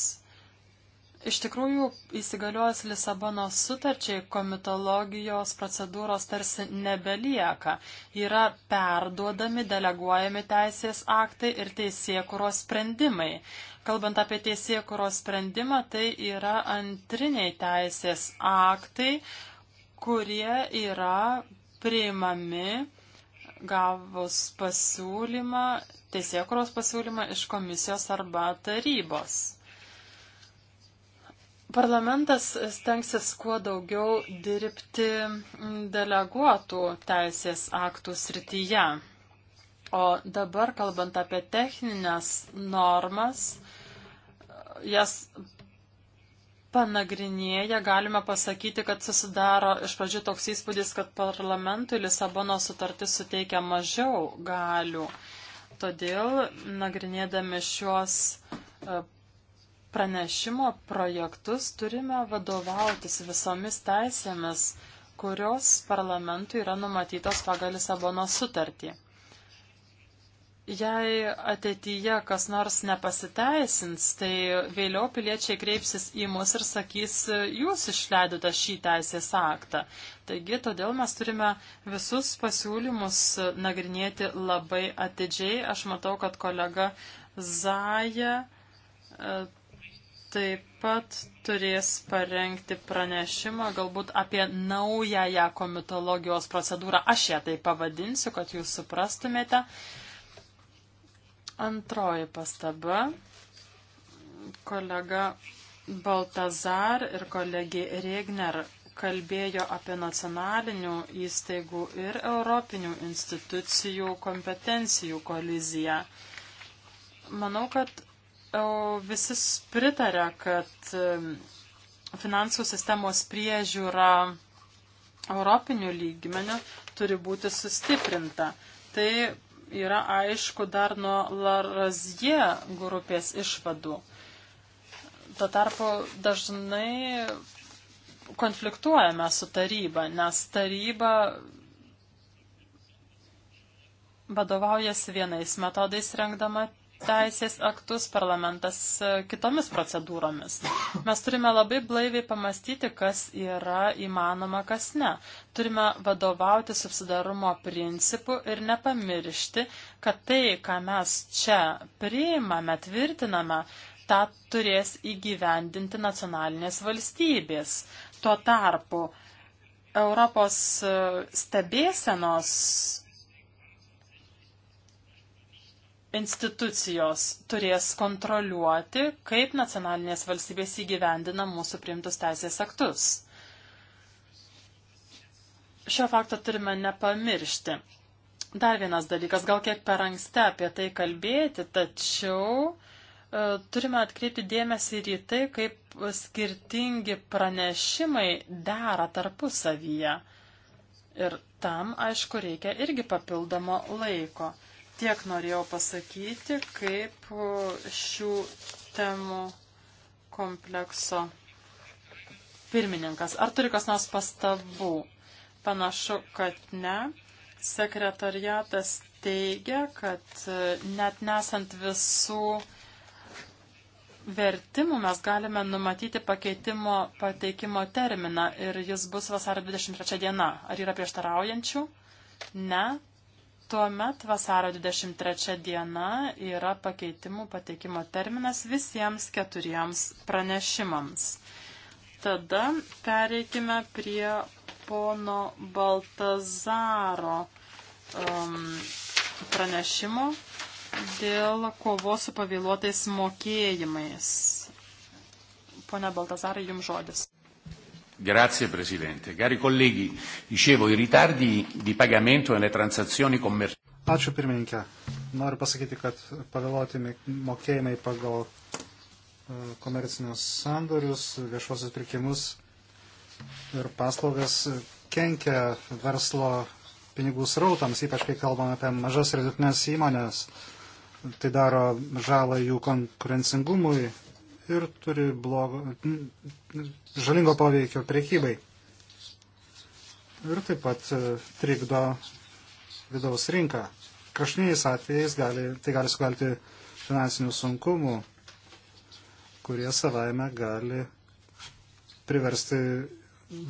Iš tikrųjų, įsigaliojus Lisabonos sutarčiai, komitologijos procedūros tarsi nebelieka. Yra perduodami, deleguojami teisės aktai ir teisėkuros sprendimai. Kalbant apie teisėkuros sprendimą, tai yra antriniai teisės aktai, kurie yra priimami gavus pasiūlymą, teisėkuros pasiūlymą iš komisijos arba tarybos. Parlamentas stengsis kuo daugiau dirbti deleguotų teisės aktų srityje. O dabar, kalbant apie techninės normas, jas panagrinėję galime pasakyti, kad susidaro iš pradžių toks įspūdis, kad parlamentui Lisabono sutartis suteikia mažiau galių. Todėl, nagrinėdami šiuos e, pranešimo projektus, turime vadovautis visomis teisėmis, kurios parlamentui yra numatytos pagal Lisabono sutartį. Jei ateityje kas nors nepasiteisins, tai vėliau piliečiai kreipsis į mus ir sakys, jūs išleidote šį teisės aktą. Taigi, todėl mes turime visus pasiūlymus nagrinėti labai atidžiai. Aš matau, kad kolega Zaja e, taip pat turės parengti pranešimą galbūt apie naująją komitologijos procedūrą. Aš ją tai pavadinsiu, kad jūs suprastumėte. Uh, Antroji pastaba. Kolega Baltazar ir kolegė Regner kalbėjo apie nacionalinių įstaigų ir europinių institucijų kompetencijų koliziją. Manau, kad e, visi pritarė, kad e, finansų sistemos priežiūra europinių lygmenių turi būti sustiprinta. Tai yra aišku dar nuo Larazie grupės išvadų. Tuo tarpu dažnai konfliktuojame su taryba, nes taryba vadovaujasi vienais metodais rengdama teisės aktus, parlamentas e, kitomis procedūromis. Mes turime labai blaiviai pamastyti, kas yra įmanoma, kas ne. Turime vadovauti subsidarumo principu ir nepamiršti, kad tai, ką mes čia priimame, tvirtiname, tą turės įgyvendinti nacionalinės valstybės. Tuo tarpu Europos e, stebėsenos institucijos turės kontroliuoti, kaip nacionalinės valstybės įgyvendina mūsų priimtus teisės aktus. Šio fakto turime nepamiršti. Dar vienas dalykas, gal kiek per anksti apie tai kalbėti, tačiau e, turime atkreipti dėmesį ir į tai, kaip skirtingi pranešimai dera tarpusavyje. Ir tam, aišku, reikia irgi papildomo laiko. Tiek norėjau pasakyti, kaip šių temų komplekso pirmininkas. Ar turi kas nors pastabų? Panašu, kad ne. Sekretariatas teigia, kad e, net nesant visų vertimų mes galime numatyti pakeitimo pateikimo terminą ir jis bus vasario 23 diena. Ar yra prieštaraujančių? Ne, Tuomet vasaro 23 diena yra pakeitimų pateikimo terminas visiems keturiems pranešimams. Tada pereikime prie pono Baltazaro um, pranešimo dėl kovos su pavėluotais mokėjimais. Pone Baltazarai, jums žodis. Grazie Presidente. Cari colleghi, dicevo, i ritardi di pagamento nelle transazioni commerciali. Ačiū pirmininkė. Noriu pasakyti, kad pavėluoti mokėjimai pagal e, komercinius sandorius, viešuosius pirkimus ir paslaugas kenkia verslo pinigų srautams, ypač kai kalbame apie mažas ir vidutinės įmonės. Tai daro žalą jų konkurencingumui ir turi blogo, žalingo poveikio priekybai. Ir taip pat e, trikdo vidaus rinką. Kraštiniais atvejais gali, tai gali sukelti finansinių sunkumų, kurie savaime gali priversti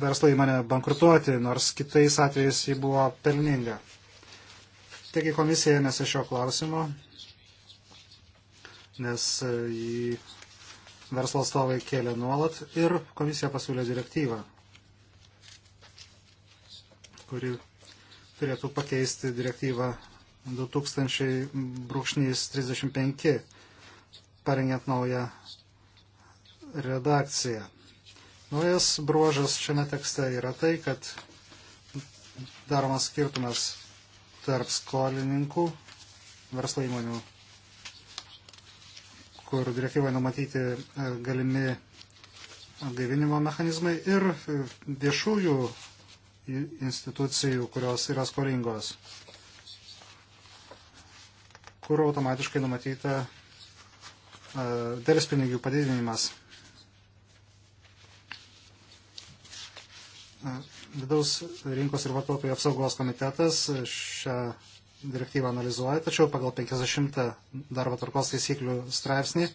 verslo įmonę bankrutuoti, nors kitais atvejais ji buvo pelninga. Taigi komisija ėmėsi šio klausimo, nes e, jį verslo atstovai kėlė nuolat ir komisija pasiūlė direktyvą, kuri turėtų pakeisti direktyvą 2000-35, parengiant naują redakciją. Naujas bruožas šiame tekste yra tai, kad daromas skirtumas tarp skolininkų, verslo įmonių kur direktyvoje numatyti e, galimi atgaivinimo mechanizmai ir e, viešųjų institucijų, kurios yra skolingos, kur automatiškai numatyta e, delspinigių padidinimas. Vidaus rinkos ir vartotojų apsaugos komitetas šią direktyvą analizuoja, tačiau pagal 50 darbo tvarkos taisyklių straipsnį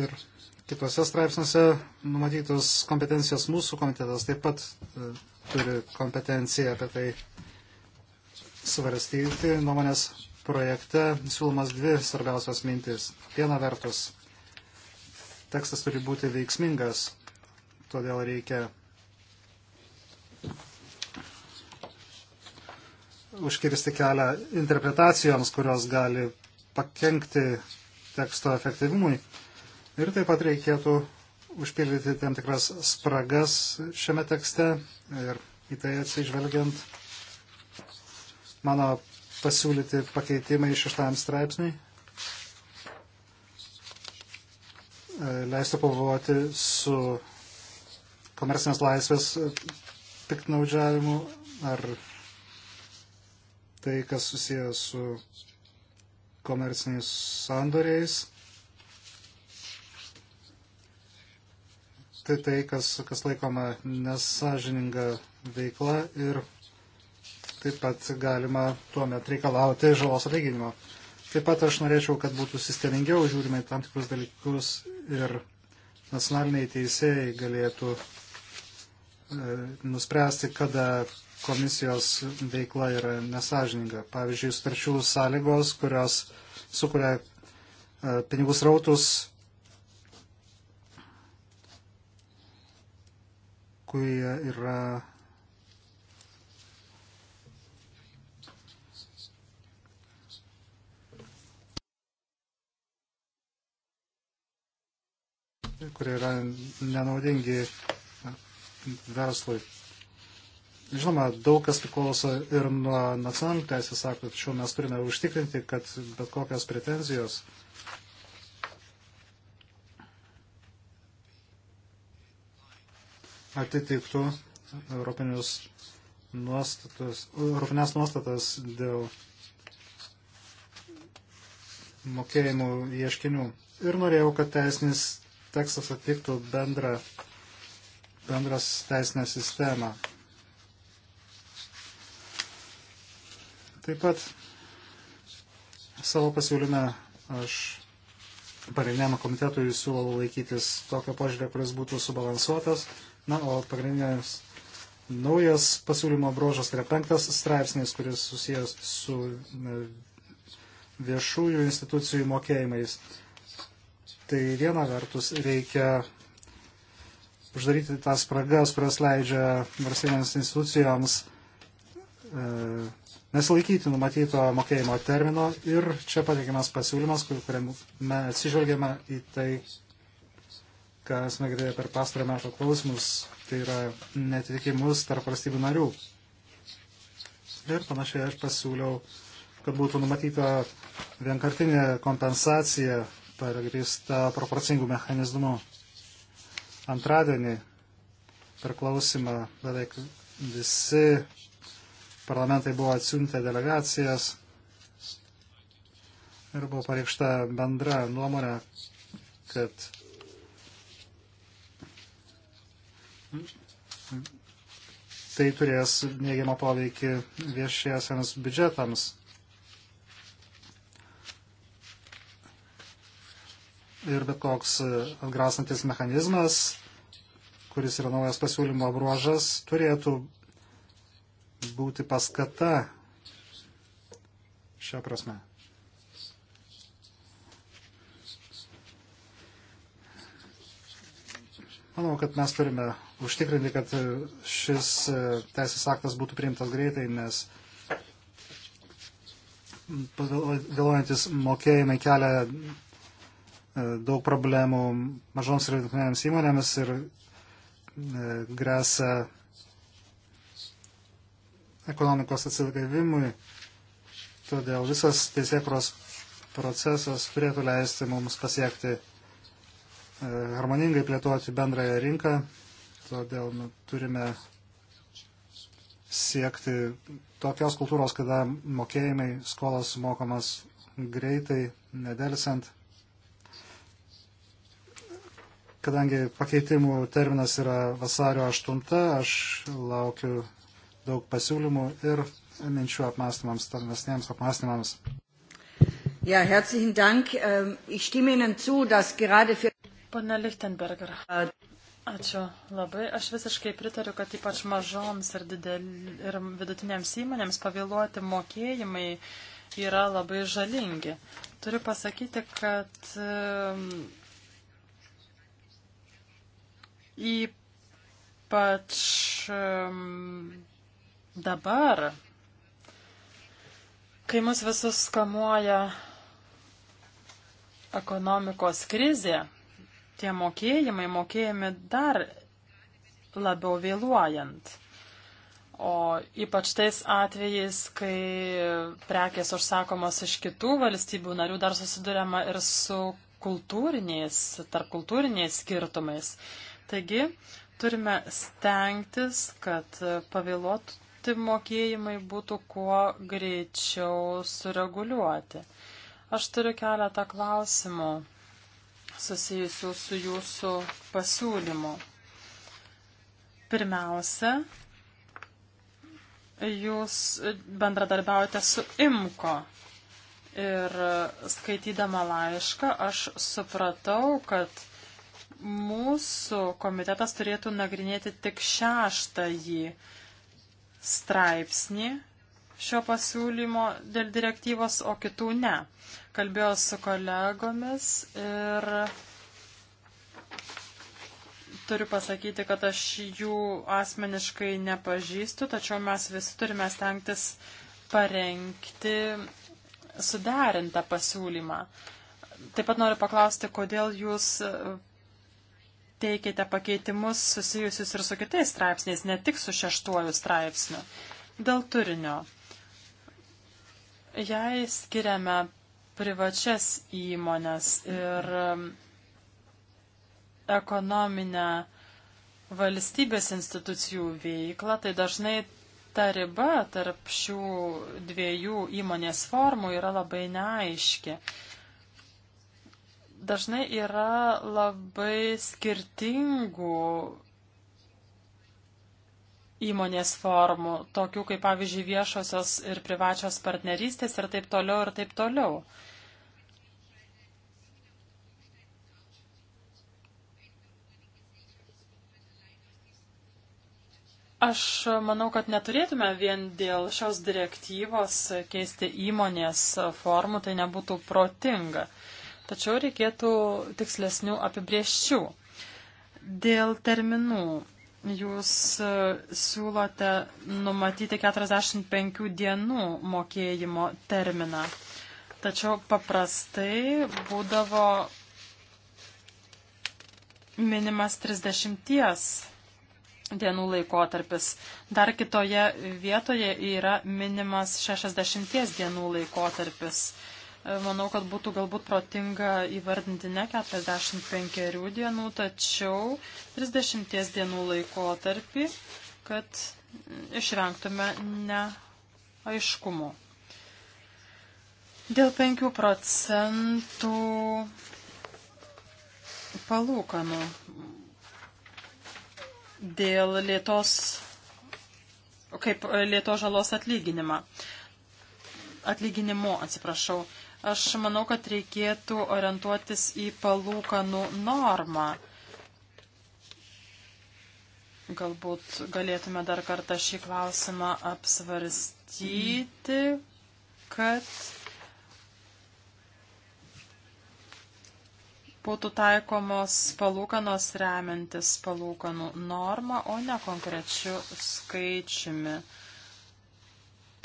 ir kitose straipsniuose numatytos kompetencijos mūsų komitetas taip pat e, turi kompetenciją apie tai svarstyti. Nuomonės projekte siūlomas dvi svarbiausios mintis. Viena vertus, tekstas turi būti veiksmingas, todėl reikia užkirsti kelią interpretacijoms, kurios gali pakengti teksto efektyvumui. Ir taip pat reikėtų užpildyti tam tikras spragas šiame tekste ir į tai atsižvelgiant mano pasiūlyti pakeitimai šeštajam straipsniui leistų pavoti su komersinės laisvės piktnaudžiavimu ar tai, kas susijęs su komerciniais sandoriais. Tai tai, kas, kas laikoma nesažininga veikla ir taip pat galima tuomet reikalauti žalos atlyginimo. Taip pat aš norėčiau, kad būtų sistemingiau žiūrima į tam tikrus dalykus ir nacionaliniai teisėjai galėtų e, nuspręsti, kada komisijos veikla yra nesažininga. Pavyzdžiui, sutarčių sąlygos, kurios sukuria e, pinigus rautus, kurie yra kurie yra nenaudingi verslui. Žinoma, daug kas priklauso ir nuo nacionalinių teisės aktų, tačiau mes turime užtikrinti, kad bet kokios pretenzijos atitiktų europinius nuostatas, europinės nuostatas dėl mokėjimų ieškinių. Ir norėjau, kad teisinis tekstas atitiktų bendrą, bendras teisinę sistemą. Taip pat savo pasiūlyme aš pagrindiniam komitetui siūlau laikytis tokio požiūrio, kuris būtų subalansuotas. Na, o pagrindinis naujas pasiūlymo brožas yra penktas straipsnis, kuris susijęs su viešųjų institucijų mokėjimais. Tai viena vertus reikia uždaryti tas spragas, kurias leidžia valstybėms institucijoms e, nesilaikyti numatyto mokėjimo termino ir čia pateikiamas pasiūlymas, kuriame atsižvelgiame į tai, ką esame girdėję per pastarą metų klausimus, tai yra netitikimus tarp valstybių narių. Ir panašiai aš pasiūliau, kad būtų numatyta vienkartinė kompensacija pagrįsta proporcingų mechanizmų. Antradienį per klausimą beveik visi parlamentai buvo atsiuntę delegacijas ir buvo pareikšta bendra nuomonė, kad tai turės neigiamą poveikį viešiesiams biudžetams. Ir bet koks atgrasantis mechanizmas, kuris yra naujas pasiūlymo bruožas, turėtų būti paskata šią prasme. Manau, kad mes turime užtikrinti, kad šis e, teisės aktas būtų priimtas greitai, nes vėluojantis mokėjimai kelia e, daug problemų mažoms ir vidutinėms įmonėms ir e, grėsia ekonomikos atsigavimui. Todėl visas teisėkros procesas turėtų leisti mums pasiekti e, harmoningai plėtoti bendrąją rinką. Todėl nu, turime siekti tokios kultūros, kada mokėjimai skolos mokamas greitai, nedelsiant. Kadangi pakeitimų terminas yra vasario 8, aš laukiu daug pasiūlymų ir minčių apmastymams, tolesniems apmastymams. Ja, herzlichen Dank. Ähm, ich stimme Ihnen zu, dass gerade für. Pane Lichtenberger. Ačiū labai. Aš visiškai pritariu, kad ypač mažoms ir, didel, ir vidutinėms įmonėms pavėluoti mokėjimai yra labai žalingi. Turiu pasakyti, kad ehm, ypač ehm, Dabar, kai mus visus skamuoja ekonomikos krizė, tie mokėjimai mokėjami dar labiau vėluojant. O ypač tais atvejais, kai prekės užsakomos iš kitų valstybių narių, dar susidurėma ir su kultūriniais, tarp kultūriniais skirtumais. Taigi, turime stengtis, kad pavėluotų kad mokėjimai būtų kuo greičiau sureguliuoti. Aš turiu keletą klausimų susijusių su jūsų pasiūlymu. Pirmiausia, jūs bendradarbiaujate su IMKO. Ir skaitydama laišką aš supratau, kad mūsų komitetas turėtų nagrinėti tik šeštąjį straipsnį šio pasiūlymo dėl direktyvos, o kitų ne. Kalbėjau su kolegomis ir turiu pasakyti, kad aš jų asmeniškai nepažįstu, tačiau mes visi turime stengtis parengti suderintą pasiūlymą. Taip pat noriu paklausti, kodėl jūs teikėte pakeitimus susijusius ir su kitais straipsniais, ne tik su šeštuoju straipsniu. Dėl turinio. Jei skiriame privačias įmonės ir um, ekonominę valstybės institucijų veiklą, tai dažnai ta riba tarp šių dviejų įmonės formų yra labai neaiški dažnai yra labai skirtingų įmonės formų, tokių kaip pavyzdžiui viešosios ir privačios partnerystės ir taip toliau ir taip toliau. Aš manau, kad neturėtume vien dėl šios direktyvos keisti įmonės formų, tai nebūtų protinga tačiau reikėtų tikslesnių apibrieščių. Dėl terminų jūs e, siūlote numatyti 45 dienų mokėjimo terminą, tačiau paprastai būdavo minimas 30 dienų laikotarpis. Dar kitoje vietoje yra minimas 60 dienų laikotarpis manau, kad būtų galbūt protinga įvardinti ne 45 dienų, tačiau 30 dienų laikotarpį, kad išvengtume neaiškumų. Dėl 5 procentų palūkanų, dėl lėtos, kaip lėtos žalos atlyginimą atlyginimo, atsiprašau. Aš manau, kad reikėtų orientuotis į palūkanų normą. Galbūt galėtume dar kartą šį klausimą apsvarstyti, kad būtų taikomos palūkanos remiantis palūkanų normą, o ne konkrečiu skaičiumi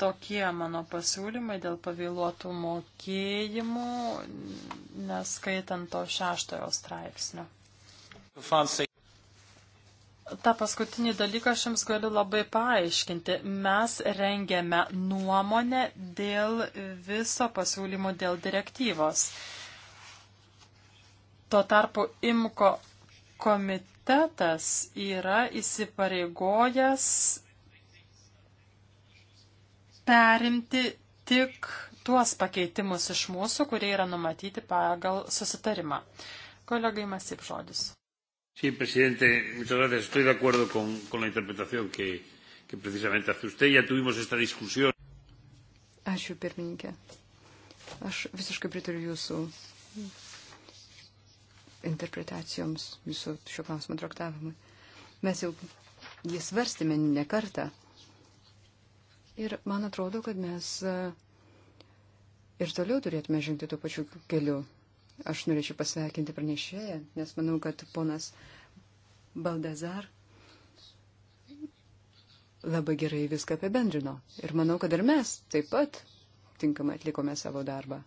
tokie mano pasiūlymai dėl pavėluotų mokėjimų, neskaitant to šeštojo straipsnio. Ta paskutinį dalyką aš jums galiu labai paaiškinti. Mes rengiame nuomonę dėl viso pasiūlymo dėl direktyvos. Tuo tarpu IMKO komitetas yra įsipareigojęs perimti tik tuos pakeitimus iš mūsų, kurie yra numatyti pagal susitarimą. Kolegai Masip žodis. Sí, presidente, muchas gracias. Estoy de acuerdo con, con la interpretación que, que precisamente hace usted. Ya tuvimos esta discusión. Ačiū, pirmininkė. Aš visiškai pritariu jūsų interpretacijoms, jūsų šio klausimo traktavimui. Mes jau jį svarstėme ne kartą. Ir man atrodo, kad mes e, ir toliau turėtume žengti tuo pačiu keliu. Aš norėčiau pasveikinti pranešėją, nes manau, kad ponas Baldazar labai gerai viską apibendrino. Ir manau, kad ir mes taip pat tinkamai atlikome savo darbą.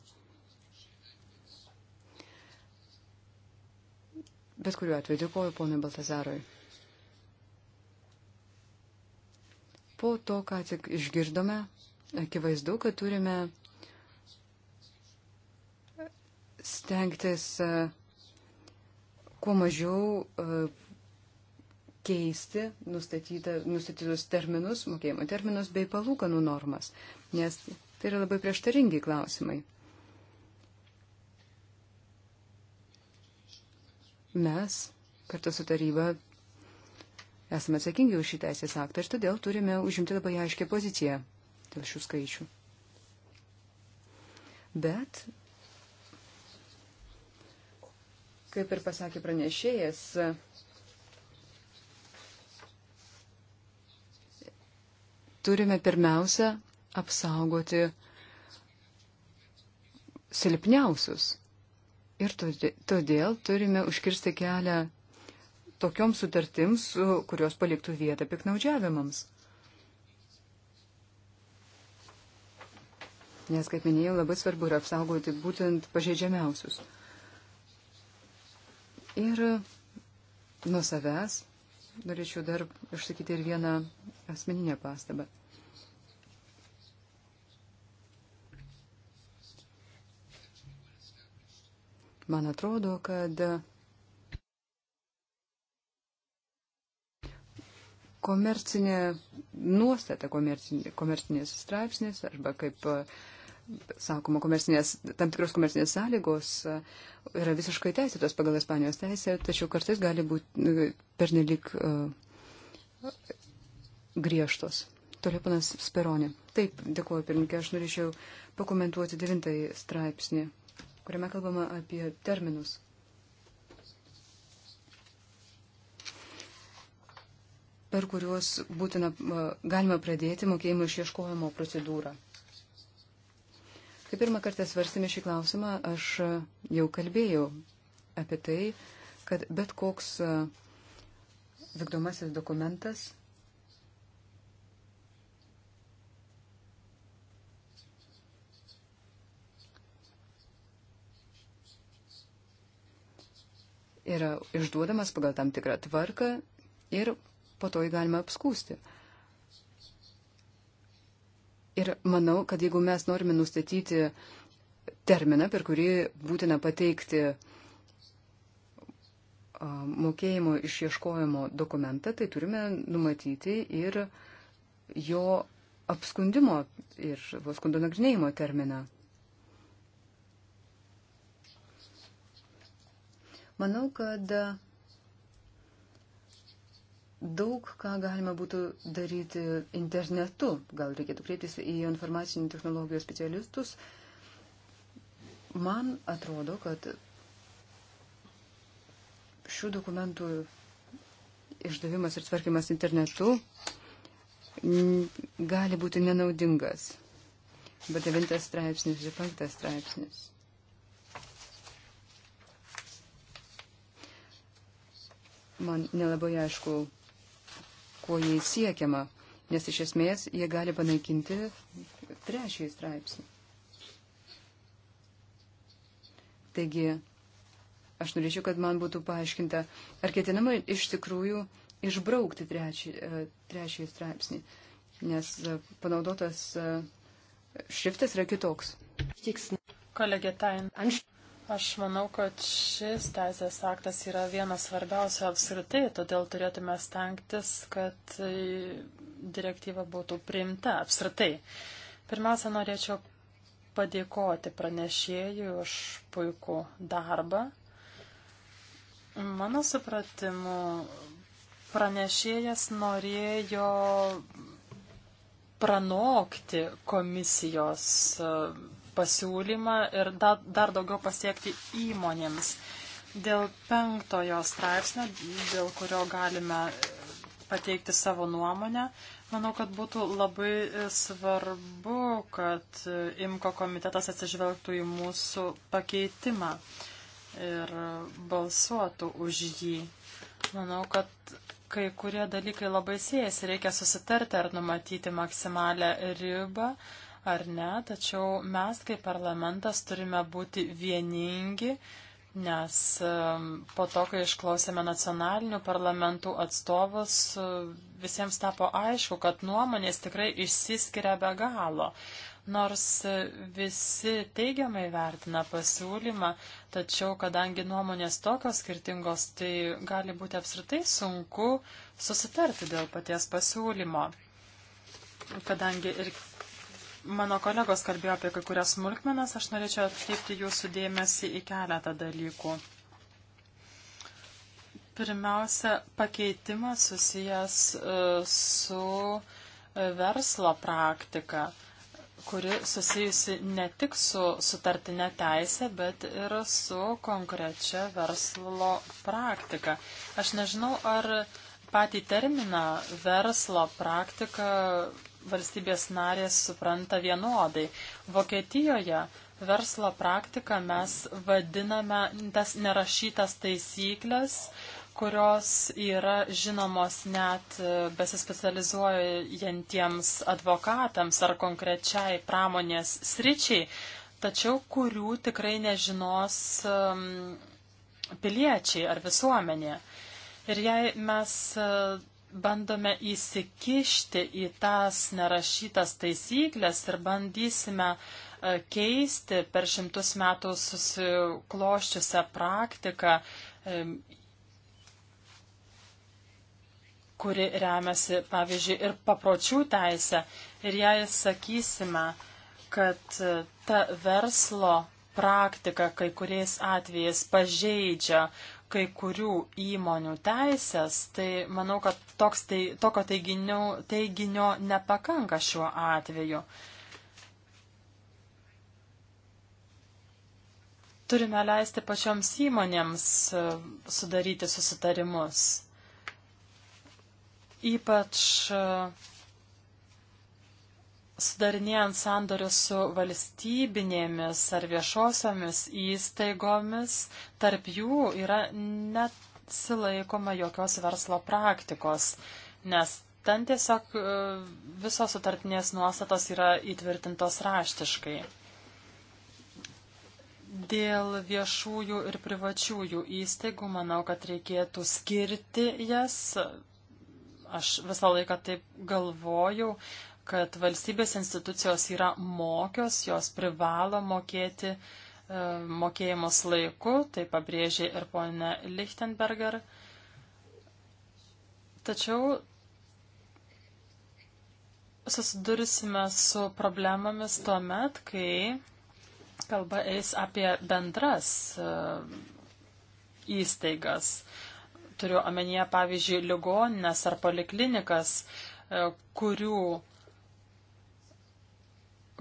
Bet kuriuo atveju dėkoju ponui Baltazarui. po to, ką tik išgirdome, akivaizdu, kad turime stengtis e, kuo mažiau e, keisti nustatytus terminus, mokėjimo terminus bei palūkanų normas, nes tai yra labai prieštaringi klausimai. Mes kartu su taryba Esame atsakingi už šį teisės aktą ir todėl turime užimti labai aiškę poziciją dėl šių skaičių. Bet, kaip ir pasakė pranešėjas, turime pirmiausia apsaugoti silpniausius. Ir todėl turime užkirsti kelią tokioms sutartims, kurios paliktų vietą piknaudžiavimams. Nes, kaip minėjau, labai svarbu yra apsaugoti būtent pažeidžiamiausius. Ir nuo savęs norėčiau dar išsakyti ir vieną asmeninę pastabą. Man atrodo, kad komercinė nuostata, komercinė, komercinės straipsnės arba kaip e, sakoma, komercinės, tam tikros komercinės sąlygos e, yra visiškai teisėtos pagal Ispanijos teisę, tačiau kartais gali būti e, pernelik griežtos. Toliau panas Speronė. Taip, dėkuoju, pirmininkė, aš norėčiau pakomentuoti devintąjį straipsnį, kuriame kalbama apie terminus. per kuriuos būtina, galima pradėti mokėjimo išieškojimo procedūrą. Kai pirmą kartą svarstėme šį klausimą, aš jau kalbėjau apie tai, kad bet koks vykdomasis dokumentas yra išduodamas pagal tam tikrą tvarką ir po to jį galima apskūsti. Ir manau, kad jeigu mes norime nustatyti terminą, per kurį būtina pateikti mokėjimo išieškojimo dokumentą, tai turime numatyti ir jo apskundimo ir skundo nagrinėjimo terminą. Manau, kad daug ką galima būtų daryti internetu. Gal reikėtų kreiptis į informacinių technologijų specialistus. Man atrodo, kad šių dokumentų išdavimas ir tvarkymas internetu gali būti nenaudingas. Bet devintas straipsnis ir penktas straipsnis. Man nelabai aišku, kuo jai siekiama, nes iš esmės jie gali panaikinti trečiąjį straipsnį. Taigi, aš norėčiau, kad man būtų paaiškinta, ar ketinama iš tikrųjų išbraukti treči, e, trečiąjį straipsnį, nes e, panaudotas e, šriftas yra kitoks. Kolegė Tain. Aš manau, kad šis teisės aktas yra vienas svarbiausių apskritai, todėl turėtume stengtis, kad direktyva būtų priimta apskritai. Pirmiausia, norėčiau padėkoti pranešėjui už puikų darbą. Mano supratimu, pranešėjas norėjo pranokti komisijos pasiūlymą ir da, dar daugiau pasiekti įmonėms. Dėl penktojo straipsnio, dėl kurio galime pateikti savo nuomonę, manau, kad būtų labai svarbu, kad IMKO komitetas atsižvelgtų į mūsų pakeitimą ir balsuotų už jį. Manau, kad kai kurie dalykai labai siejasi, reikia susitarti ar numatyti maksimalę ribą. Uh, ar ne, tačiau mes kaip parlamentas turime būti vieningi, nes um, po to, kai išklausėme nacionalinių parlamentų atstovus, uh, visiems tapo aišku, kad nuomonės tikrai išsiskiria be galo. Nors uh, visi teigiamai vertina pasiūlymą, tačiau kadangi nuomonės tokios skirtingos, tai gali būti apsritai sunku susitarti dėl paties pasiūlymo. Kadangi ir Mano kolegos kalbėjo apie kai kurias smulkmenas, aš norėčiau atkreipti jūsų dėmesį į keletą dalykų. Pirmiausia, pakeitimas susijęs e, su e, verslo praktika, kuri susijusi ne tik su sutartinė teisė, bet ir su konkrečia verslo praktika. Aš nežinau, ar patį terminą verslo praktika valstybės narės supranta vienodai. Vokietijoje verslo praktiką mes vadiname tas nerašytas taisyklės, kurios yra žinomos net besispecializuojantiems advokatams ar konkrečiai pramonės sričiai, tačiau kurių tikrai nežinos um, piliečiai ar visuomenė. Ir jei mes bandome įsikišti į tas nerašytas taisyklės ir bandysime e, keisti per šimtus metų susikloščiusią praktiką, kuri remiasi, pavyzdžiui, ir papročių teisę. Ir jei sakysime, kad e, ta verslo praktika kai kuriais atvejais pažeidžia kai kurių įmonių teisės, tai manau, kad toks tai, tokio teiginio, teiginio nepakanka šiuo atveju. Turime leisti pačioms įmonėms e, sudaryti susitarimus. Ypač e, sudarinėjant sandorius su valstybinėmis ar viešosiomis įstaigomis, tarp jų yra nesilaikoma jokios verslo praktikos, nes ten tiesiog e, visos sutartinės nuostatos yra įtvirtintos raštiškai. Dėl viešųjų ir privačiųjų įstaigų manau, kad reikėtų skirti jas. Aš visą laiką taip galvojau, kad valstybės institucijos yra mokios, jos privalo mokėti e, mokėjimus laiku, tai pabrėžė ir ponė Lichtenberger. Tačiau susidursime su problemomis tuo met, kai kalba eis apie bendras e, įstaigas. Turiu omenyje, pavyzdžiui, ligoninės ar poliklinikas, e, kurių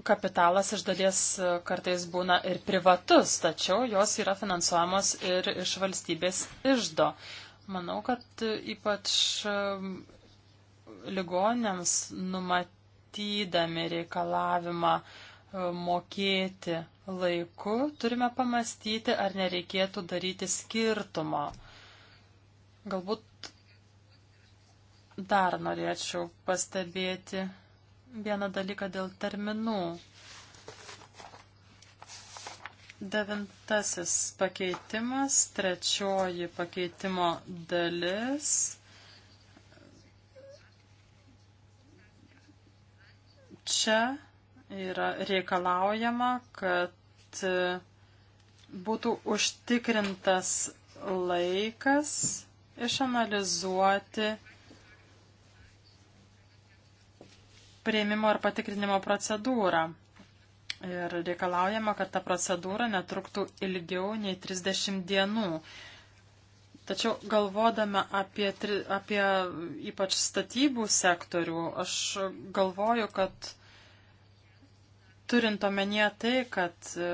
kapitalas iš dalies e, kartais būna ir privatus, tačiau jos yra finansuojamos ir iš valstybės išdo. Manau, kad e, ypač e, ligonėms numatydami reikalavimą mokėti laiku, turime pamastyti, ar nereikėtų daryti skirtumo. Galbūt dar norėčiau pastebėti vieną dalyką dėl terminų. Devintasis pakeitimas, trečioji pakeitimo dalis. Čia yra reikalaujama, kad būtų užtikrintas laikas išanalizuoti prieimimo ir patikrinimo procedūrą. Ir reikalaujama, kad ta procedūra netruktų ilgiau nei 30 dienų. Tačiau galvodama apie, tri, apie ypač statybų sektorių, aš galvoju, kad turint omenyje tai, kad e,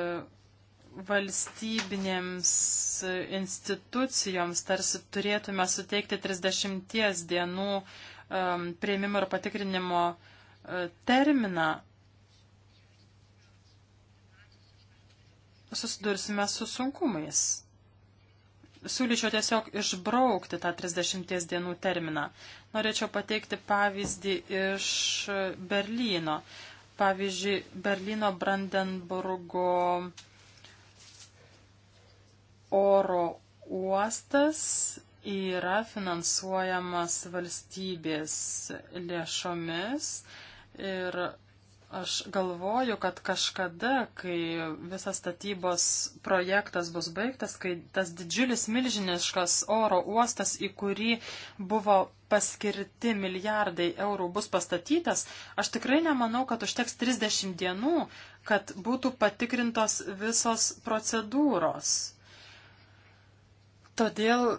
valstybinėms institucijoms tarsi turėtume suteikti 30 dienų um, prieimimo ir patikrinimo uh, terminą, susidursime su sunkumais. Siūlyčiau tiesiog išbraukti tą 30 dienų terminą. Norėčiau pateikti pavyzdį iš Berlyno. Pavyzdžiui, Berlyno Brandenburgo oro uostas yra finansuojamas valstybės lėšomis Ir Aš galvoju, kad kažkada, kai visas statybos projektas bus baigtas, kai tas didžiulis milžiniškas oro uostas, į kurį buvo paskirti milijardai eurų, bus pastatytas, aš tikrai nemanau, kad užteks 30 dienų, kad būtų patikrintos visos procedūros. Todėl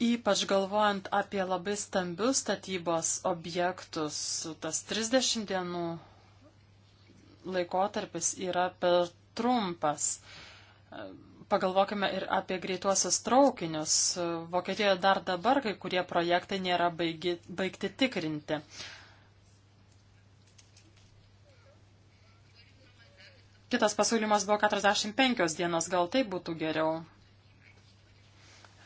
Ypač galvojant apie labai stambius statybos objektus, tas 30 dienų laikotarpis yra per trumpas. Pagalvokime ir apie greituosius traukinius. Vokietijoje dar dabar kai kurie projektai nėra baigi, baigti tikrinti. Kitas pasiūlymas buvo 45 dienos, gal tai būtų geriau.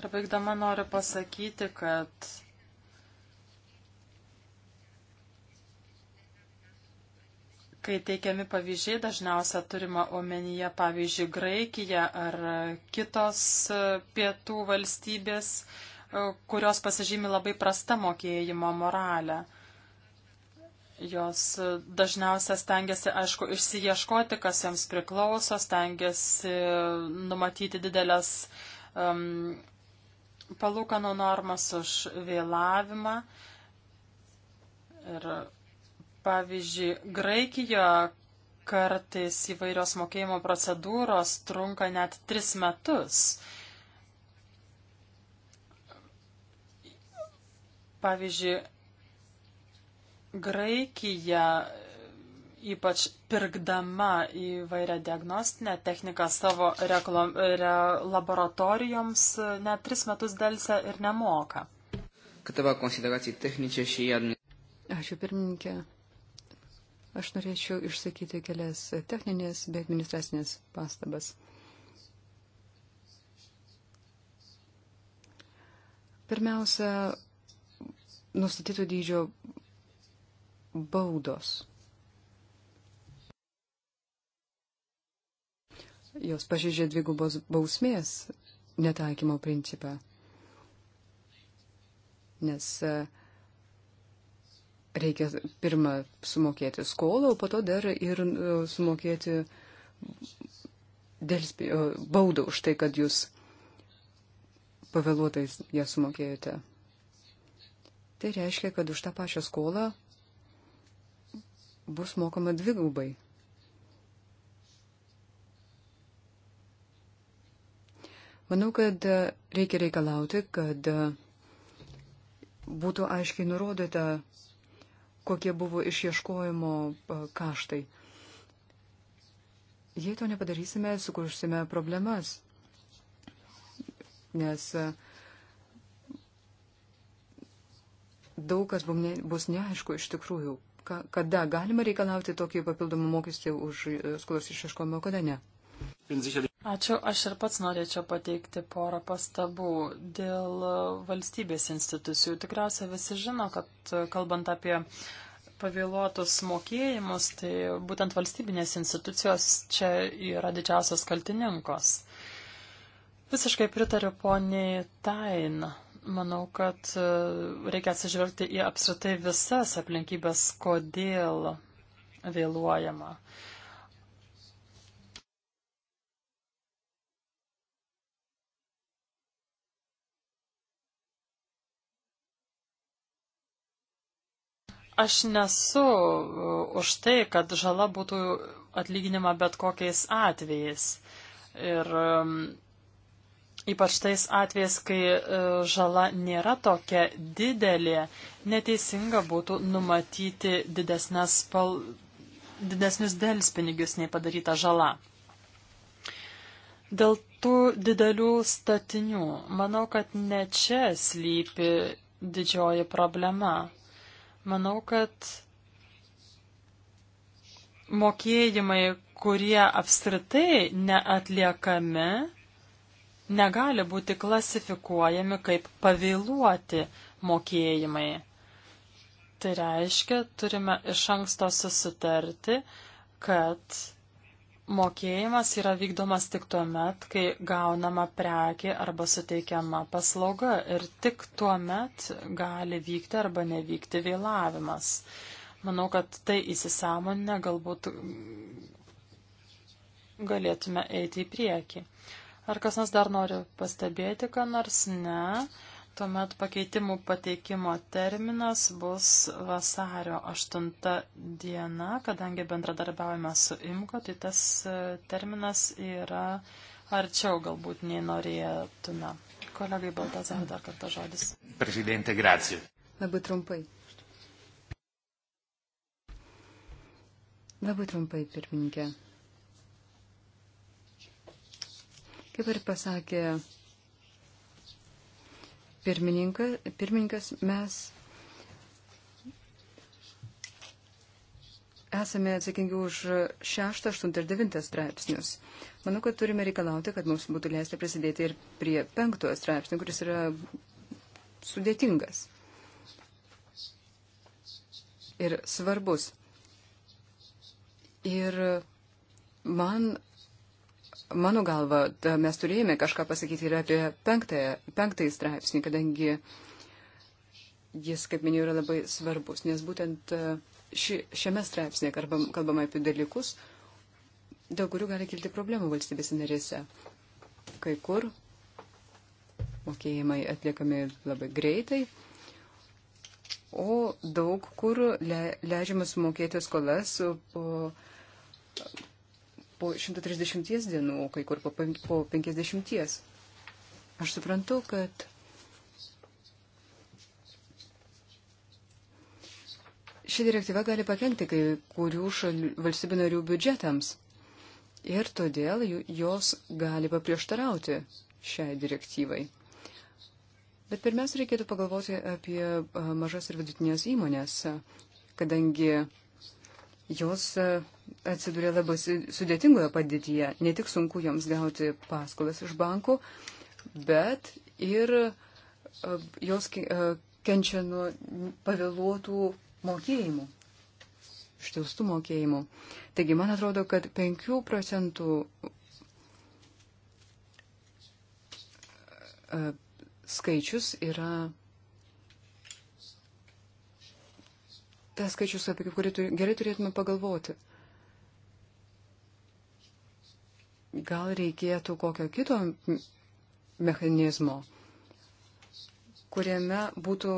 Ir baigdama noriu pasakyti, kad kai teikiami pavyzdžiai, dažniausia turima omenyje, pavyzdžiui, Graikija ar kitos pietų valstybės, kurios pasižymi labai prasta mokėjimo moralę. Jos dažniausia stengiasi, aišku, išsiieškoti, kas joms priklauso, stengiasi numatyti didelės um, palūkanų normas už vėlavimą. Ir pavyzdžiui, Graikijoje kartais įvairios mokėjimo procedūros trunka net tris metus. Pavyzdžiui, Graikija ypač pirkdama įvairią diagnostinę techniką savo reklam, re, laboratorijoms e, net tris metus dėlse ir nemoka. Ačiū pirmininkė. Aš norėčiau išsakyti kelias techninės bei administracinės pastabas. Pirmiausia, nustatytų dydžio baudos. jos pažeidžia dvigubos bausmės netaikymo principą. Nes e, reikia pirmą sumokėti skolą, o po to dar ir e, sumokėti dėlspį, baudą už tai, kad jūs pavėluotais ją sumokėjote. Tai reiškia, kad už tą pačią skolą bus mokama dvigubai. Manau, kad e, reikia reikalauti, kad e, būtų aiškiai nurodyta, kokie buvo išieškojimo e, kaštai. Jei to nepadarysime, sukursime problemas, nes daug kas bus neaišku iš tikrųjų, kada galima reikalauti tokį papildomą mokestį už skolos išieškojimą, kada ne. Ačiū, aš ir pats norėčiau pateikti porą pastabų dėl valstybės institucijų. Tikriausiai visi žino, kad kalbant apie pavėluotus mokėjimus, tai būtent valstybinės institucijos čia yra didžiausias kaltininkos. Visiškai pritariu poniai Tain. Manau, kad reikia atsižvelgti į apskritai visas aplinkybės, kodėl vėluojama. Uh, Aš nesu uh, už tai, kad žala būtų atlyginima bet kokiais atvejais. Ir um, ypač tais atvejais, kai uh, žala nėra tokia didelė, neteisinga būtų numatyti didesnės pal... didesnius dėlspinigius nei padaryta žala. Dėl tų didelių statinių, manau, kad ne čia slypi didžioji problema. Manau, kad mokėjimai, kurie apskritai neatliekami, negali būti klasifikuojami kaip pavėluoti mokėjimai. Tai reiškia, turime iš anksto susitarti, kad Mokėjimas yra vykdomas tik tuo met, kai gaunama prekė arba suteikiama paslauga ir tik tuo met gali vykti arba nevykti vėlavimas. Manau, kad tai įsisamonę galbūt galėtume eiti į priekį. Ar kas nors dar nori pastebėti, ką nors ne? Tuomet pakeitimų pateikimo terminas bus vasario 8 diena, kadangi bendradarbiaujame su IMKO, tai tas e, terminas yra arčiau galbūt nei norėtume. Kolegai Baltazar dar kartą žodis. Prezidentė, gracija. Labai trumpai. Labai trumpai, pirmininkė. Kaip ir pasakė pirmininkas, mes esame atsakingi už 6, 8 ir 9 straipsnius. Manau, kad turime reikalauti, kad mums būtų leista prisidėti ir prie 5 straipsnio, kuris yra sudėtingas ir svarbus. Ir man mano galva, ta, mes turėjome kažką pasakyti ir apie penktąjį straipsnį, kadangi jis, kaip minėjau, yra labai svarbus, nes būtent e, ši, šiame straipsnėje kalbam, kalbama apie dalykus, dėl kurių gali kilti problemų valstybėse narėse. Kai kur mokėjimai atliekami labai greitai, o daug kur le, leidžiama sumokėti skolas po po 130 dienų, kai kur po 50. Aš suprantu, kad ši direktyva gali pakengti kai kurių valstybių narių biudžetams. Ir todėl jos gali paprieštarauti šiai direktyvai. Bet pirmiausia, reikėtų pagalvoti apie mažas ir vidutinės įmonės, kadangi jos atsidūrė labai sudėtingoje padėtyje. Ne tik sunku joms gauti paskolas iš bankų, bet ir e, jos e, kenčia nuo pavėluotų mokėjimų, ištilstų mokėjimų. Taigi, man atrodo, kad 5 procentų e, skaičius yra tas skaičius, apie kurį gerai turėtume pagalvoti. gal reikėtų kokio kito mechanizmo, kuriame būtų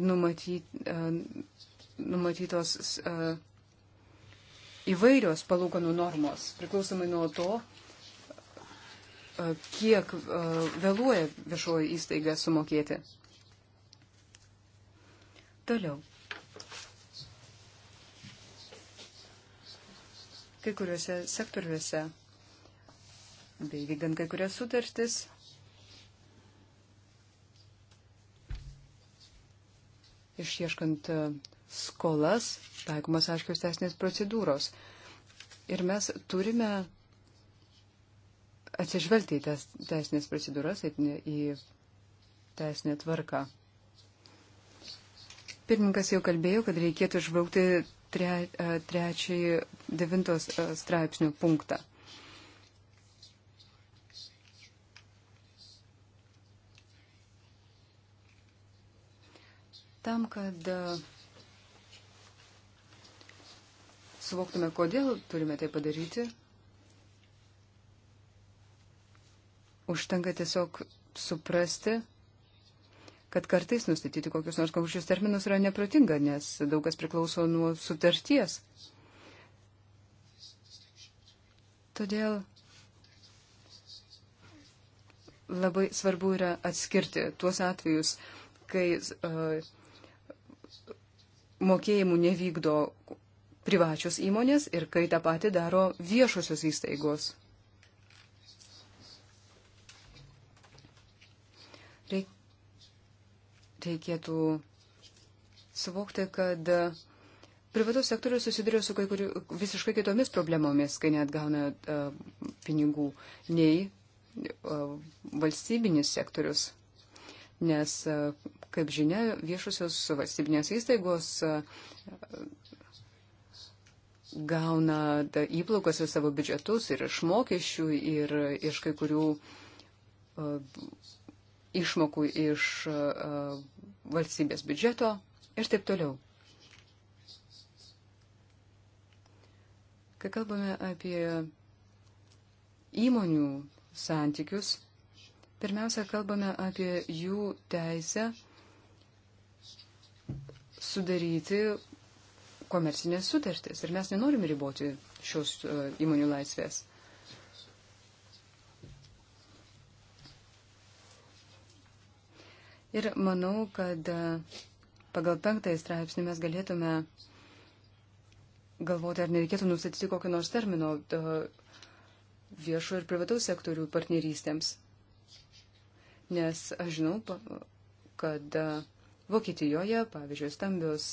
numatyt, e, numatytos e, įvairios palūkanų normos, priklausomai nuo to, e, kiek vėluoja viešoji įstaiga sumokėti. Toliau. kai kuriuose sektoriuose, bei vykdant kai kurias sutartis. Išieškant e, skolas, taikomas aiškios teisinės procedūros. Ir mes turime atsižvelgti į tas teisinės procedūras, į teisinę tvarką. Pirmininkas jau kalbėjo, kad reikėtų išbraukti tre, e, trečiąjį devintos e, straipsnių punktą. Tam, kad e, suvoktume, kodėl turime tai padaryti, užtenka tiesiog suprasti, kad kartais nustatyti kokius nors konkrečius terminus yra neprotinga, nes daug kas priklauso nuo sutarties. Todėl labai svarbu yra atskirti tuos atvejus, kai uh, mokėjimų nevykdo privačios įmonės ir kai tą patį daro viešosios įstaigos. reikėtų suvokti, kad privatus sektorius susiduria su kai kuriu visiškai kitomis problemomis, kai neatgauna uh, pinigų, nei uh, valstybinis sektorius. Nes, uh, kaip žinia, viešusios valstybinės įstaigos gauna įplaukas į savo biudžetus ir iš mokesčių, ir iš kai kurių išmokų iš e, valstybės biudžeto ir taip toliau. Kai kalbame apie įmonių santykius, pirmiausia, kalbame apie jų teisę sudaryti komercinės sutartis. Ir mes nenorime riboti šios e, įmonių laisvės. Ir manau, kad e, pagal penktąjį straipsnį mes galėtume galvoti, ar nereikėtų nustatyti kokio nors termino e, viešo ir privataus sektorių partnerystėms. Nes aš žinau, kad e, Vokietijoje, pavyzdžiui, stambios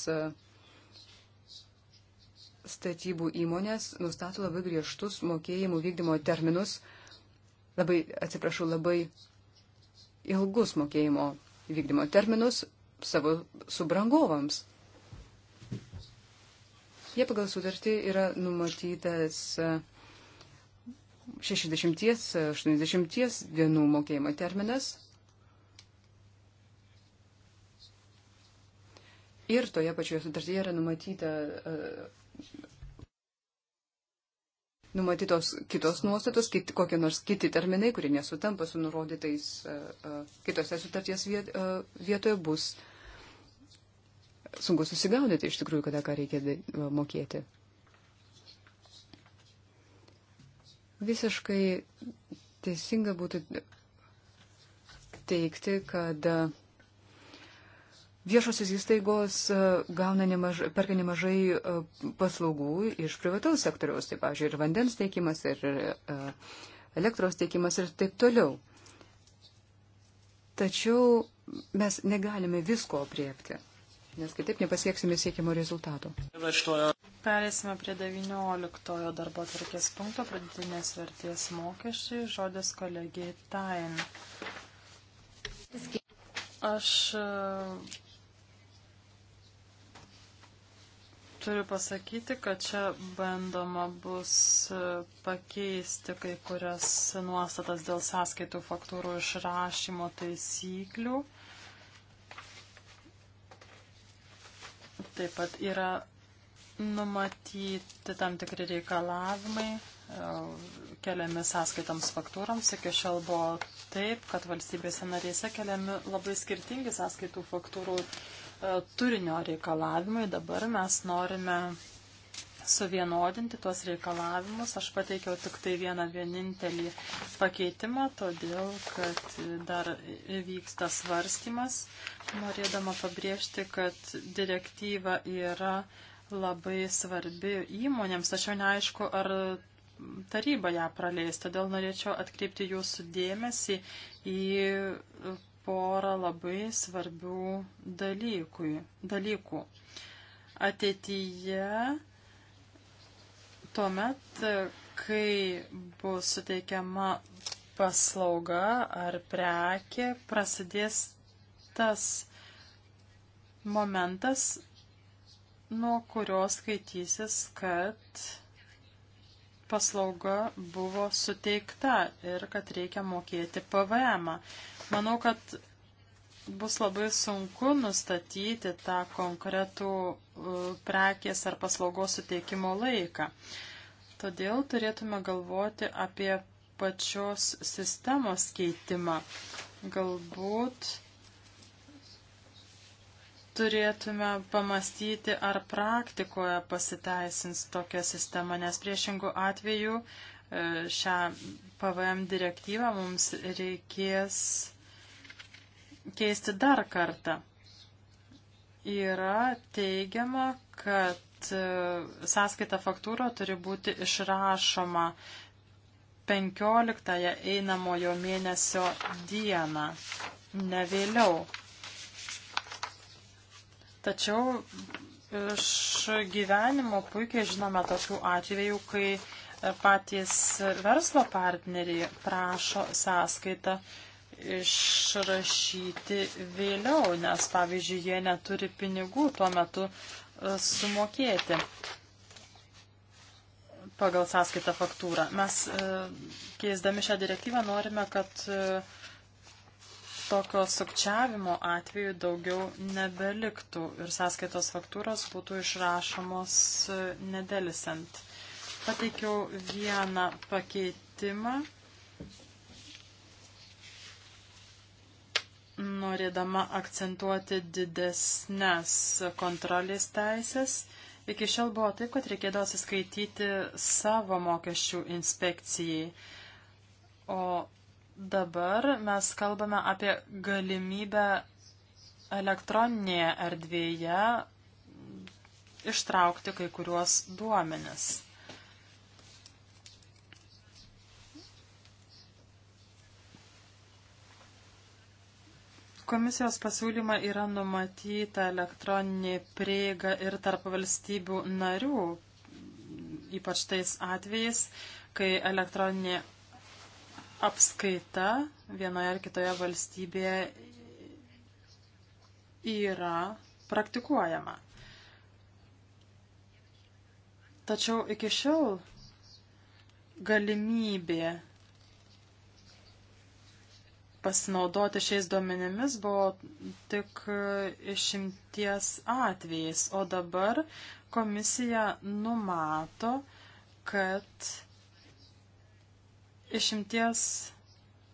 statybų įmonės nustato labai griežtus mokėjimų vykdymo terminus, labai, atsiprašau, labai ilgus mokėjimo vykdymo terminus savo subrangovams. Jie pagal sutartį yra numatytas 60-80 e, dienų mokėjimo terminas. Ir toje pačioje sutartyje yra numatyta uh, numatytos kitos nuostatos, kit, kokie nors kiti terminai, kurie nesutampa su nurodytais e, e, kitose sutarties viet, e, vietoje, bus sunku susigaudyti iš tikrųjų, kada ką reikia mokėti. Visiškai teisinga būtų teikti, kad viešosios įstaigos e, gauna nemažai, perka nemažai e, paslaugų iš privataus sektoriaus, tai, pavyzdžiui, ir vandens teikimas, ir e, elektros teikimas ir taip toliau. Tačiau mes negalime visko apriepti, nes kitaip nepasieksime siekiamo rezultato. Perėsime prie 19 darbo tvarkės punkto, pradėtinės vertės mokesčiai, žodis kolegijai Tain. Aš Turiu pasakyti, kad čia bandoma bus e, pakeisti kai kurias nuostatas dėl sąskaitų faktūrų išrašymo taisyklių. Taip pat yra numatyti tam tikri reikalavimai e, keliami sąskaitams faktūroms. Iki šiol buvo taip, kad valstybėse narėse keliami labai skirtingi sąskaitų faktūrų E, turinio reikalavimai. Dabar mes norime suvienodinti tuos reikalavimus. Aš pateikiau tik tai vieną vienintelį pakeitimą, todėl kad dar vyksta svarstymas, norėdama pabrėžti, kad direktyva yra labai svarbi įmonėms, tačiau neaišku, ar taryba ją praleis. Todėl norėčiau atkreipti jūsų dėmesį į porą labai svarbių dalykui, dalykų. Ateityje tuomet, kai bus suteikiama paslauga ar prekė, prasidės tas momentas, nuo kurio skaitysis, kad paslauga buvo suteikta ir kad reikia mokėti PVM. -ą. Manau, kad bus labai sunku nustatyti tą konkretų e, prekės ar paslaugos suteikimo laiką. Todėl turėtume galvoti apie pačios sistemos keitimą. Galbūt turėtume pamastyti, ar praktikoje pasiteisins tokia sistema, nes priešingų atveju e, šią PVM direktyvą mums reikės keisti dar kartą. Yra teigiama, kad e, sąskaita faktūra turi būti išrašoma 15 einamojo mėnesio dieną, ne vėliau. Tačiau iš gyvenimo puikiai žinome tokių atvejų, kai e, patys verslo partneriai prašo sąskaitą išrašyti vėliau, nes, pavyzdžiui, jie neturi pinigų tuo metu e, sumokėti pagal sąskaitą faktūrą. Mes e, keisdami šią direktyvą norime, kad tokio sukčiavimo atveju daugiau nebeliktų ir sąskaitos faktūros būtų išrašomos e, nedelisant. Pateikiau vieną pakeitimą, norėdama akcentuoti didesnės kontrolės teisės. Iki šiol buvo taip, kad reikėdavo atsiskaityti savo mokesčių inspekcijai, o Dabar mes kalbame apie galimybę elektroninėje erdvėje ištraukti kai kuriuos duomenis. Komisijos pasiūlyma yra numatyta elektroninė prieiga ir tarp valstybių narių, ypač tais atvejais, kai elektroninė apskaita vienoje ar kitoje valstybėje yra praktikuojama. Tačiau iki šiol galimybė pasinaudoti šiais duomenimis buvo tik išimties atvejais, o dabar komisija numato, kad Išimties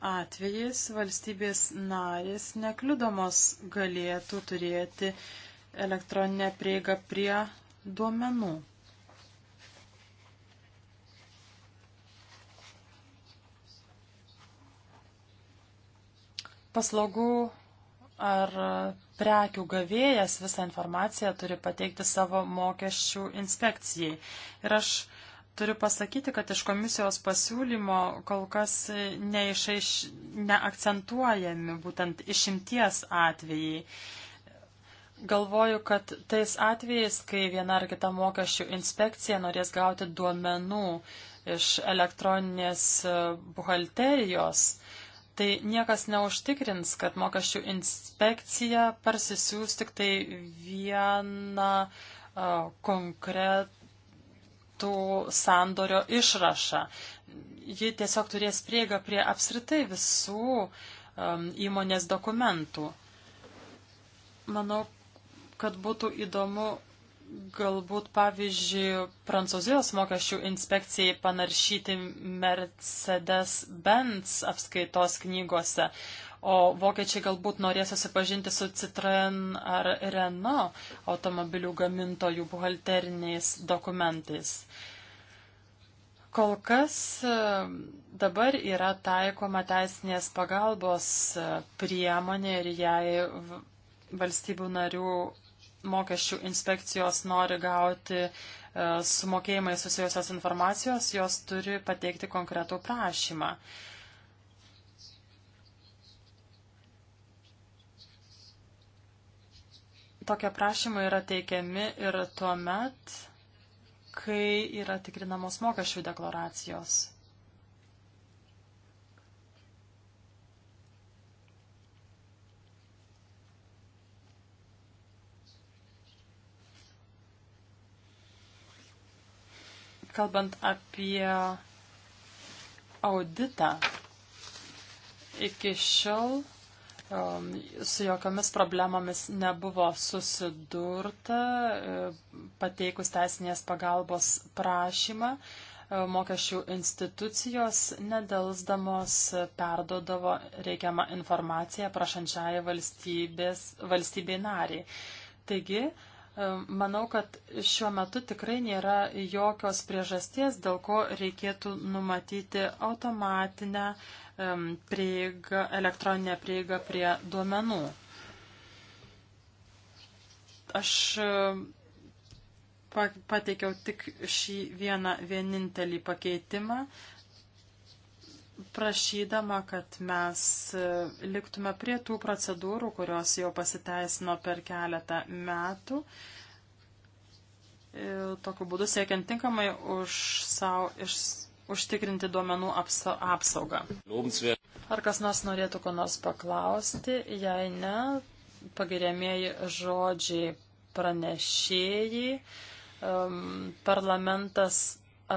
atvejais valstybės narės nekliudomos galėtų turėti elektroninę prieigą prie duomenų. Paslaugų ar prekių gavėjas visą informaciją turi pateikti savo mokesčių inspekcijai. Ir aš Turiu pasakyti, kad iš komisijos pasiūlymo kol kas neišaiš, neakcentuojami būtent išimties atvejai. Galvoju, kad tais atvejais, kai viena ar kita mokesčių inspekcija norės gauti duomenų iš elektroninės e, buhalterijos, tai niekas neužtikrins, kad mokesčių inspekcija parsisiūs tik tai vieną e, konkretų sudarytų sandorio išrašą. Ji tiesiog turės prieigą prie apskritai visų um, įmonės dokumentų. Manau, kad būtų įdomu galbūt, pavyzdžiui, Prancūzijos mokesčių inspekcijai panaršyti Mercedes-Benz apskaitos knygose o vokiečiai galbūt norės susipažinti su Citroen ar Renault automobilių gamintojų buhalteriniais dokumentais. Kol kas e, dabar yra taikoma teisinės pagalbos e, priemonė ir jei valstybių narių mokesčių inspekcijos nori gauti e, su mokėjimai susijusios informacijos, jos turi pateikti konkretų prašymą. tokie prašymai yra teikiami ir tuo met, kai yra tikrinamos mokesčių deklaracijos. Kalbant apie auditą, iki šiol su jokiomis problemomis nebuvo susidurta e, pateikus teisinės pagalbos prašymą. E, mokesčių institucijos nedelsdamos perdodavo reikiamą informaciją prašančiai valstybės, valstybei nariai. Taigi, E, manau, kad šiuo metu tikrai nėra jokios priežasties, dėl ko reikėtų numatyti automatinę prieigą, elektroninę prieigą prie duomenų. Aš e, pateikiau tik šį vieną vienintelį pakeitimą, prašydama, kad mes e, liktume prie tų procedūrų, kurios jau pasiteisino per keletą metų. Ir e, tokiu būdu siekiant tinkamai už savo, iš, užtikrinti duomenų apsa, apsaugą. Ar kas nors norėtų ko nors paklausti? Jei ne, pagiriamieji žodžiai pranešėjai. Um, parlamentas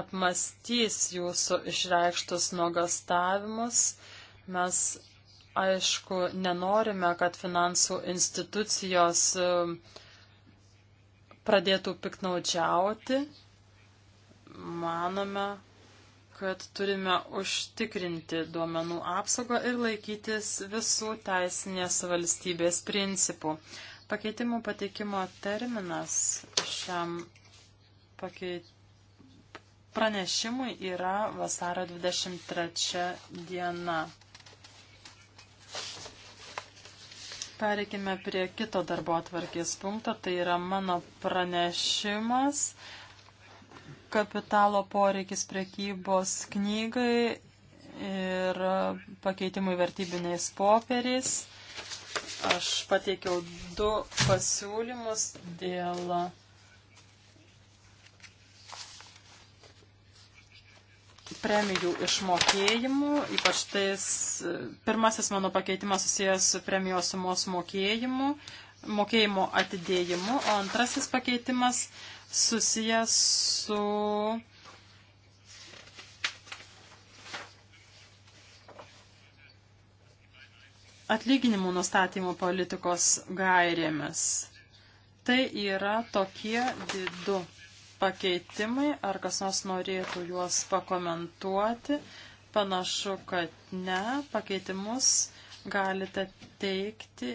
apmastys jūsų išreikštus nuogastavimus. Mes, aišku, nenorime, kad finansų institucijos e, pradėtų piknaudžiauti. Manome, kad turime užtikrinti duomenų apsaugą ir laikytis visų teisinės valstybės principų. Pakeitimų pateikimo terminas šiam pakeitimui Pranešimui yra vasaro 23 diena. Pereikime prie kito darbo atvarkės punkto, tai yra mano pranešimas kapitalo poreikis prekybos knygai ir pakeitimui vertybiniais popieriais. Aš pateikiau du pasiūlymus dėl premijų išmokėjimų, ypač tais pirmasis mano pakeitimas susijęs su premijos sumos mokėjimu, mokėjimo atidėjimu, o antrasis pakeitimas susijęs su atlyginimų nustatymų politikos gairėmis. Tai yra tokie du pakeitimai, ar kas nors norėtų juos pakomentuoti. Panašu, kad ne. Pakeitimus galite teikti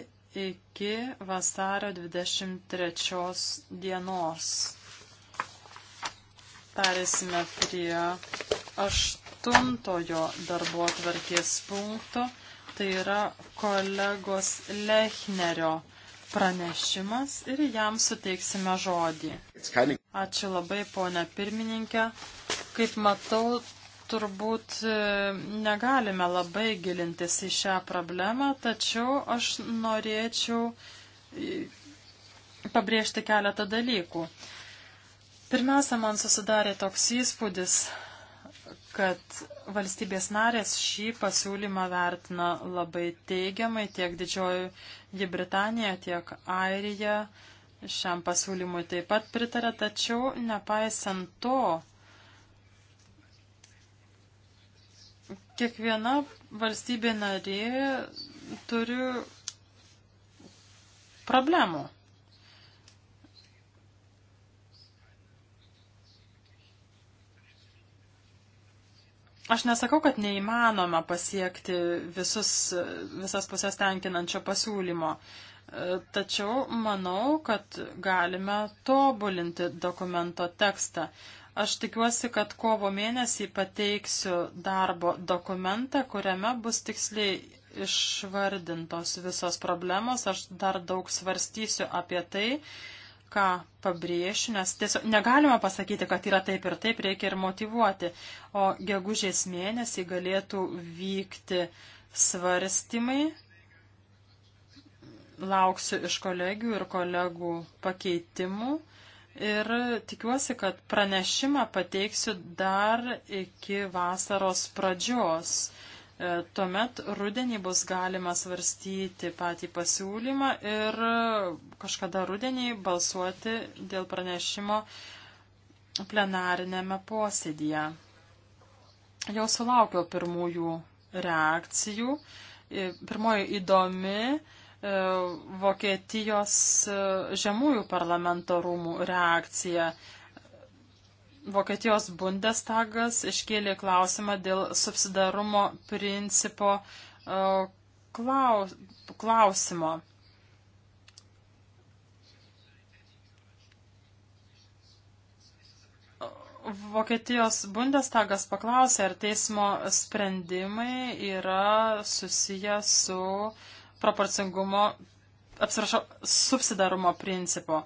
iki vasario 23 dienos. Perėsime prie aštuntojo darbo atvarkės punkto, tai yra kolegos Lechnerio pranešimas ir jam suteiksime žodį. Ačiū labai, ponia pirmininkė. Kaip matau, turbūt e, negalime labai gilintis į šią problemą, tačiau aš norėčiau e, pabrėžti keletą dalykų. Pirmiausia, man susidarė toks įspūdis, kad valstybės narės šį pasiūlymą vertina labai teigiamai, tiek Didžioji Britanija, tiek Airija šiam pasiūlymui taip pat pritarė, tačiau nepaisant to, kiekviena valstybė narė turi problemų. Aš nesakau, kad neįmanoma pasiekti visus, visas pusės tenkinančio pasiūlymo, tačiau manau, kad galime tobulinti dokumento tekstą. Aš tikiuosi, kad kovo mėnesį pateiksiu darbo dokumentą, kuriame bus tiksliai išvardintos visos problemos. Aš dar daug svarstysiu apie tai ką pabrėšiu, nes tiesiog negalima pasakyti, kad yra taip ir taip, reikia ir motivuoti. O gegužės mėnesį galėtų vykti svarstymai. Lauksiu iš kolegių ir kolegų pakeitimų. Ir tikiuosi, kad pranešimą pateiksiu dar iki vasaros pradžios. E, tuomet rudenį bus galima svarstyti patį pasiūlymą ir kažkada rudenį balsuoti dėl pranešimo plenarinėme posėdėje. Jau sulaukiau pirmųjų reakcijų. E, pirmoji įdomi e, Vokietijos žemųjų parlamento rūmų reakcija. Vokietijos Bundestagas iškėlė klausimą dėl subsidarumo principo e, klaus, klausimo. Vokietijos Bundestagas paklausė, ar teismo sprendimai yra susiję su proporcingumo, atsiprašau, subsidarumo principu.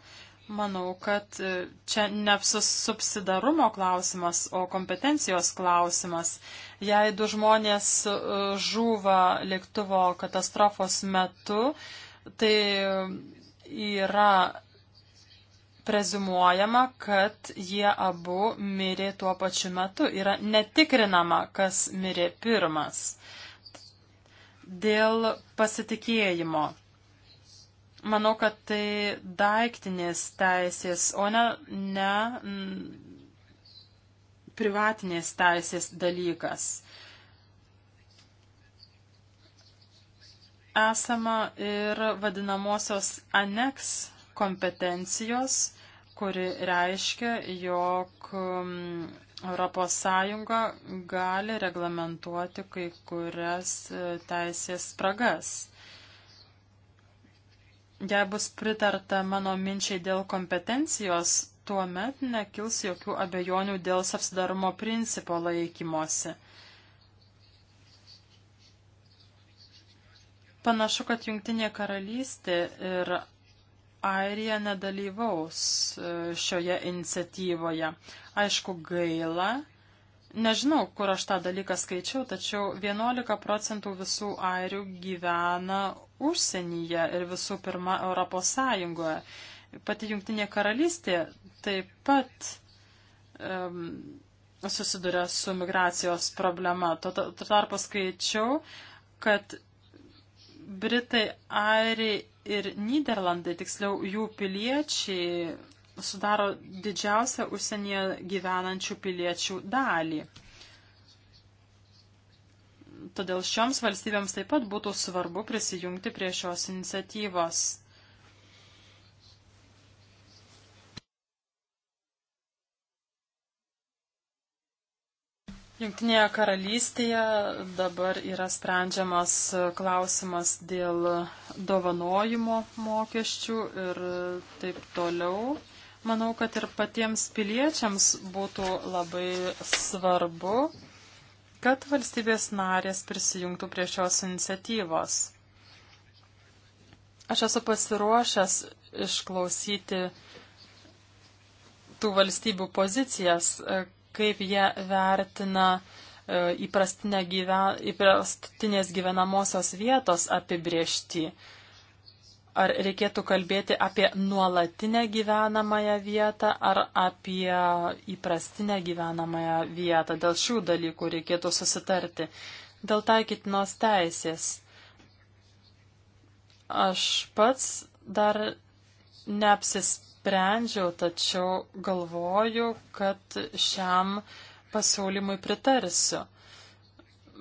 Manau, kad e, čia ne subsidarumo klausimas, o kompetencijos klausimas. Jei du žmonės e, žūva lėktuvo katastrofos metu, tai yra prezumuojama, kad jie abu mirė tuo pačiu metu. Yra netikrinama, kas mirė pirmas. Dėl pasitikėjimo. Manau, kad tai daiktinės teisės, o ne, ne mm, privatinės teisės dalykas. Esama ir vadinamosios aneks kompetencijos, kuri reiškia, jog mm, ES gali reglamentuoti kai kurias e, teisės spragas. Jei bus pritarta mano minčiai dėl kompetencijos, tuomet nekils jokių abejonių dėl sapsdarumo principo laikymosi. Panašu, kad Junktinė karalystė ir Airija nedalyvaus e, šioje iniciatyvoje. Aišku, gaila, Nežinau, kur aš tą dalyką skaičiau, tačiau 11 procentų visų airių gyvena užsienyje ir visų pirma Europos Sąjungoje. Pati Junktinė karalystė taip pat um, susiduria su migracijos problema. Tuo tarpu skaičiau, kad Britai, airiai ir Niderlandai, tiksliau jų piliečiai, sudaro didžiausią užsienyje gyvenančių piliečių dalį. Todėl šioms valstybėms taip pat būtų svarbu prisijungti prie šios iniciatyvos. Junktinėje karalystėje dabar yra sprendžiamas klausimas dėl dovanojimo mokesčių ir taip toliau. Manau, kad ir patiems piliečiams būtų labai svarbu, kad valstybės narės prisijungtų prie šios iniciatyvos. Aš esu pasiruošęs išklausyti tų valstybių pozicijas, kaip jie vertina e, įprastinės gyvenamosios vietos apibriešti ar reikėtų kalbėti apie nuolatinę gyvenamąją vietą ar apie įprastinę gyvenamąją vietą. Dėl šių dalykų reikėtų susitarti. Dėl taikytinos teisės. Aš pats dar neapsisprendžiau, tačiau galvoju, kad šiam pasiūlymui pritarsiu.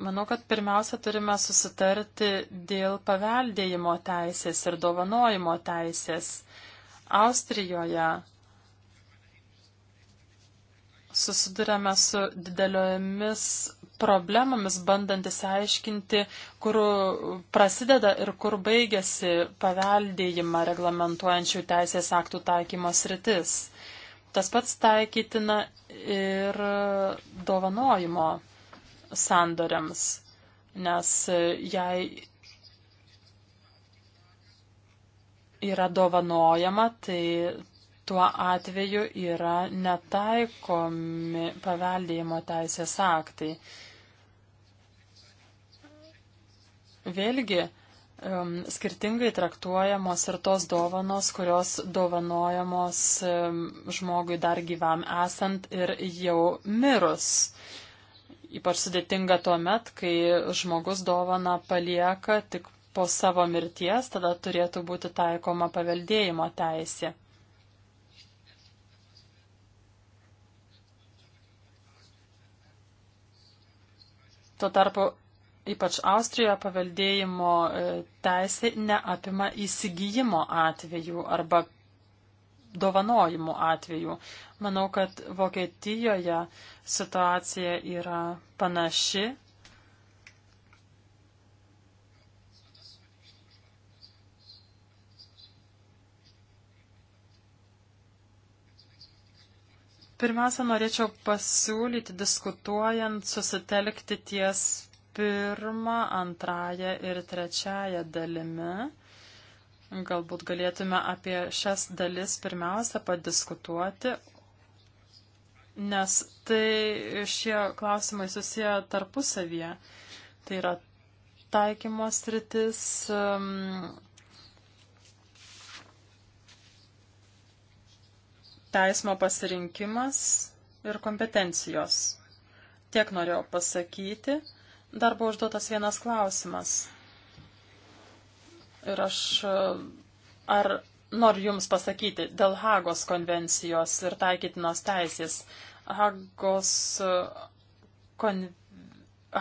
Manau, kad pirmiausia turime susitarti dėl paveldėjimo teisės ir dovanojimo teisės. Austrijoje susidurėme su dideliomis problemomis, bandant įsiaiškinti, kur prasideda ir kur baigėsi paveldėjimą reglamentuojančių teisės aktų taikymos rytis. Tas pats taikytina ir dovanojimo sandoriams, nes e, jei yra dovanojama, tai tuo atveju yra netaikomi paveldėjimo teisės aktai. Vėlgi, um, skirtingai traktuojamos ir tos dovanos, kurios dovanojamos um, žmogui dar gyvam esant ir jau mirus. Uh, Ypač sudėtinga tuo met, kai žmogus dovana palieka tik po savo mirties, tada turėtų būti taikoma paveldėjimo teisė. Tuo tarpu ypač Austrijoje paveldėjimo e, teisė neapima įsigijimo atvejų arba dovanojimų atveju. Manau, kad Vokietijoje situacija yra panaši. Pirmiausia, norėčiau pasiūlyti, diskutuojant, susitelkti ties pirmą, antrąją ir trečiąją dalimi. Galbūt galėtume apie šias dalis pirmiausia padiskutuoti, nes tai šie klausimai susiję tarpusavyje. Tai yra taikymos rytis, um, teismo pasirinkimas ir kompetencijos. Tiek norėjau pasakyti. Dar buvo užduotas vienas klausimas. Ir aš ar noriu Jums pasakyti dėl Hagos konvencijos ir taikytinos teisės. Hagos, kon,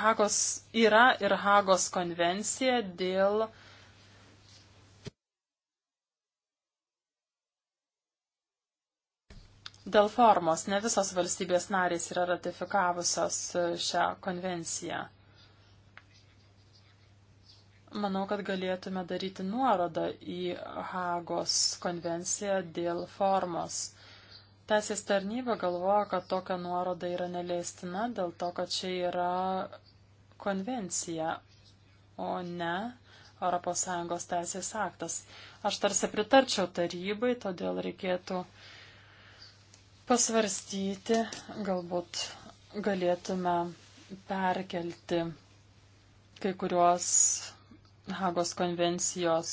Hagos yra ir Hagos konvencija dėl Dėl formos ne visos valstybės narės yra ratifikavusios šią konvenciją manau, kad galėtume daryti nuorodą į Hagos konvenciją dėl formos. Teisės tarnyba galvoja, kad tokia nuoroda yra neleistina dėl to, kad čia yra konvencija, o ne ES teisės aktas. Aš tarsi pritarčiau tarybai, todėl reikėtų pasvarstyti, galbūt galėtume perkelti kai kuriuos Hagos konvencijos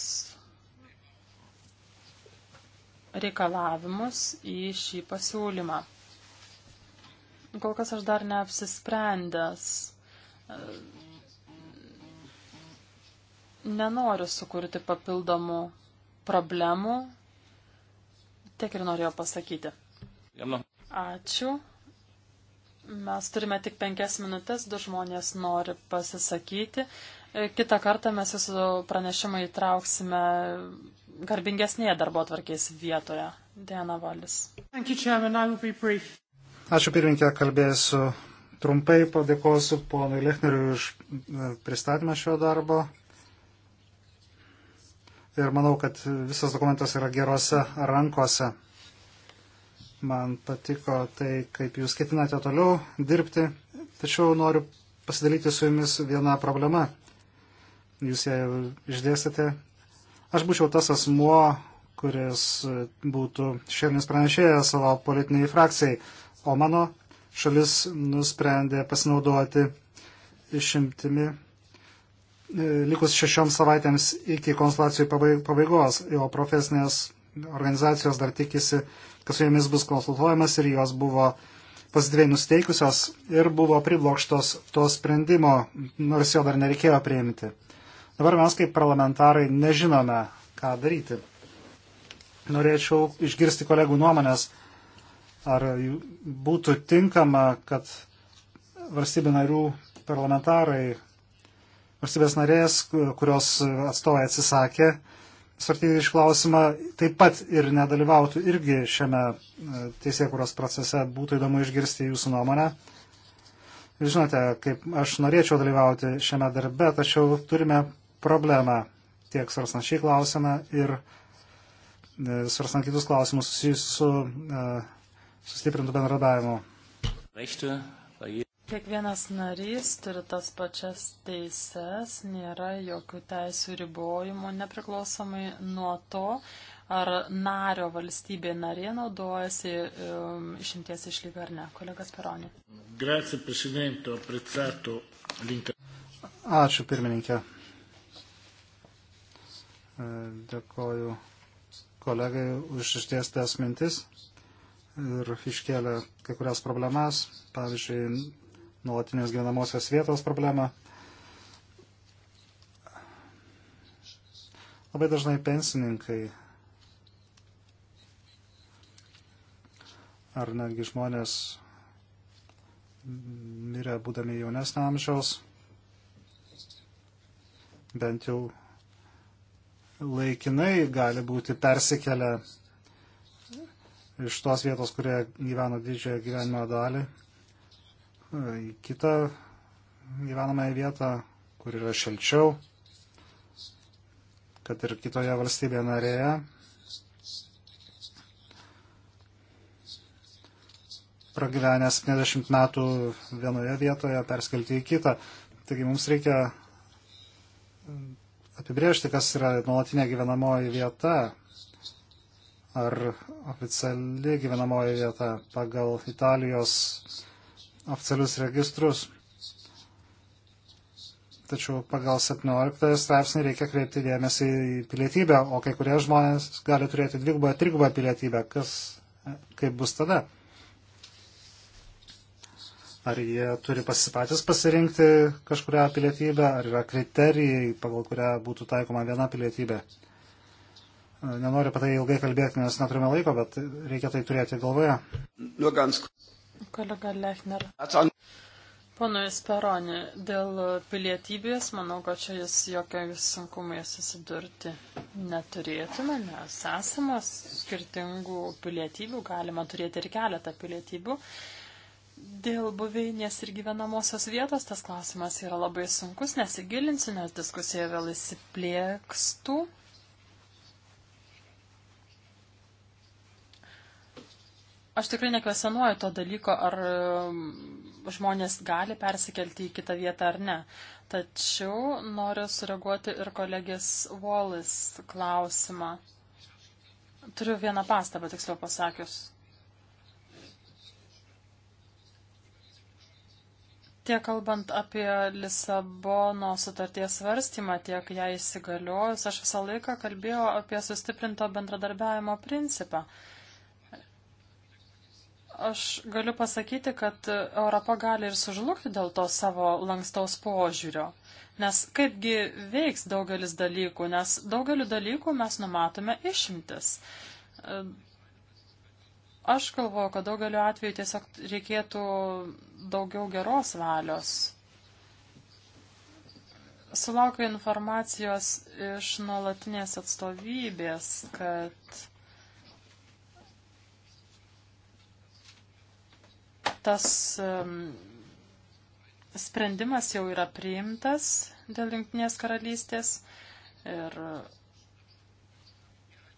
reikalavimus į šį pasiūlymą. Kol kas aš dar neapsisprendęs. Nenoriu sukurti papildomų problemų. Tiek ir norėjau pasakyti. Ačiū. Mes turime tik penkias minutės, du žmonės nori pasisakyti. Kita kartą mes jūsų pranešimą įtrauksime garbingesnėje darbo tvarkės vietoje. Diana Valis. Ačiū pirmininkė, kalbėsiu trumpai, padėkosiu ponui Lechneriu už e, pristatymą šio darbo. Ir manau, kad visas dokumentas yra gerose rankose. Man patiko tai, kaip jūs ketinate toliau dirbti, tačiau noriu pasidalyti su jumis vieną problemą jūs ją išdėstėte. Aš būčiau tas asmuo, kuris būtų šiandienis pranešėjęs savo politiniai frakcijai, o mano šalis nusprendė pasinaudoti išimtimi e, likus šešioms savaitėms iki konsultacijų pabaigos, jo profesinės organizacijos dar tikisi, kad su jomis bus konsultuojamas ir jos buvo pozityviai nusteikusios ir buvo priblokštos to sprendimo, nors jo dar nereikėjo priimti. Dabar mes kaip parlamentarai nežinome, ką daryti. Norėčiau išgirsti kolegų nuomonės, ar būtų tinkama, kad valstybių narių parlamentarai, valstybės narės, kurios atstovai atsisakė svartyti iš klausimą, taip pat ir nedalyvautų irgi šiame e, teisėkuros procese. Būtų įdomu išgirsti jūsų nuomonę. Žinote, kaip aš norėčiau dalyvauti šiame darbe, tačiau turime problemą tiek svarstant šį klausimą ir e, svarstant kitus klausimus susijusius su uh, e, sustiprintų bendradavimu. Kiekvienas narys turi tas pačias teises, nėra jokių teisų ribojimų, nepriklausomai nuo to, ar nario valstybė narė naudojasi um, išimties išlygą ar ne. Kolegas Peronė. Ačiū pirmininkė. E, dėkoju kolegai už išdėstęs mintis ir iškėlė kai kurias problemas, pavyzdžiui, nuolatinės gyvenamosios vietos problemą. Labai dažnai pensininkai ar netgi žmonės mirė būdami jaunesnio amžiaus, bent jau laikinai gali būti persikelia iš tos vietos, kurie gyveno didžiąją gyvenimo dalį, į kitą gyvenamąją vietą, kur yra šilčiau, kad ir kitoje valstybėje narėje. Pragyvenę 70 metų vienoje vietoje perskelti į kitą. Taigi mums reikia apibriežti, kas yra nuolatinė gyvenamoji vieta ar oficiali gyvenamoji vieta pagal Italijos oficialius registrus. Tačiau pagal 17 straipsnį reikia kreipti dėmesį į pilietybę, o kai kurie žmonės gali turėti dvigubą, trigubą pilietybę. Kas, kaip bus tada? Ar jie turi pasipatys pasirinkti kažkurią pilietybę, ar yra kriterijai, pagal kurią būtų taikoma viena pilietybė. Nenoriu apie tai ilgai kalbėti, nes neturime laiko, bet reikia tai turėti galvoje. Nu, Kolega Lechner. Pono Esperonė, dėl pilietybės, manau, kad čia jis jokiais sunkumais susidurti neturėtume, nes esamas skirtingų pilietybių, galima turėti ir keletą pilietybių. Dėl buveinės ir gyvenamosios vietos tas klausimas yra labai sunkus, nesigilinsiu, nes diskusija vėl įsiplėkstų. Aš tikrai nekvesenuoju to dalyko, ar um, žmonės gali persikelti į kitą vietą ar ne. Tačiau noriu sureaguoti ir kolegės Wallis klausimą. Turiu vieną pastabą, tiksliau pasakius. Tiek kalbant apie Lisabono sutarties svarstymą, tiek ją įsigaliojus, aš visą laiką kalbėjau apie sustiprinto bendradarbiavimo principą. Aš galiu pasakyti, kad Europa gali ir sužlugti dėl to savo lankstaus požiūrio, nes kaipgi veiks daugelis dalykų, nes daugeliu dalykų mes numatome išimtis Aš galvoju, kad daugeliu atveju tiesiog reikėtų daugiau geros valios. Sulaukiu informacijos iš nuolatinės atstovybės, kad tas sprendimas jau yra priimtas dėl Junktinės karalystės ir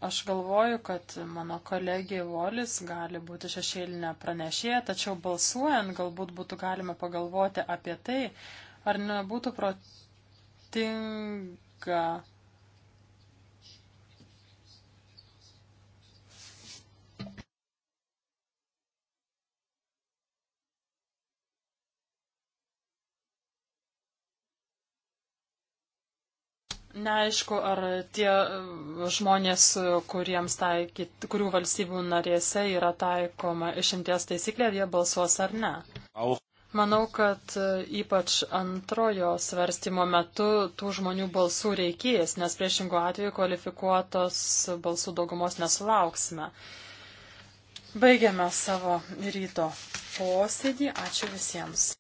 Aš galvoju, kad mano kolegė Volis gali būti šešėlinė pranešėja, tačiau balsuojant galbūt būtų galima pagalvoti apie tai, ar nebūtų protinga Neaišku, ar tie e, žmonės, e, kuriems taikyt, kurių valstybių narėse yra taikoma išimties taisyklė, jie balsuos ar ne. Manau, kad e, ypač antrojo svarstymo metu tų žmonių balsų reikės, nes priešingų atveju kvalifikuotos balsų daugumos nesulauksime. Baigiame savo ryto posėdį. Ačiū visiems.